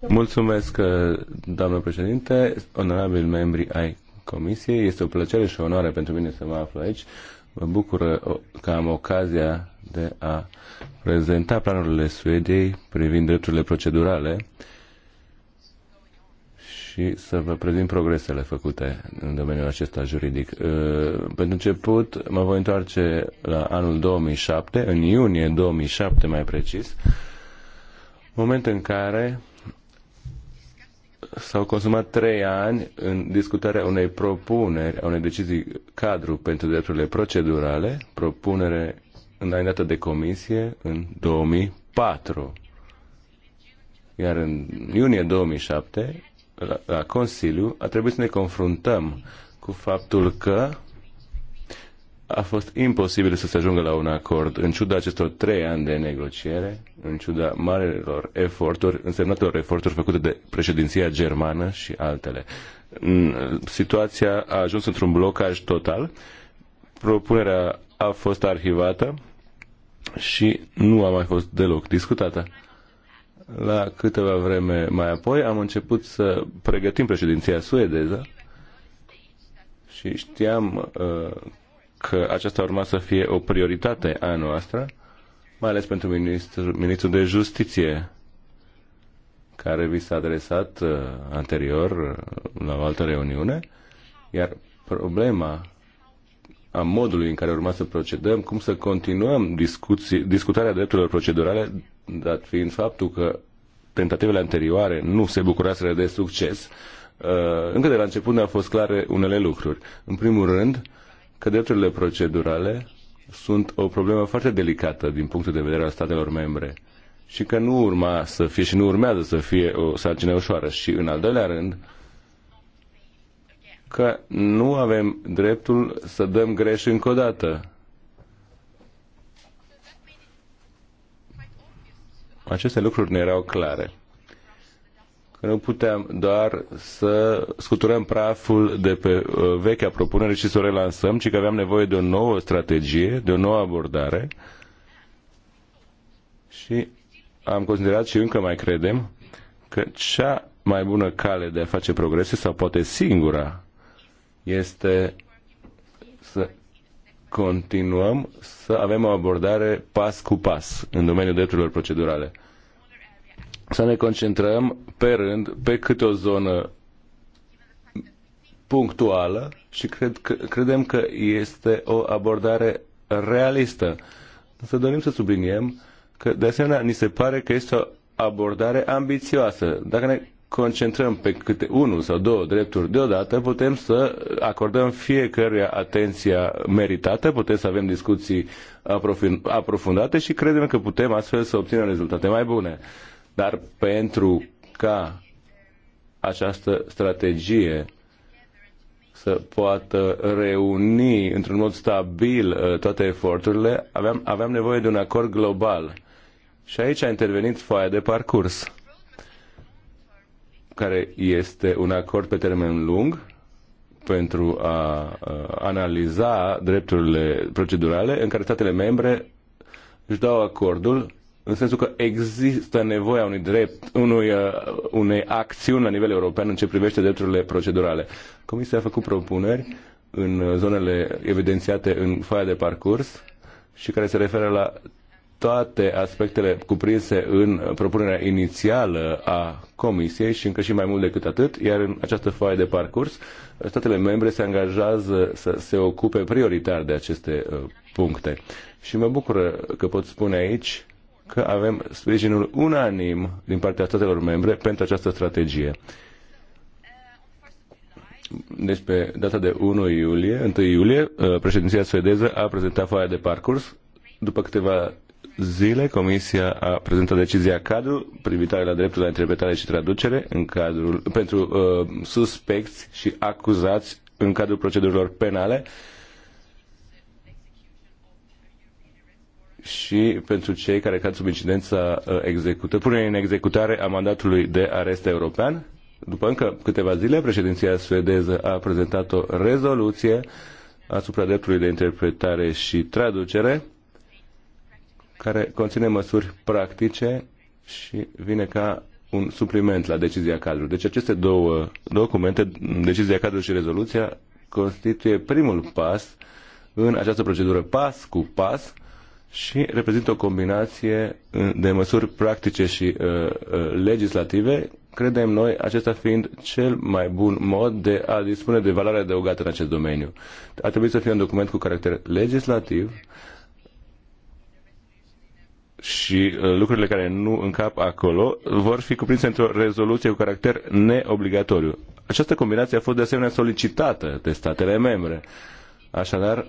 S1: Um...
S3: Mulțumesc, uh, doamnă președinte, onorabili membri ai Comisiei. Este o plăcere și o onoare pentru mine să mă aflu aici. Mă bucur uh, că am ocazia de a prezenta planurile Suediei privind drepturile procedurale și să vă prezint progresele făcute în domeniul acesta juridic. Uh, pentru început, mă voi întoarce la anul 2007, în iunie 2007 mai precis, moment în care s-au consumat trei ani în discutarea unei propuneri, a unei decizii cadru pentru drepturile procedurale, propunere înaintată de comisie în 2004. Iar în iunie 2007, la, la Consiliu, a trebuit să ne confruntăm cu faptul că a fost imposibil să se ajungă la un acord, în ciuda acestor trei ani de negociere, în ciuda marilor eforturi, însemnatelor eforturi făcute de președinția germană și altele. Situația a ajuns într-un blocaj total, propunerea a fost arhivată și nu a mai fost deloc discutată. La câteva vreme mai apoi am început să pregătim președinția suedeză și știam uh, că aceasta urma să fie o prioritate a noastră, mai ales pentru ministrul, ministrul de justiție, care vi s-a adresat uh, anterior uh, la o altă reuniune, iar problema a modului în care urma să procedăm, cum să continuăm discuții, discutarea drepturilor procedurale, dat fiind faptul că tentativele anterioare nu se bucuraseră de succes, uh, încă de la început ne-au fost clare unele lucruri. În primul rând, că drepturile procedurale sunt o problemă foarte delicată din punctul de vedere al statelor membre și că nu urma să fie și nu urmează să fie o sarcină ușoară. Și în al doilea rând, că nu avem dreptul să dăm greș încă o dată. Aceste lucruri ne erau clare. Că nu puteam doar să scuturăm praful de pe uh, vechea propunere și să o relansăm, ci că aveam nevoie de o nouă strategie, de o nouă abordare. Și am considerat și încă mai credem că cea mai bună cale de a face progrese, sau poate singura este să continuăm să avem o abordare pas cu pas în domeniul drepturilor procedurale. Să ne concentrăm pe rând pe câte o zonă punctuală și cred că, credem că este o abordare realistă. Să dorim să subliniem că, de asemenea, ni se pare că este o abordare ambițioasă. Dacă ne concentrăm pe câte unul sau două drepturi deodată, putem să acordăm fiecăruia atenția meritată, putem să avem discuții aprofundate și credem că putem astfel să obținem rezultate mai bune. Dar pentru ca această strategie să poată reuni într-un mod stabil uh, toate eforturile, aveam, aveam nevoie de un acord global. Și aici a intervenit foaia de parcurs care este un acord pe termen lung pentru a analiza drepturile procedurale în care statele membre își dau acordul în sensul că există nevoia unui drept, unui, unei acțiuni la nivel european în ce privește drepturile procedurale. Comisia a făcut propuneri în zonele evidențiate în foaia de parcurs și care se referă la toate aspectele cuprinse în propunerea inițială a Comisiei și încă și mai mult decât atât, iar în această foaie de parcurs, statele membre se angajează să se ocupe prioritar de aceste uh, puncte. Și mă bucură că pot spune aici că avem sprijinul unanim din partea statelor membre pentru această strategie. Deci pe data de 1 iulie, 1 iulie, uh, președinția suedeză a prezentat foaia de parcurs după câteva zile, Comisia a prezentat decizia cadru privitoare la dreptul la interpretare și traducere în cadrul, pentru uh, suspecți și acuzați în cadrul procedurilor penale și pentru cei care cad sub incidența uh, execută, punerii în executare a mandatului de arest european. După încă câteva zile, președinția suedeză a prezentat o rezoluție asupra dreptului de interpretare și traducere care conține măsuri practice și vine ca un supliment la decizia cadru. Deci aceste două documente, decizia cadru și rezoluția, constituie primul pas în această procedură pas cu pas și reprezintă o combinație uh, de măsuri practice și uh, uh, legislative, credem noi acesta fiind cel mai bun mod de a dispune de valoare adăugată în acest domeniu. Ar trebui să fie un document cu caracter legislativ, uh, și uh, lucrurile care nu încap acolo vor fi cuprinse într-o rezoluție cu caracter neobligatoriu. Această combinație a fost de asemenea solicitată de statele membre. Așadar,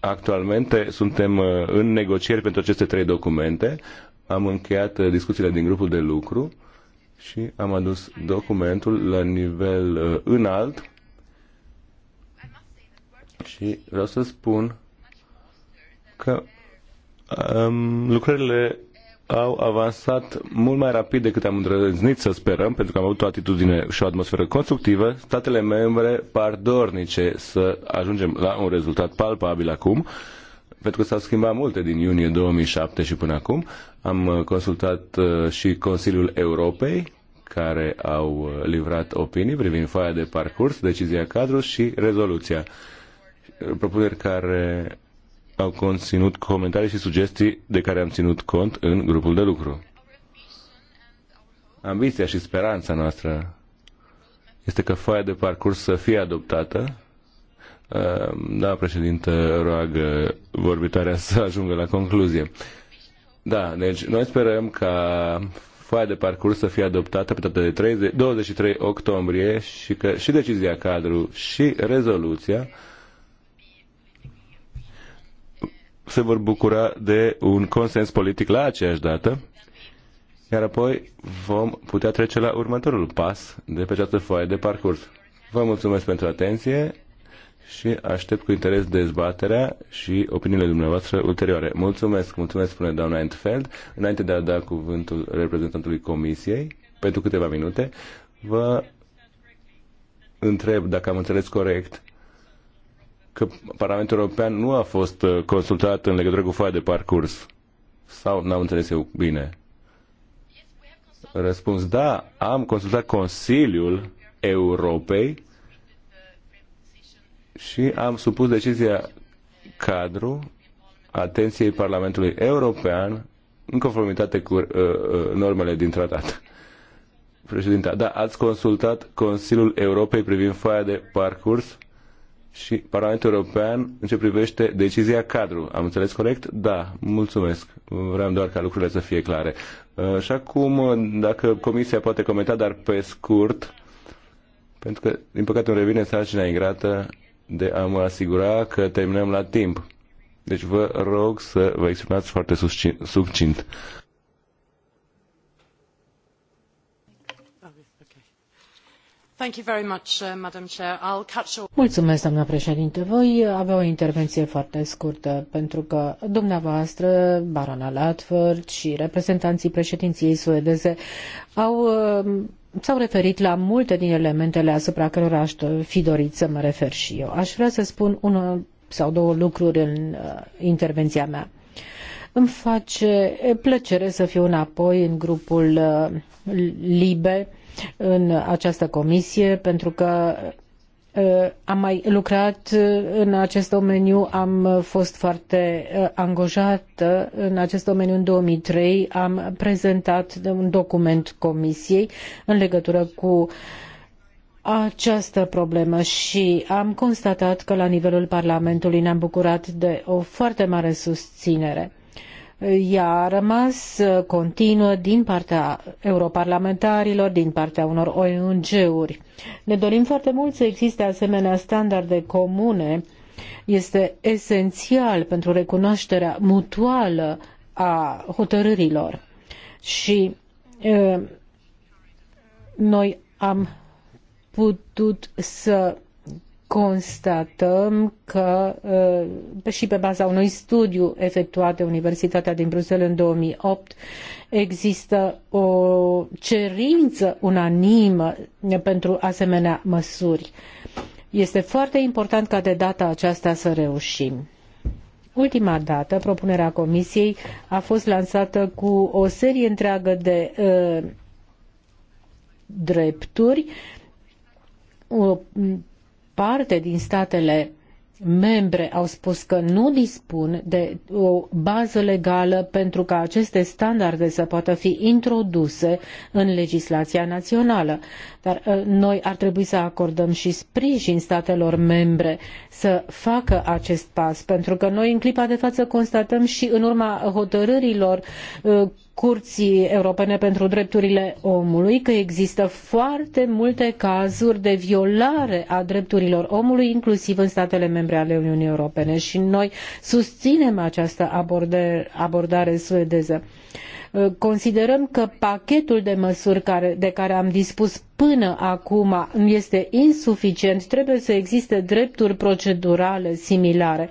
S3: actualmente suntem uh, în negocieri pentru aceste trei documente. Am încheiat uh, discuțiile din grupul de lucru și am adus documentul la nivel înalt și vreau să spun că um, lucrările au avansat mult mai rapid decât am îndrăznit să sperăm, pentru că am avut o atitudine și o atmosferă constructivă. Statele membre par dornice să ajungem la un rezultat palpabil acum, pentru că s-au schimbat multe din iunie 2007 și până acum. Am consultat uh, și Consiliul Europei, care au uh, livrat opinii privind foaia de parcurs, decizia cadru și rezoluția. Propuneri care au conținut comentarii și sugestii de care am ținut cont în grupul de lucru. Ambiția și speranța noastră este că foaia de parcurs să fie adoptată. Uh, da, președinte, roagă vorbitoarea să ajungă la concluzie. Da, deci noi sperăm ca foaia de parcurs să fie adoptată pe data de 30, 23 octombrie și că și decizia cadru și rezoluția se vor bucura de un consens politic la aceeași dată, iar apoi vom putea trece la următorul pas de pe această foaie de parcurs. Vă mulțumesc pentru atenție și aștept cu interes dezbaterea și opiniile dumneavoastră ulterioare. Mulțumesc, mulțumesc, spune doamna Entfeld. Înainte de a da cuvântul reprezentantului Comisiei, pentru câteva minute, vă întreb dacă am înțeles corect că Parlamentul European nu a fost uh, consultat în legătură cu foaia de parcurs? Sau n-am înțeles eu bine? Răspuns, da, am consultat Consiliul Europei și am supus decizia cadru atenției Parlamentului European în conformitate cu uh, uh, normele din tratat. Președinte, da, ați consultat Consiliul Europei privind foaia de parcurs? și Parlamentul European în ce privește decizia cadru. Am înțeles corect? Da, mulțumesc. Vreau doar ca lucrurile să fie clare. Uh, și acum, dacă Comisia poate comenta, dar pe scurt, pentru că, din păcate, îmi revine sarcina ingrată de a mă asigura că terminăm la timp. Deci vă rog să vă exprimați foarte succint.
S4: Uh,
S1: Mulțumesc, președinte. Voi avea o intervenție foarte scurtă, pentru că dumneavoastră, barona ludford și reprezentanții președinției suedeze au uh, s-au referit la multe din elementele asupra cărora aș fi dorit să mă refer și eu. Aș vrea să spun unul sau două lucruri în uh, intervenția mea. Îmi face plăcere să fiu înapoi în grupul uh, LIBE, în această comisie pentru că uh, am mai lucrat uh, în acest domeniu, am fost foarte uh, angajată în acest domeniu în 2003, am prezentat un document comisiei în legătură cu această problemă și am constatat că la nivelul Parlamentului ne-am bucurat de o foarte mare susținere ea a rămas uh, continuă din partea europarlamentarilor, din partea unor ONG-uri. Ne dorim foarte mult să existe asemenea standarde comune. Este esențial pentru recunoașterea mutuală a hotărârilor. Și e, uh, noi am putut să constatăm că uh, și pe baza unui studiu efectuat de Universitatea din Bruxelles în 2008 există o cerință unanimă pentru asemenea măsuri. Este foarte important ca de data aceasta să reușim. Ultima dată, propunerea Comisiei a fost lansată cu o serie întreagă de uh, drepturi, o parte din statele membre au spus că nu dispun de o bază legală pentru ca aceste standarde să poată fi introduse în legislația națională. Dar uh, noi ar trebui să acordăm și sprijin statelor membre să facă acest pas, pentru că noi în clipa de față constatăm și în urma hotărârilor uh, Curții Europene pentru Drepturile Omului că există foarte multe cazuri de violare a drepturilor omului, inclusiv în statele membre ale Uniunii Europene. Și noi susținem această abordare, abordare suedeză. Uh, Uh, considerăm că pachetul de măsuri care, de care am dispus până acum este insuficient, trebuie să existe drepturi procedurale similare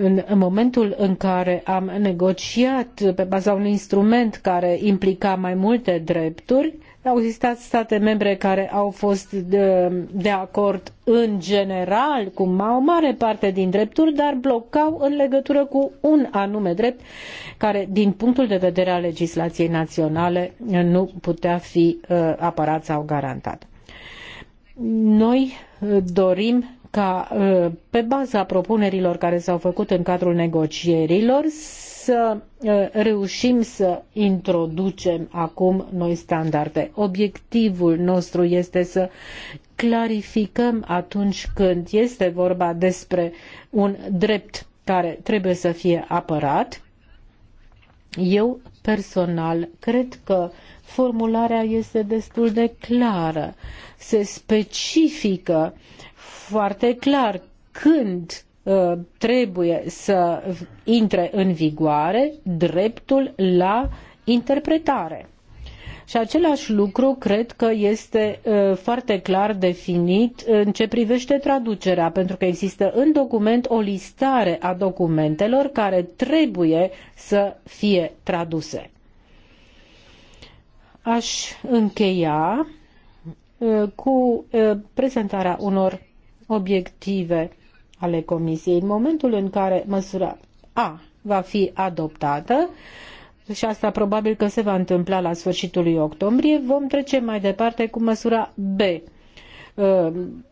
S1: în momentul în care am negociat pe baza unui instrument care implica mai multe drepturi, au existat state membre care au fost de, de acord în general cu o mare parte din drepturi, dar blocau în legătură cu un anume drept care, din punctul de vedere al legislației naționale, nu putea fi uh, apărat sau garantat. Noi uh, dorim ca, uh, pe baza propunerilor care s-au făcut în cadrul negocierilor, să reușim să introducem acum noi standarde. Obiectivul nostru este să clarificăm atunci când este vorba despre un drept care trebuie să fie apărat. Eu personal cred că formularea este destul de clară. Se specifică foarte clar când Uh, trebuie să intre în vigoare dreptul la interpretare. Și același lucru cred că este uh, foarte clar definit în ce privește traducerea, pentru că există în document o listare a documentelor care trebuie să fie traduse. Aș încheia uh, cu prezentarea unor obiective ale Comisiei. În momentul în care măsura A va fi adoptată, și asta probabil că se va întâmpla la sfârșitul lui octombrie, vom trece mai departe cu măsura B. Ehm,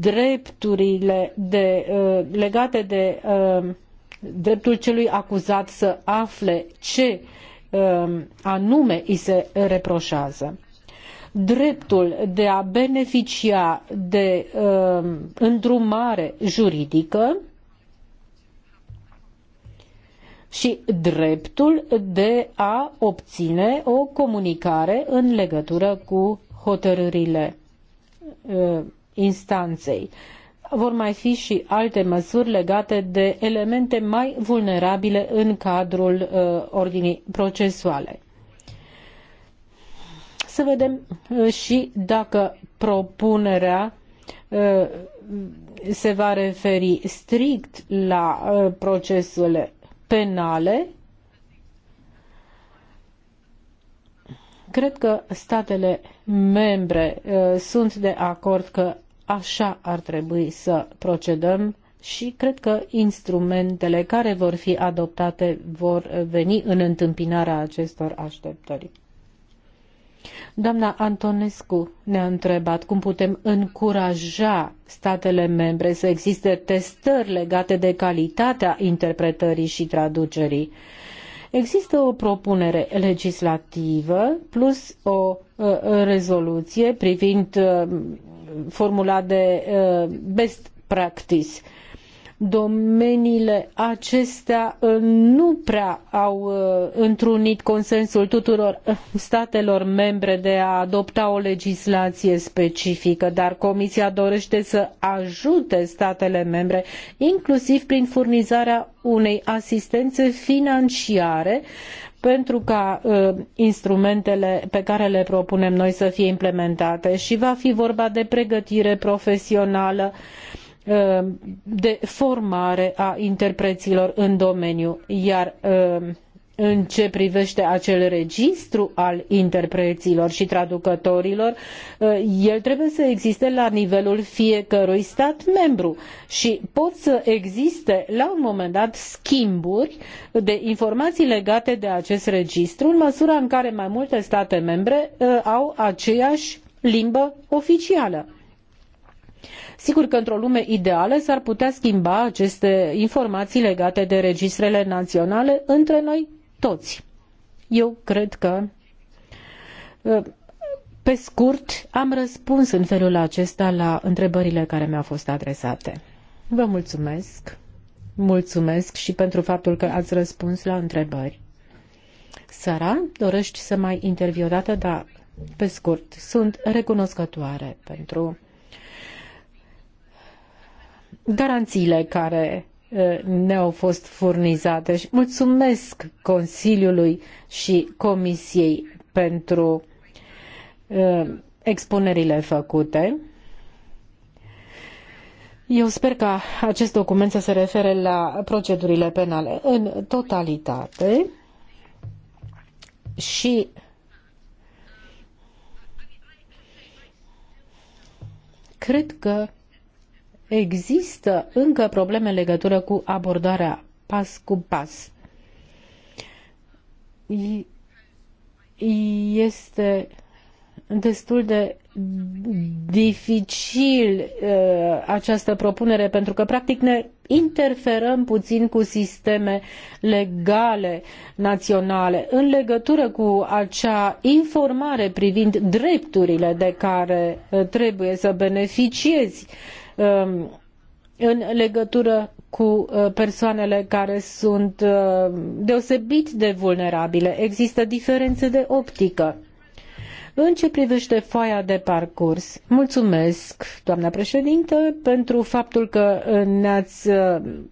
S1: drepturile de, ehm, legate de ehm, dreptul celui acuzat să afle ce anume îi se reproșează dreptul de a beneficia de uh, îndrumare juridică și dreptul de a obține o comunicare în legătură cu hotărârile uh, instanței. Vor mai fi și alte măsuri legate de elemente mai vulnerabile în cadrul uh, ordinii procesuale să vedem uh, și dacă propunerea uh, se va referi strict la uh, procesele penale. Cred că statele membre sunt de acord că așa ar trebui să procedăm și cred că instrumentele care vor fi adoptate vor veni în întâmpinarea acestor așteptări. Doamna Antonescu ne-a întrebat cum putem încuraja statele membre să existe testări legate de calitatea interpretării și traducerii. Există o propunere legislativă plus o uh, rezoluție privind uh, formula de uh, best practice domeniile acestea uh, nu prea au uh, întrunit consensul tuturor uh, statelor membre de a adopta o legislație specifică, dar Comisia dorește să ajute statele membre, inclusiv prin furnizarea unei asistențe financiare pentru ca uh, instrumentele pe care le propunem noi să fie implementate și va fi vorba de pregătire profesională, Ehm, de formare a interpreților în domeniu, iar ehm, în ce privește acel registru al interpreților și traducătorilor, eh, el trebuie să existe la nivelul fiecărui stat membru și pot să existe la un moment dat schimburi de informații legate de acest registru în măsura în care mai multe state membre eh, au aceeași limbă oficială. Sigur că într-o lume ideală s-ar putea schimba aceste informații legate de registrele naționale între noi toți. Eu cred că ă, pe scurt, am răspuns în felul acesta la întrebările care mi-au fost adresate. Vă mulțumesc. Mulțumesc și pentru faptul că ați răspuns la întrebări. Sara, dorești să mai interviu o dată? Da, pe scurt, sunt recunoscătoare pentru garanțiile care ne-au fost furnizate și mulțumesc Consiliului și Comisiei pentru expunerile făcute. Eu sper ca acest document să se refere la procedurile penale în totalitate și cred că există încă probleme în legătură cu abordarea pas cu pas. Este destul de dificil uh, această propunere pentru că practic ne interferăm puțin cu sisteme legale naționale în legătură cu acea informare privind drepturile de care uh, trebuie să beneficiezi uh, Um, în legătură cu uh, persoanele care sunt uh, deosebit de vulnerabile. Există diferențe de optică. În ce privește foaia de parcurs, mulțumesc, doamna președintă, pentru faptul că uh, ne-ați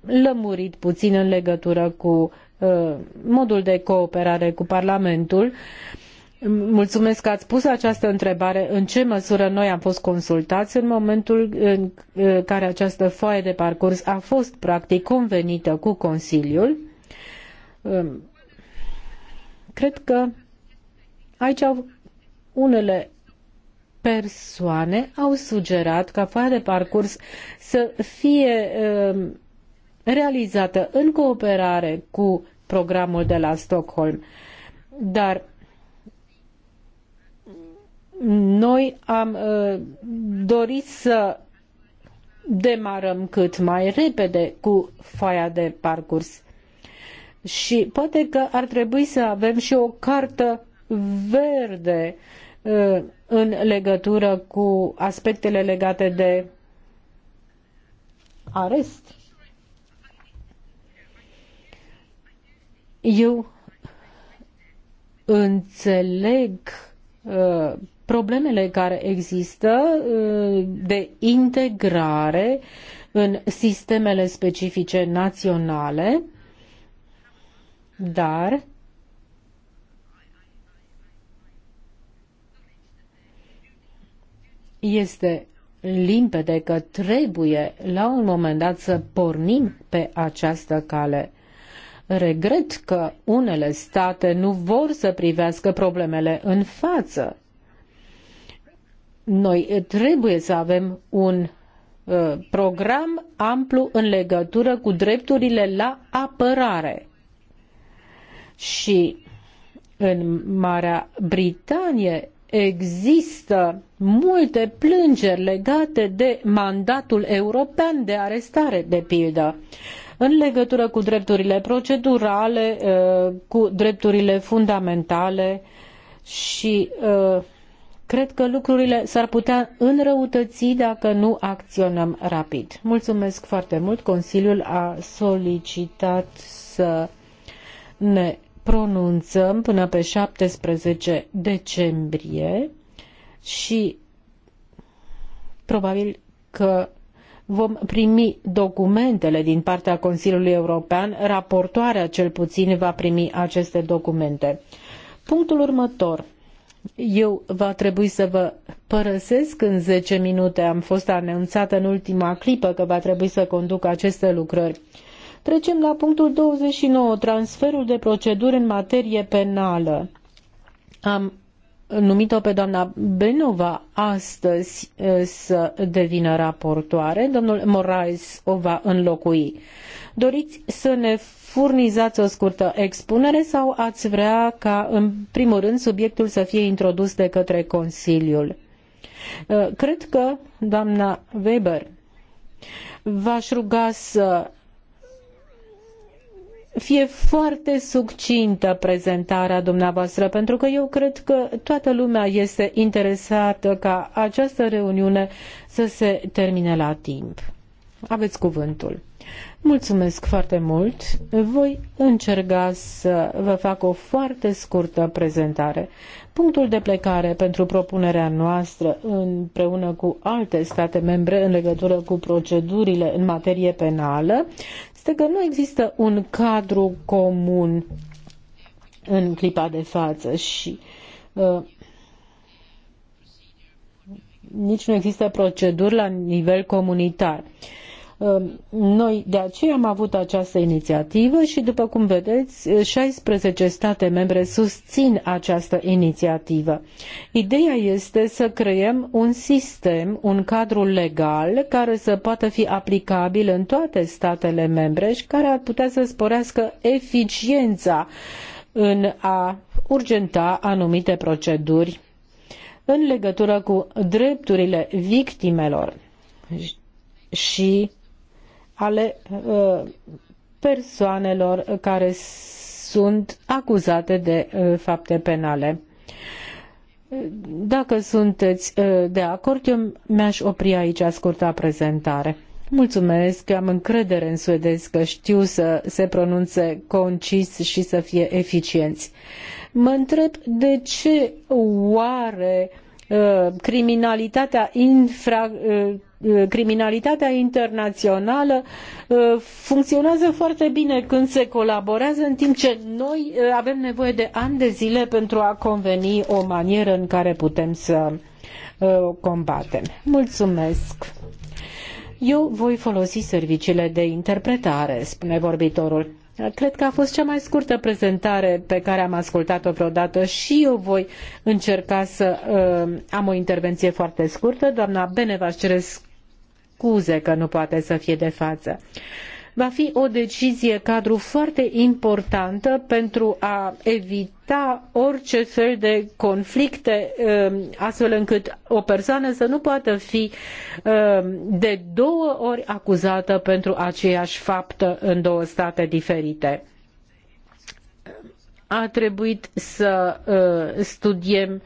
S1: lămurit puțin în legătură cu modul de cooperare cu Parlamentul. Uh, Mulțumesc că ați pus această întrebare. În ce măsură noi am fost consultați în momentul în care această foaie de parcurs a fost practic convenită cu Consiliul? Um, cred că aici unele persoane au sugerat ca foaia de parcurs să fie um, realizată în cooperare cu programul de la Stockholm. Dar noi am uh, dorit să demarăm cât mai repede cu foaia de parcurs. Și poate că ar trebui să avem și o cartă verde uh, în legătură cu aspectele legate de arest. Eu înțeleg uh, problemele care există uh, de integrare în sistemele specifice naționale, dar este limpede că trebuie la un moment dat să pornim pe această cale. Regret că unele state nu vor să privească problemele în față noi eh, trebuie să avem un eh, program amplu în legătură cu drepturile la apărare. Și în Marea Britanie există multe plângeri legate de mandatul european de arestare, de pildă, în legătură cu drepturile procedurale, eh, cu drepturile fundamentale și uh, Cred că lucrurile s-ar putea înrăutăți dacă nu acționăm rapid. Mulțumesc foarte mult. Consiliul a solicitat să ne pronunțăm până pe 17 decembrie și probabil că vom primi documentele din partea Consiliului European, raportoarea cel puțin va primi aceste documente. Punctul următor. Eu va trebui să vă părăsesc în 10 minute. Am fost anunțată în ultima clipă că va trebui să conduc aceste lucrări. Trecem la punctul 29, transferul de proceduri în materie penală. Am numit-o pe doamna Benova astăzi să devină raportoare. Domnul Moraes o va înlocui. Doriți să ne furnizați o scurtă expunere sau ați vrea ca, în primul rând, subiectul să fie introdus de către Consiliul? Uh, cred că, doamna Weber, v-aș ruga să fie foarte succintă prezentarea dumneavoastră, pentru că eu cred că toată lumea este interesată ca această reuniune să se termine la timp. Aveți cuvântul. Mulțumesc foarte mult. Voi încerca să vă fac o foarte scurtă prezentare. Punctul de plecare pentru propunerea noastră împreună cu alte state membre în legătură cu procedurile în materie penală este că nu există un cadru comun în clipa de față și uh, nici nu există proceduri la nivel comunitar. Uh, Ehm, noi de aceea am avut această inițiativă și, după cum vedeți, 16 eh, state membre susțin această inițiativă. Ideea este să creăm un sistem, un cadru legal care să poată fi aplicabil în toate statele membre și care ar putea să sporească eficiența în a urgenta anumite proceduri în legătură cu drepturile victimelor și ale uh, persoanelor care sunt acuzate de uh, fapte penale. Dacă sunteți uh, de acord, eu mi-aș opri aici scurta prezentare. Mulțumesc, am încredere în suedez că știu să se pronunțe concis și să fie eficienți. Mă întreb de ce oare criminalitatea infra Eh, criminalitatea internațională eh, funcționează foarte bine când se colaborează, în timp ce noi eh, avem nevoie de ani de zile pentru a conveni o manieră în care putem să o combatem. Mulțumesc! Eu voi folosi serviciile de interpretare, spune vorbitorul. Cred că a fost cea mai scurtă prezentare pe care am ascultat-o vreodată și eu voi încerca să uh, am o intervenție foarte scurtă. Doamna Beneva, cere scuze că nu poate să fie de față. Va fi o decizie cadru foarte importantă pentru a evita orice fel de conflicte, um, astfel încât o persoană să nu poată fi um, de două ori acuzată pentru aceeași faptă în două state diferite a trebuit să uh, studiem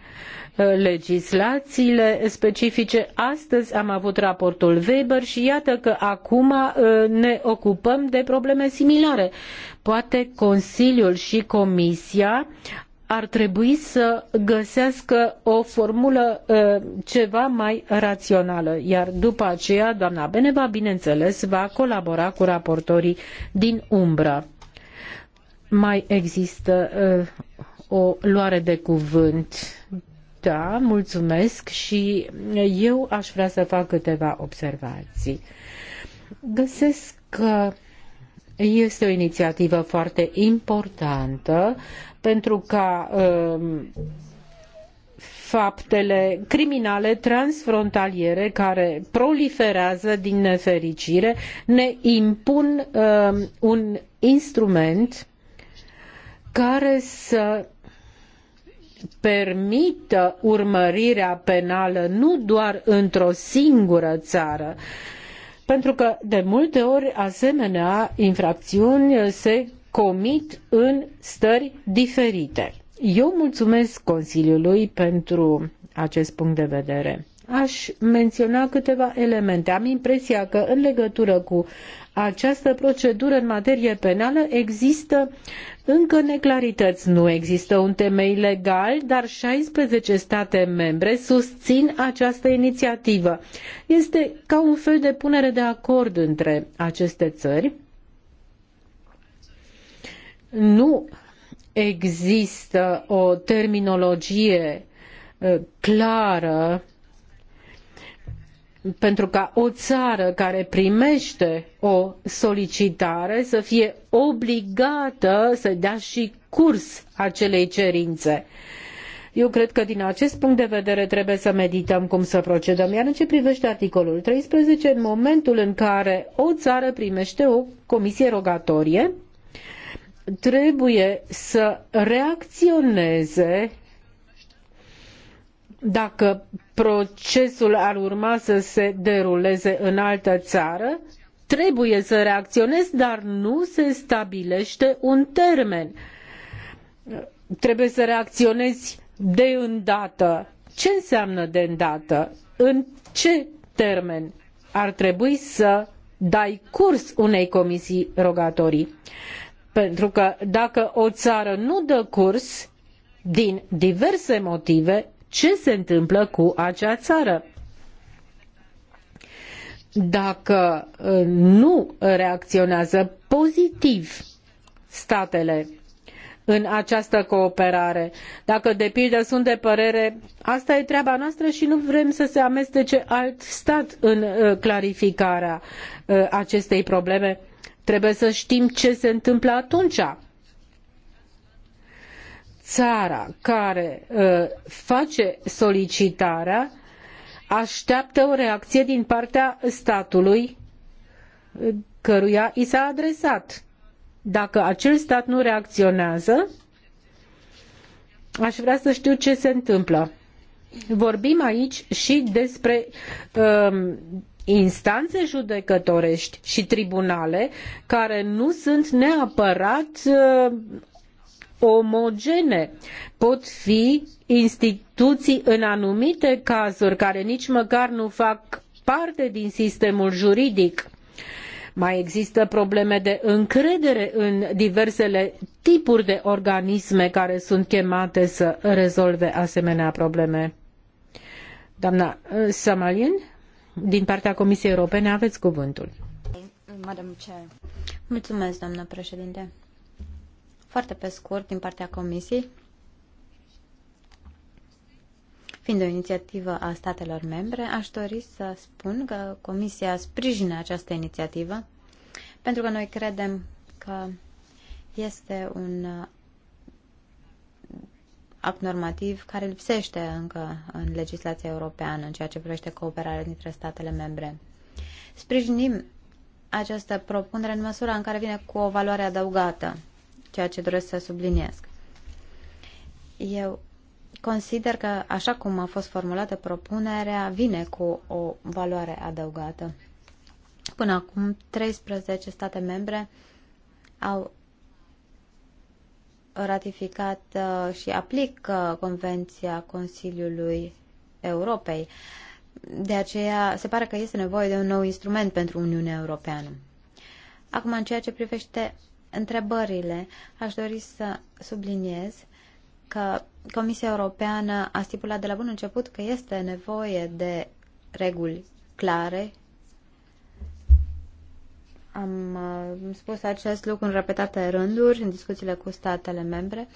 S1: legislațiile specifice. Astăzi am avut raportul Weber și iată că acum uh, ne ocupăm de probleme similare. Poate Consiliul și Comisia ar trebui să găsească o formulă uh, ceva mai rațională. Iar după aceea, doamna Beneva, bineînțeles, va colabora cu raportorii din umbră. Mai există uh, o luare de cuvânt da, mulțumesc și eu aș vrea să fac câteva observații. Găsesc că este o inițiativă foarte importantă pentru ca um, faptele criminale transfrontaliere care proliferează din nefericire ne impun um, un instrument care să permită urmărirea penală nu doar într-o singură țară, pentru că de multe ori asemenea infracțiuni se comit în stări diferite. Eu mulțumesc Consiliului pentru acest punct de vedere. Aș menționa câteva elemente. Am impresia că în legătură cu această procedură în materie penală există încă neclarități. Nu există un temei legal, dar 16 state membre susțin această inițiativă. Este ca un fel de punere de acord între aceste țări. Nu există o terminologie uh, clară pentru ca o țară care primește o solicitare să fie obligată să dea și curs acelei cerințe. Eu cred că din acest punct de vedere trebuie să medităm cum să procedăm. Iar în ce privește articolul 13, în momentul în care o țară primește o comisie rogatorie, trebuie să reacționeze dacă procesul ar urma să se deruleze în altă țară, trebuie să reacționez, dar nu se stabilește un termen. Trebuie să reacționezi de îndată. Ce înseamnă de îndată? În ce termen ar trebui să dai curs unei comisii rogatorii? Pentru că dacă o țară nu dă curs, din diverse motive, ce se întâmplă cu acea țară. Dacă uh, nu reacționează pozitiv statele în această cooperare. Dacă, de pildă, sunt de părere, asta e treaba noastră și nu vrem să se amestece alt stat în uh, clarificarea uh, acestei probleme, trebuie să știm ce se întâmplă atunci țara care uh, face solicitarea așteaptă o reacție din partea statului uh, căruia i s-a adresat. Dacă acel stat nu reacționează, aș vrea să știu ce se întâmplă. Vorbim aici și despre um, instanțe judecătorești și tribunale care nu sunt neapărat uh, omogene. Pot fi instituții în anumite cazuri care nici măcar nu fac parte din sistemul juridic. Mai există probleme de încredere în diversele tipuri de organisme care sunt chemate să rezolve asemenea probleme. Doamna uh, Samalin, din partea Comisiei Europene, aveți cuvântul.
S2: Mulțumesc, doamnă președinte foarte pe scurt din partea Comisiei, fiind o inițiativă a statelor membre, aș dori să spun că Comisia sprijină această inițiativă pentru că noi credem că este un act normativ care lipsește încă în legislația europeană în ceea ce privește cooperarea dintre statele membre. Sprijinim această propunere în măsura în care vine cu o valoare adăugată ceea ce doresc să subliniesc. Eu consider că, așa cum a fost formulată propunerea, vine cu o valoare adăugată. Până acum, 13 state membre au ratificat uh, și aplică Convenția Consiliului Europei. De aceea, se pare că este nevoie de un nou instrument pentru Uniunea Europeană. Acum, în ceea ce privește întrebările, aș dori să subliniez că Comisia Europeană a stipulat de la bun început că este nevoie de reguli clare. Am uh, spus acest lucru în repetate rânduri în discuțiile cu statele membre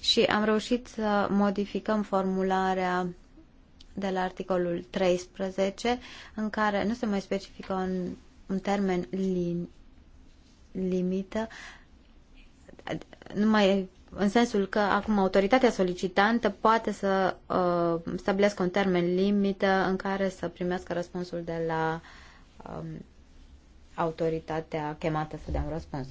S2: și am reușit să modificăm formularea de la articolul 13 în care nu se mai specifică un, un termen lin, limită numai în sensul că acum autoritatea solicitantă poate să uh, stabilească un termen limită în care să primească răspunsul de la um, uh, autoritatea chemată să dea un răspuns.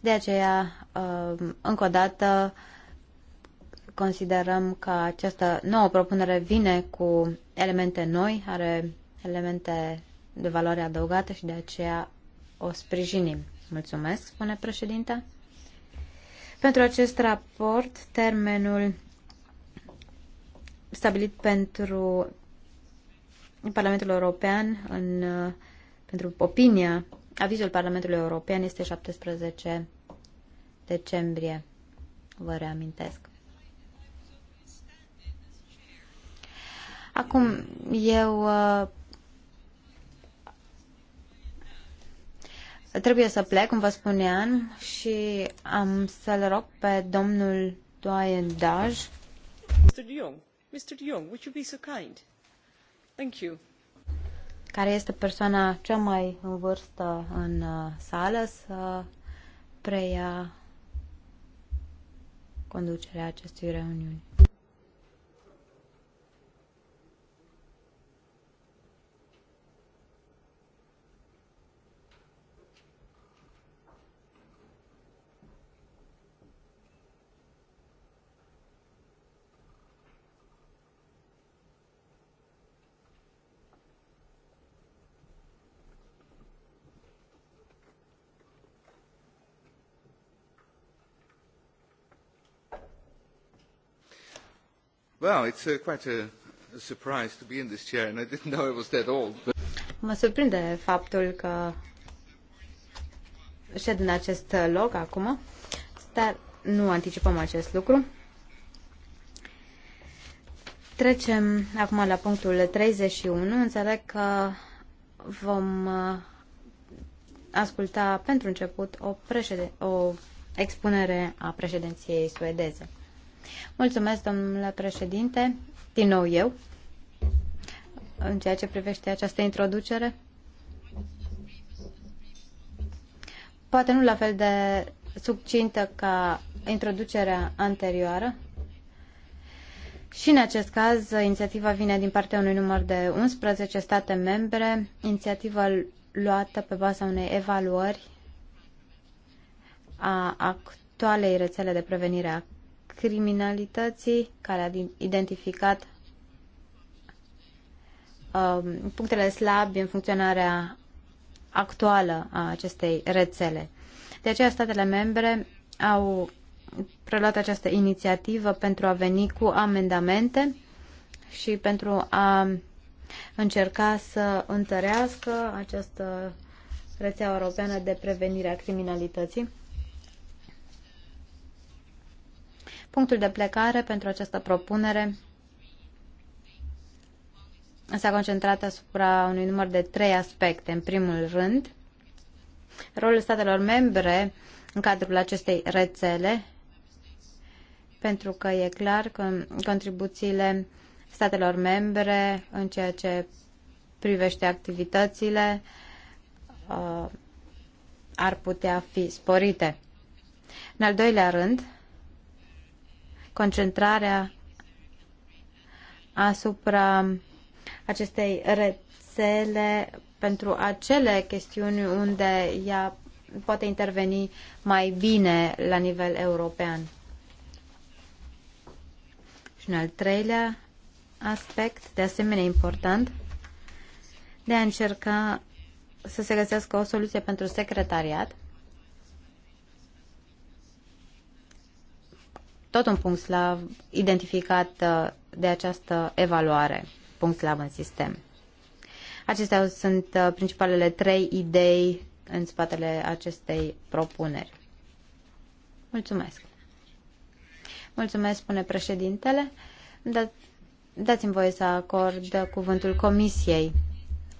S2: De aceea, uh, încă o dată, considerăm că această nouă propunere vine cu elemente noi, are elemente de valoare adăugată și de aceea o sprijinim. Mulțumesc, spune președinte. Pentru acest raport, termenul stabilit pentru Parlamentul European în, pentru opinia, avizul Parlamentului European este 17 decembrie, vă reamintesc. Acum, eu Trebuie să plec, cum vă spuneam, și am să-l rog pe domnul Doyen Daj.
S4: Mr. De Jong, Mr. De Jong, would you be so kind? Thank you.
S2: Care este persoana cea mai în vârstă în uh, sală să preia conducerea acestui reuniuni.
S4: Wow, it's uh, quite a, a surprise to be in this chair and I didn't know I was that old. But...
S2: Mă surprinde faptul că șed în acest loc acum, dar nu anticipăm acest lucru. Trecem acum la punctul 31. Înțeleg că vom uh, asculta pentru început o, o expunere a președinției suedeze. Mulțumesc, domnule președinte. Din nou eu, în ceea ce privește această introducere. Poate nu la fel de subțintă ca introducerea anterioară. Și în acest caz, inițiativa vine din partea unui număr de 11 state membre, inițiativă luată pe baza unei evaluări a actualei rețele de prevenire a criminalității, care a identificat um, punctele slabe în funcționarea actuală a acestei rețele. De aceea, statele membre au preluat această inițiativă pentru a veni cu amendamente și pentru a încerca să întărească această rețea europeană de prevenire a criminalității. Punctul de plecare pentru această propunere s-a concentrat asupra unui număr de trei aspecte. În primul rând, rolul statelor membre în cadrul acestei rețele, pentru că e clar că contribuțiile statelor membre în ceea ce privește activitățile uh, ar putea fi sporite. În al doilea rând, concentrarea asupra acestei rețele pentru acele chestiuni unde ea poate interveni mai bine la nivel european. Și un al treilea aspect, de asemenea important, de a încerca să se găsească o soluție pentru secretariat tot un punct slab identificat uh, de această evaluare, punct slab în sistem. Acestea sunt uh, principalele trei idei în spatele acestei propuneri. Mulțumesc. Mulțumesc, spune președintele. Da- dați-mi voie să acord cuvântul Comisiei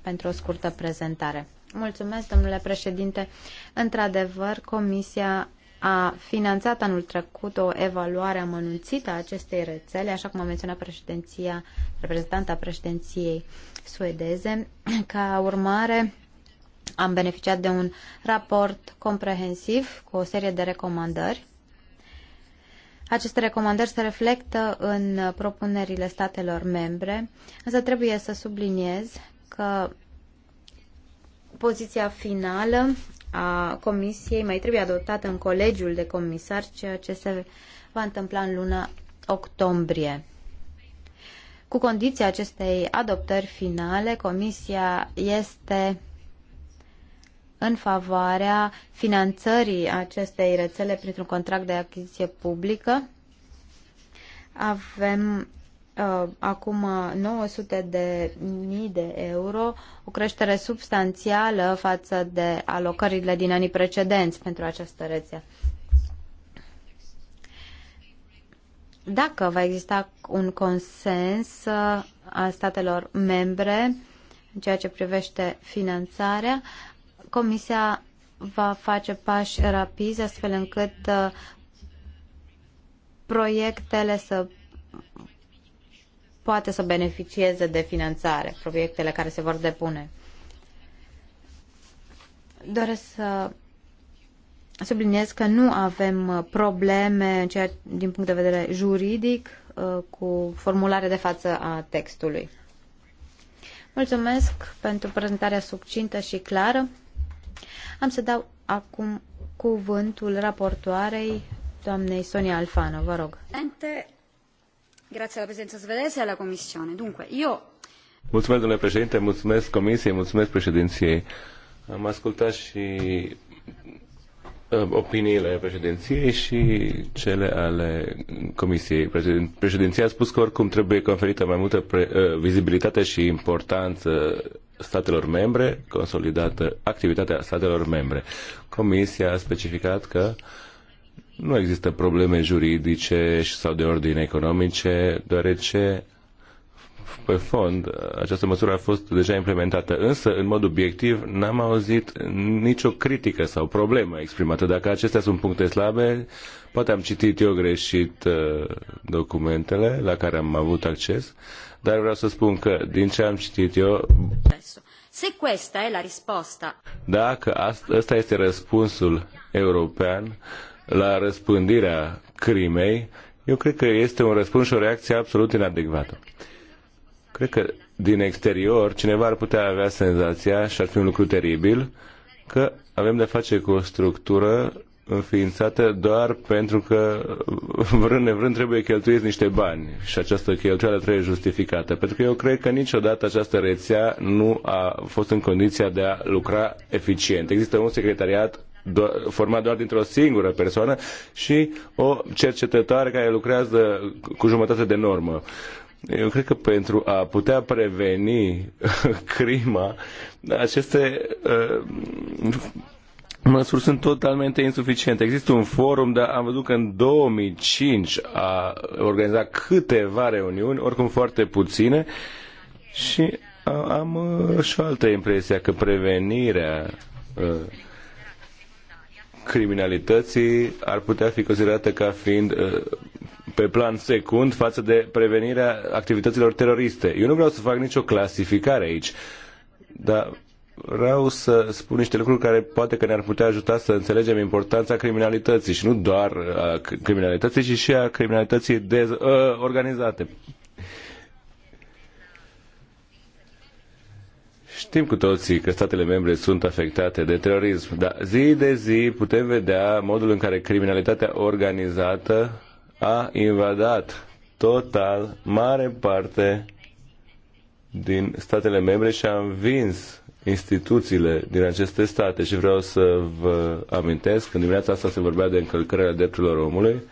S2: pentru o scurtă prezentare. Mulțumesc, domnule președinte. Într-adevăr, Comisia a finanțat anul trecut o evaluare amănunțită a acestei rețele, așa cum a menționat președinția, reprezentanta președinției suedeze. Ca urmare, am beneficiat de un raport comprehensiv cu o serie de recomandări. Aceste recomandări se reflectă în propunerile statelor membre, însă trebuie să subliniez că poziția finală a Comisiei mai trebuie adoptată în colegiul de comisari, ceea ce se va întâmpla în luna octombrie. Cu condiția acestei adoptări finale, Comisia este în favoarea finanțării acestei rețele printr-un contract de achiziție publică. Avem Uh, acum 900 uh, de mii de euro, o creștere substanțială față de alocările din anii precedenți pentru această rețea. Dacă va exista un consens uh, a statelor membre în ceea ce privește finanțarea, Comisia va face pași rapizi astfel încât proiectele să poate să beneficieze de finanțare, proiectele care se vor depune. Doresc să subliniez că nu avem uh, probleme din punct de vedere juridic uh, cu formularea de față a textului. Mulțumesc pentru prezentarea succintă și clară. Am să dau acum cuvântul raportoarei doamnei Sonia Alfano. Vă rog.
S3: Mulțumesc, domnule președinte, mulțumesc Comisiei, mulțumesc președinției. Am ascultat și uh, opiniile președinției și cele ale Comisiei. Președinția a spus că oricum trebuie conferită mai multă pre, uh, vizibilitate și importanță statelor membre, consolidată activitatea statelor membre. Comisia a specificat că uh, nu există probleme juridice sau de ordine economice, deoarece pe fond, această măsură a fost deja implementată, însă, în mod obiectiv, n-am auzit nicio critică sau problemă exprimată. Dacă acestea sunt puncte slabe, poate am citit eu greșit uh, documentele la care am avut acces, dar vreau să spun că, din ce am citit eu...
S6: Se questa e la risposta.
S3: Dacă asta este răspunsul european, la răspândirea crimei, eu cred că este un răspuns și o reacție absolut inadecvată. Cred că din exterior cineva ar putea avea senzația, și ar fi un lucru teribil, că avem de face cu o structură înființată doar pentru că vrând nevrând trebuie cheltuiți niște bani și această cheltuială trebuie justificată. Pentru că eu cred că niciodată această rețea nu a fost în condiția de a lucra eficient. Există un secretariat do- format doar dintr-o singură persoană și o cercetătoare care lucrează cu jumătate de normă. Eu cred că pentru a putea preveni crima, aceste uh, măsuri sunt totalmente insuficiente. Există un forum, dar am văzut că în 2005 a organizat câteva reuniuni, oricum foarte puține, și am, uh, și o altă impresie că prevenirea uh, criminalității ar putea fi considerată ca fiind uh, pe plan secund față de prevenirea activităților teroriste. Eu nu vreau să fac nicio clasificare aici, dar vreau să spun niște lucruri care poate că ne-ar putea ajuta să înțelegem importanța criminalității și nu doar a criminalității, ci și a criminalității dez- uh, organizate. Știm cu toții că statele membre sunt afectate de terorism, dar zi de zi putem vedea modul în care criminalitatea organizată a invadat total mare parte din statele membre și a învins instituțiile din aceste state și vreau să vă amintesc că dimineața asta se vorbea de încălcarea drepturilor omului,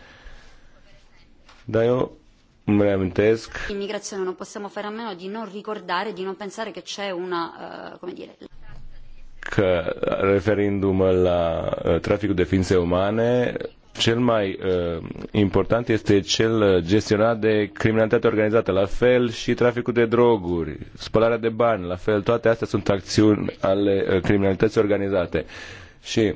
S3: dar eu îmi reamintesc.
S2: Immigrazione non possiamo fare a meno di non ricordare, di non pensare che c'è una, uh, come dire,
S3: că referindu-mă la uh, traficul de ființe umane, cel mai uh, important este cel uh, gestionat de criminalitate organizată, la fel și traficul de droguri, spălarea de bani, la fel, toate astea sunt acțiuni ale uh, criminalității organizate. Și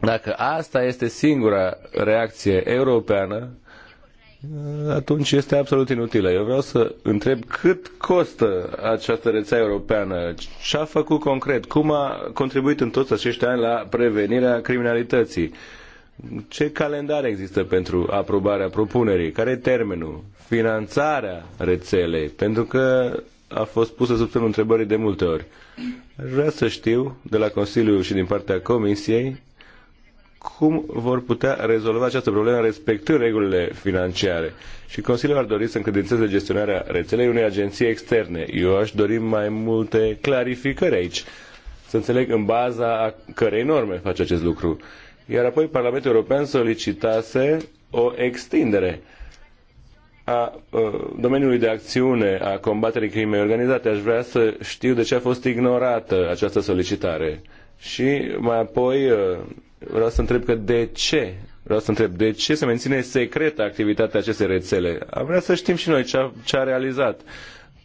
S3: dacă asta este singura reacție europeană, uh, atunci este absolut inutilă. Eu vreau să întreb cât costă această rețea europeană, ce a făcut concret, cum a contribuit în toți acești ani la prevenirea criminalității, ce calendar există pentru aprobarea propunerii, care e termenul, finanțarea rețelei, pentru că a fost pusă sub semnul întrebării de multe ori. Aș vrea să știu de la Consiliu și din partea Comisiei cum vor putea rezolva această problemă respectând regulile financiare. Și Consiliul ar dori să încredințeze gestionarea rețelei unei agenții externe. Eu aș dori mai multe clarificări aici, să înțeleg în baza a cărei norme face acest lucru. Iar apoi Parlamentul European solicitase o extindere a, a uh, domeniului de acțiune a combaterii crimei organizate. Aș vrea să știu de ce a fost ignorată această solicitare. Și mai apoi uh, vreau să întreb că de ce Vreau să întreb, de ce se menține secretă activitatea acestei rețele? Am vrea să știm și noi ce a, ce a realizat,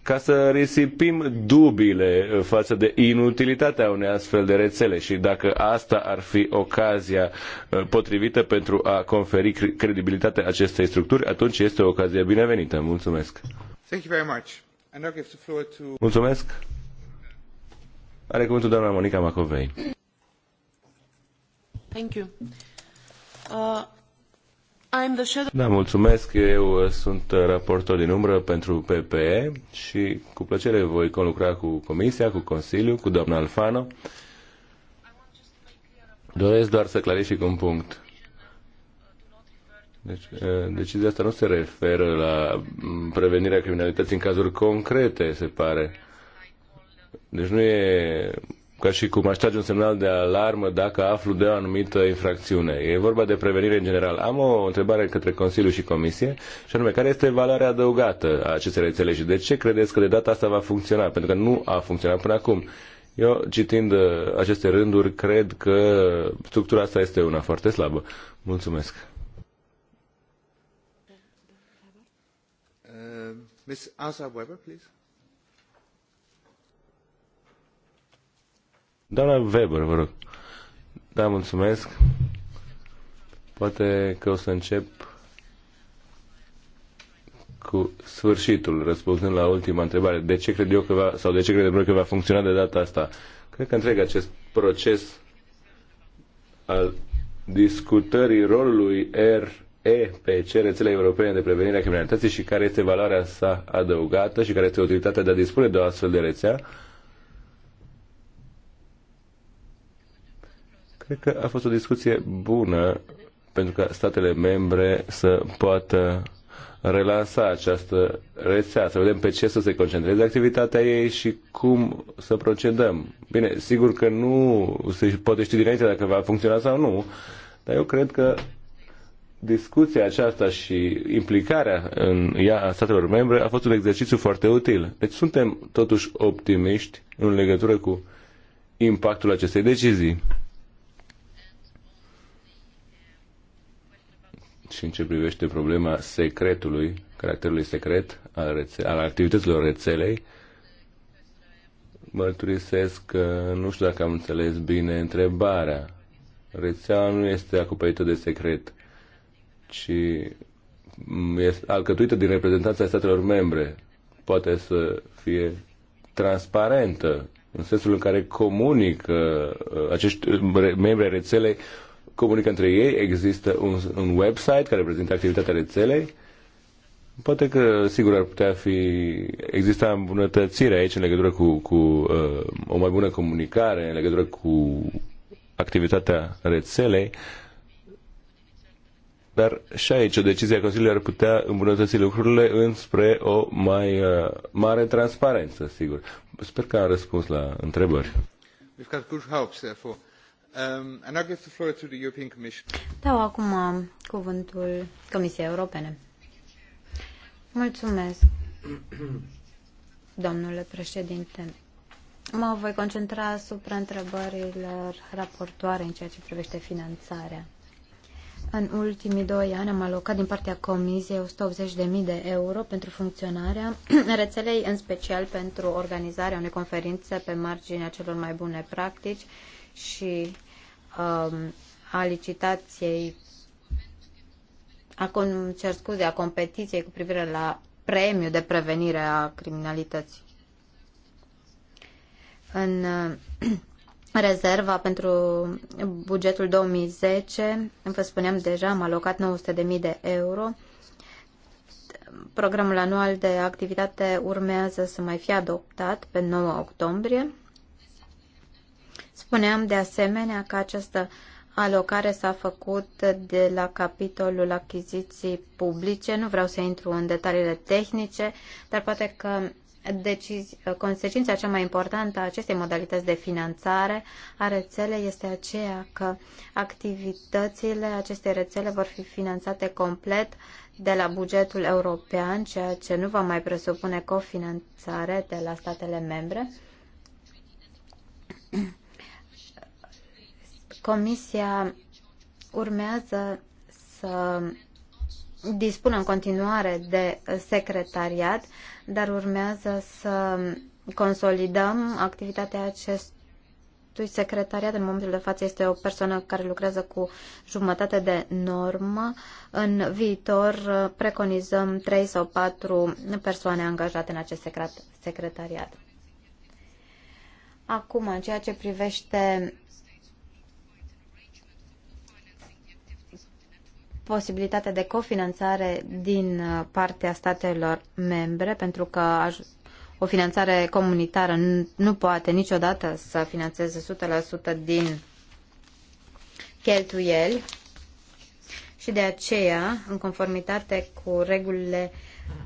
S3: ca să risipim dubiile față de inutilitatea unei astfel de rețele și dacă asta ar fi ocazia uh, potrivită pentru a conferi credibilitatea acestei structuri, atunci este o ocazie binevenită. Mulțumesc!
S4: Thank you very much. And I'll give the floor to...
S3: Mulțumesc! Are cuvântul doamna Monica Macovei.
S4: Uh, da,
S3: mulțumesc. Eu uh, sunt uh, raportor din umbră pentru PPE și cu plăcere voi conlucra cu Comisia, cu Consiliu, cu doamna Alfano. Doresc doar să clarific un punct. Deci, decizia asta nu se referă la mm, prevenirea criminalității în cazuri concrete, se pare. Deci nu e ca și cum aș trage un semnal de alarmă dacă aflu de o anumită infracțiune. E vorba de prevenire în general. Am o întrebare către Consiliu și Comisie, și anume, care este valoarea adăugată a acestei rețele și de ce credeți că de data asta va funcționa? Pentru că nu a funcționat până acum. Eu, citind uh, aceste rânduri, cred că structura asta este una foarte slabă. Mulțumesc. Uh, Ms. Asa Weber, please. Doamna Weber, vă rog. Da, mulțumesc. Poate că o să încep cu sfârșitul, răspunzând la ultima întrebare. De ce cred eu că va, sau de ce credem noi că va funcționa de data asta? Cred că întreg acest proces al discutării rolului RE pe rețele europene de prevenire a criminalității și care este valoarea sa adăugată și care este utilitatea de a dispune de o astfel de rețea, Cred că a fost o discuție bună pentru ca statele membre să poată relansa această rețea, să vedem pe ce să se concentreze activitatea ei și cum să procedăm. Bine, sigur că nu se poate ști dinainte dacă va funcționa sau nu, dar eu cred că discuția aceasta și implicarea în ea a statelor membre a fost un exercițiu foarte util. Deci suntem totuși optimiști în legătură cu impactul acestei decizii. și în ce privește problema secretului, caracterului secret al, rețe- al activităților rețelei, mărturisesc că nu știu dacă am înțeles bine întrebarea. Rețeaua nu este acoperită de secret, ci este alcătuită din reprezentanța statelor membre. Poate să fie transparentă, în sensul în care comunică uh, acești uh, membri rețelei comunică între ei, există un, un website care prezintă activitatea rețelei. Poate că, sigur, ar putea fi... Exista îmbunătățire aici în legătură cu, cu uh, o mai bună comunicare, în legătură cu activitatea rețelei, dar și aici o decizie a Consiliului ar putea îmbunătăți lucrurile înspre o mai uh, mare transparență, sigur. Sper că am răspuns la întrebări.
S4: We've got good hopes, therefore. Um, and I'll give the floor to the European Commission.
S2: Dau acum uh, cuvântul Comisiei Europene. Mulțumesc, domnule președinte. Mă voi concentra asupra întrebărilor raportoare în ceea ce privește finanțarea. În ultimii doi ani am alocat din partea Comisiei 180.000 de euro pentru funcționarea rețelei, în special pentru organizarea unei conferințe pe marginea celor mai bune practici și Um, a licitației, a, cer scuze, a competiției cu privire la premiul de prevenire a criminalității. În uh, rezerva pentru bugetul 2010, vă spuneam deja, am alocat 900.000 de euro. Programul anual de activitate urmează să mai fie adoptat pe 9 octombrie. Spuneam de asemenea că această alocare s-a făcut de la capitolul achiziții publice. Nu vreau să intru în detaliile tehnice, dar poate că decizi, consecința cea mai importantă a acestei modalități de finanțare a rețelei este aceea că activitățile acestei rețele vor fi finanțate complet de la bugetul european, ceea ce nu va mai presupune cofinanțare de la statele membre. Comisia urmează să dispună în continuare de secretariat, dar urmează să consolidăm activitatea acestui secretariat. În momentul de față este o persoană care lucrează cu jumătate de normă. În viitor uh, preconizăm trei sau patru persoane angajate în acest secretariat. Acum, în ceea ce privește posibilitatea de cofinanțare din uh, partea statelor membre, pentru că o finanțare comunitară nu poate niciodată să finanțeze 100% din cheltuieli și de aceea, în conformitate cu regulile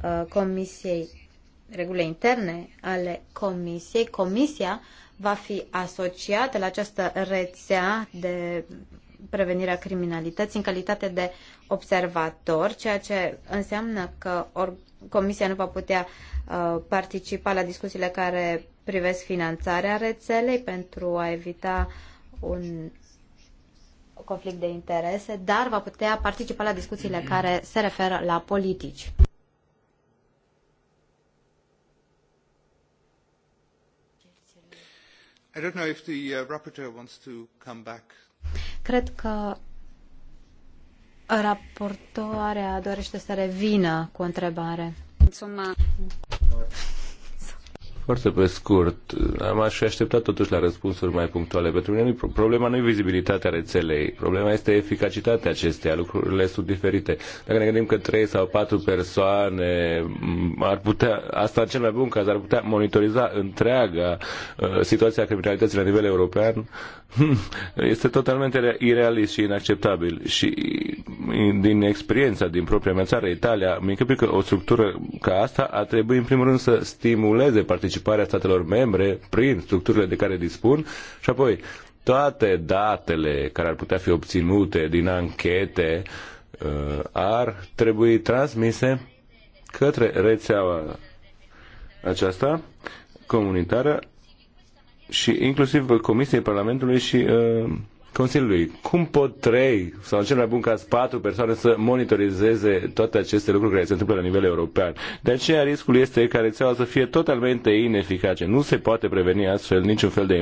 S2: uh, comisiei, regulile interne ale comisiei, comisia va fi asociată la această rețea de prevenirea criminalității în calitate de observator, ceea ce înseamnă că or, Comisia nu va putea uh, participa la discuțiile care privesc finanțarea rețelei pentru a evita un conflict de interese, dar va putea participa la discuțiile care se referă la politici.
S4: I don't know if the uh, rapporteur wants to come back
S2: Cred că raportoarea dorește să revină cu o întrebare. Mulțumesc.
S3: Foarte pe scurt, am aș așteptat totuși la răspunsuri mai punctuale. Pentru mine problema nu e vizibilitatea rețelei, problema este eficacitatea acesteia, lucrurile sunt diferite. Dacă ne gândim că trei sau patru persoane ar putea, asta în cel mai bun caz, ar putea monitoriza întreaga uh, situația criminalității la nivel european, hmm, este totalmente irealist și inacceptabil. Și din experiența din propria mea țară, Italia, mi e că o structură ca asta ar trebui în primul rând să stimuleze participarea participarea statelor membre prin structurile de care dispun și apoi toate datele care ar putea fi obținute din anchete uh, ar trebui transmise către rețeaua aceasta comunitară și inclusiv Comisiei Parlamentului și uh, Consiliului. Cum pot trei sau în cel mai bun caz patru persoane să monitorizeze toate aceste lucruri care se întâmplă la nivel european? De aceea riscul este ca rețeaua să fie totalmente ineficace. Nu se poate preveni astfel niciun fel de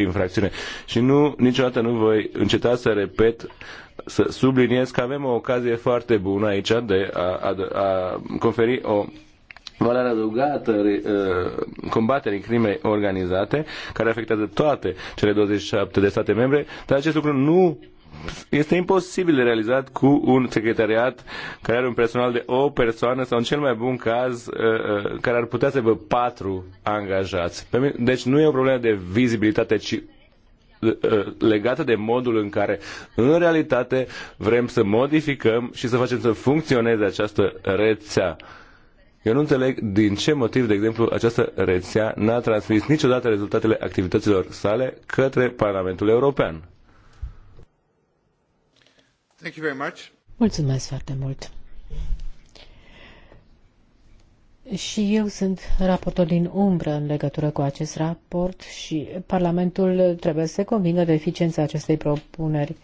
S3: infracțiune. Și nu, niciodată nu voi înceta să repet să subliniez că avem o ocazie foarte bună aici de a, a, a conferi o valoarea adăugată, uh, combaterii crimei organizate, care afectează toate cele 27 de state membre, dar acest lucru nu este imposibil de realizat cu un secretariat care are un personal de o persoană sau în cel mai bun caz uh, uh, care ar putea să aibă patru angajați. Deci nu e o problemă de vizibilitate, ci legată de modul în care în realitate vrem să modificăm și să facem să funcționeze această rețea eu nu înțeleg din ce motiv, de exemplu, această rețea n-a transmis niciodată rezultatele activităților sale către Parlamentul European.
S4: Thank you very much.
S1: Mulțumesc foarte mult. Și eu sunt raportor din umbră în legătură cu acest raport și Parlamentul trebuie să se convingă de eficiența acestei propuneri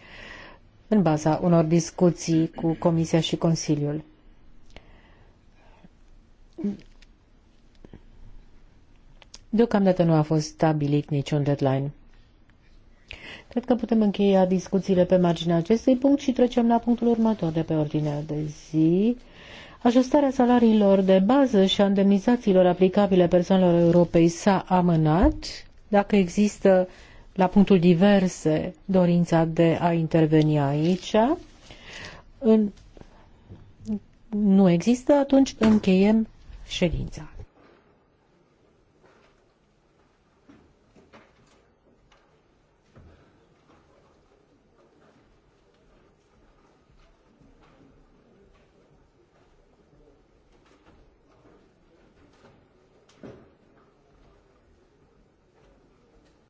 S1: în baza unor discuții cu Comisia și Consiliul. Deocamdată nu a fost stabilit niciun deadline. Cred că putem încheia discuțiile pe marginea acestui punct și trecem la punctul următor de pe ordinea de zi. Ajustarea salariilor de bază și a indemnizațiilor aplicabile persoanelor europei s-a amânat. Dacă există la punctul diverse dorința de a interveni aici, în... nu există, atunci încheiem ședința.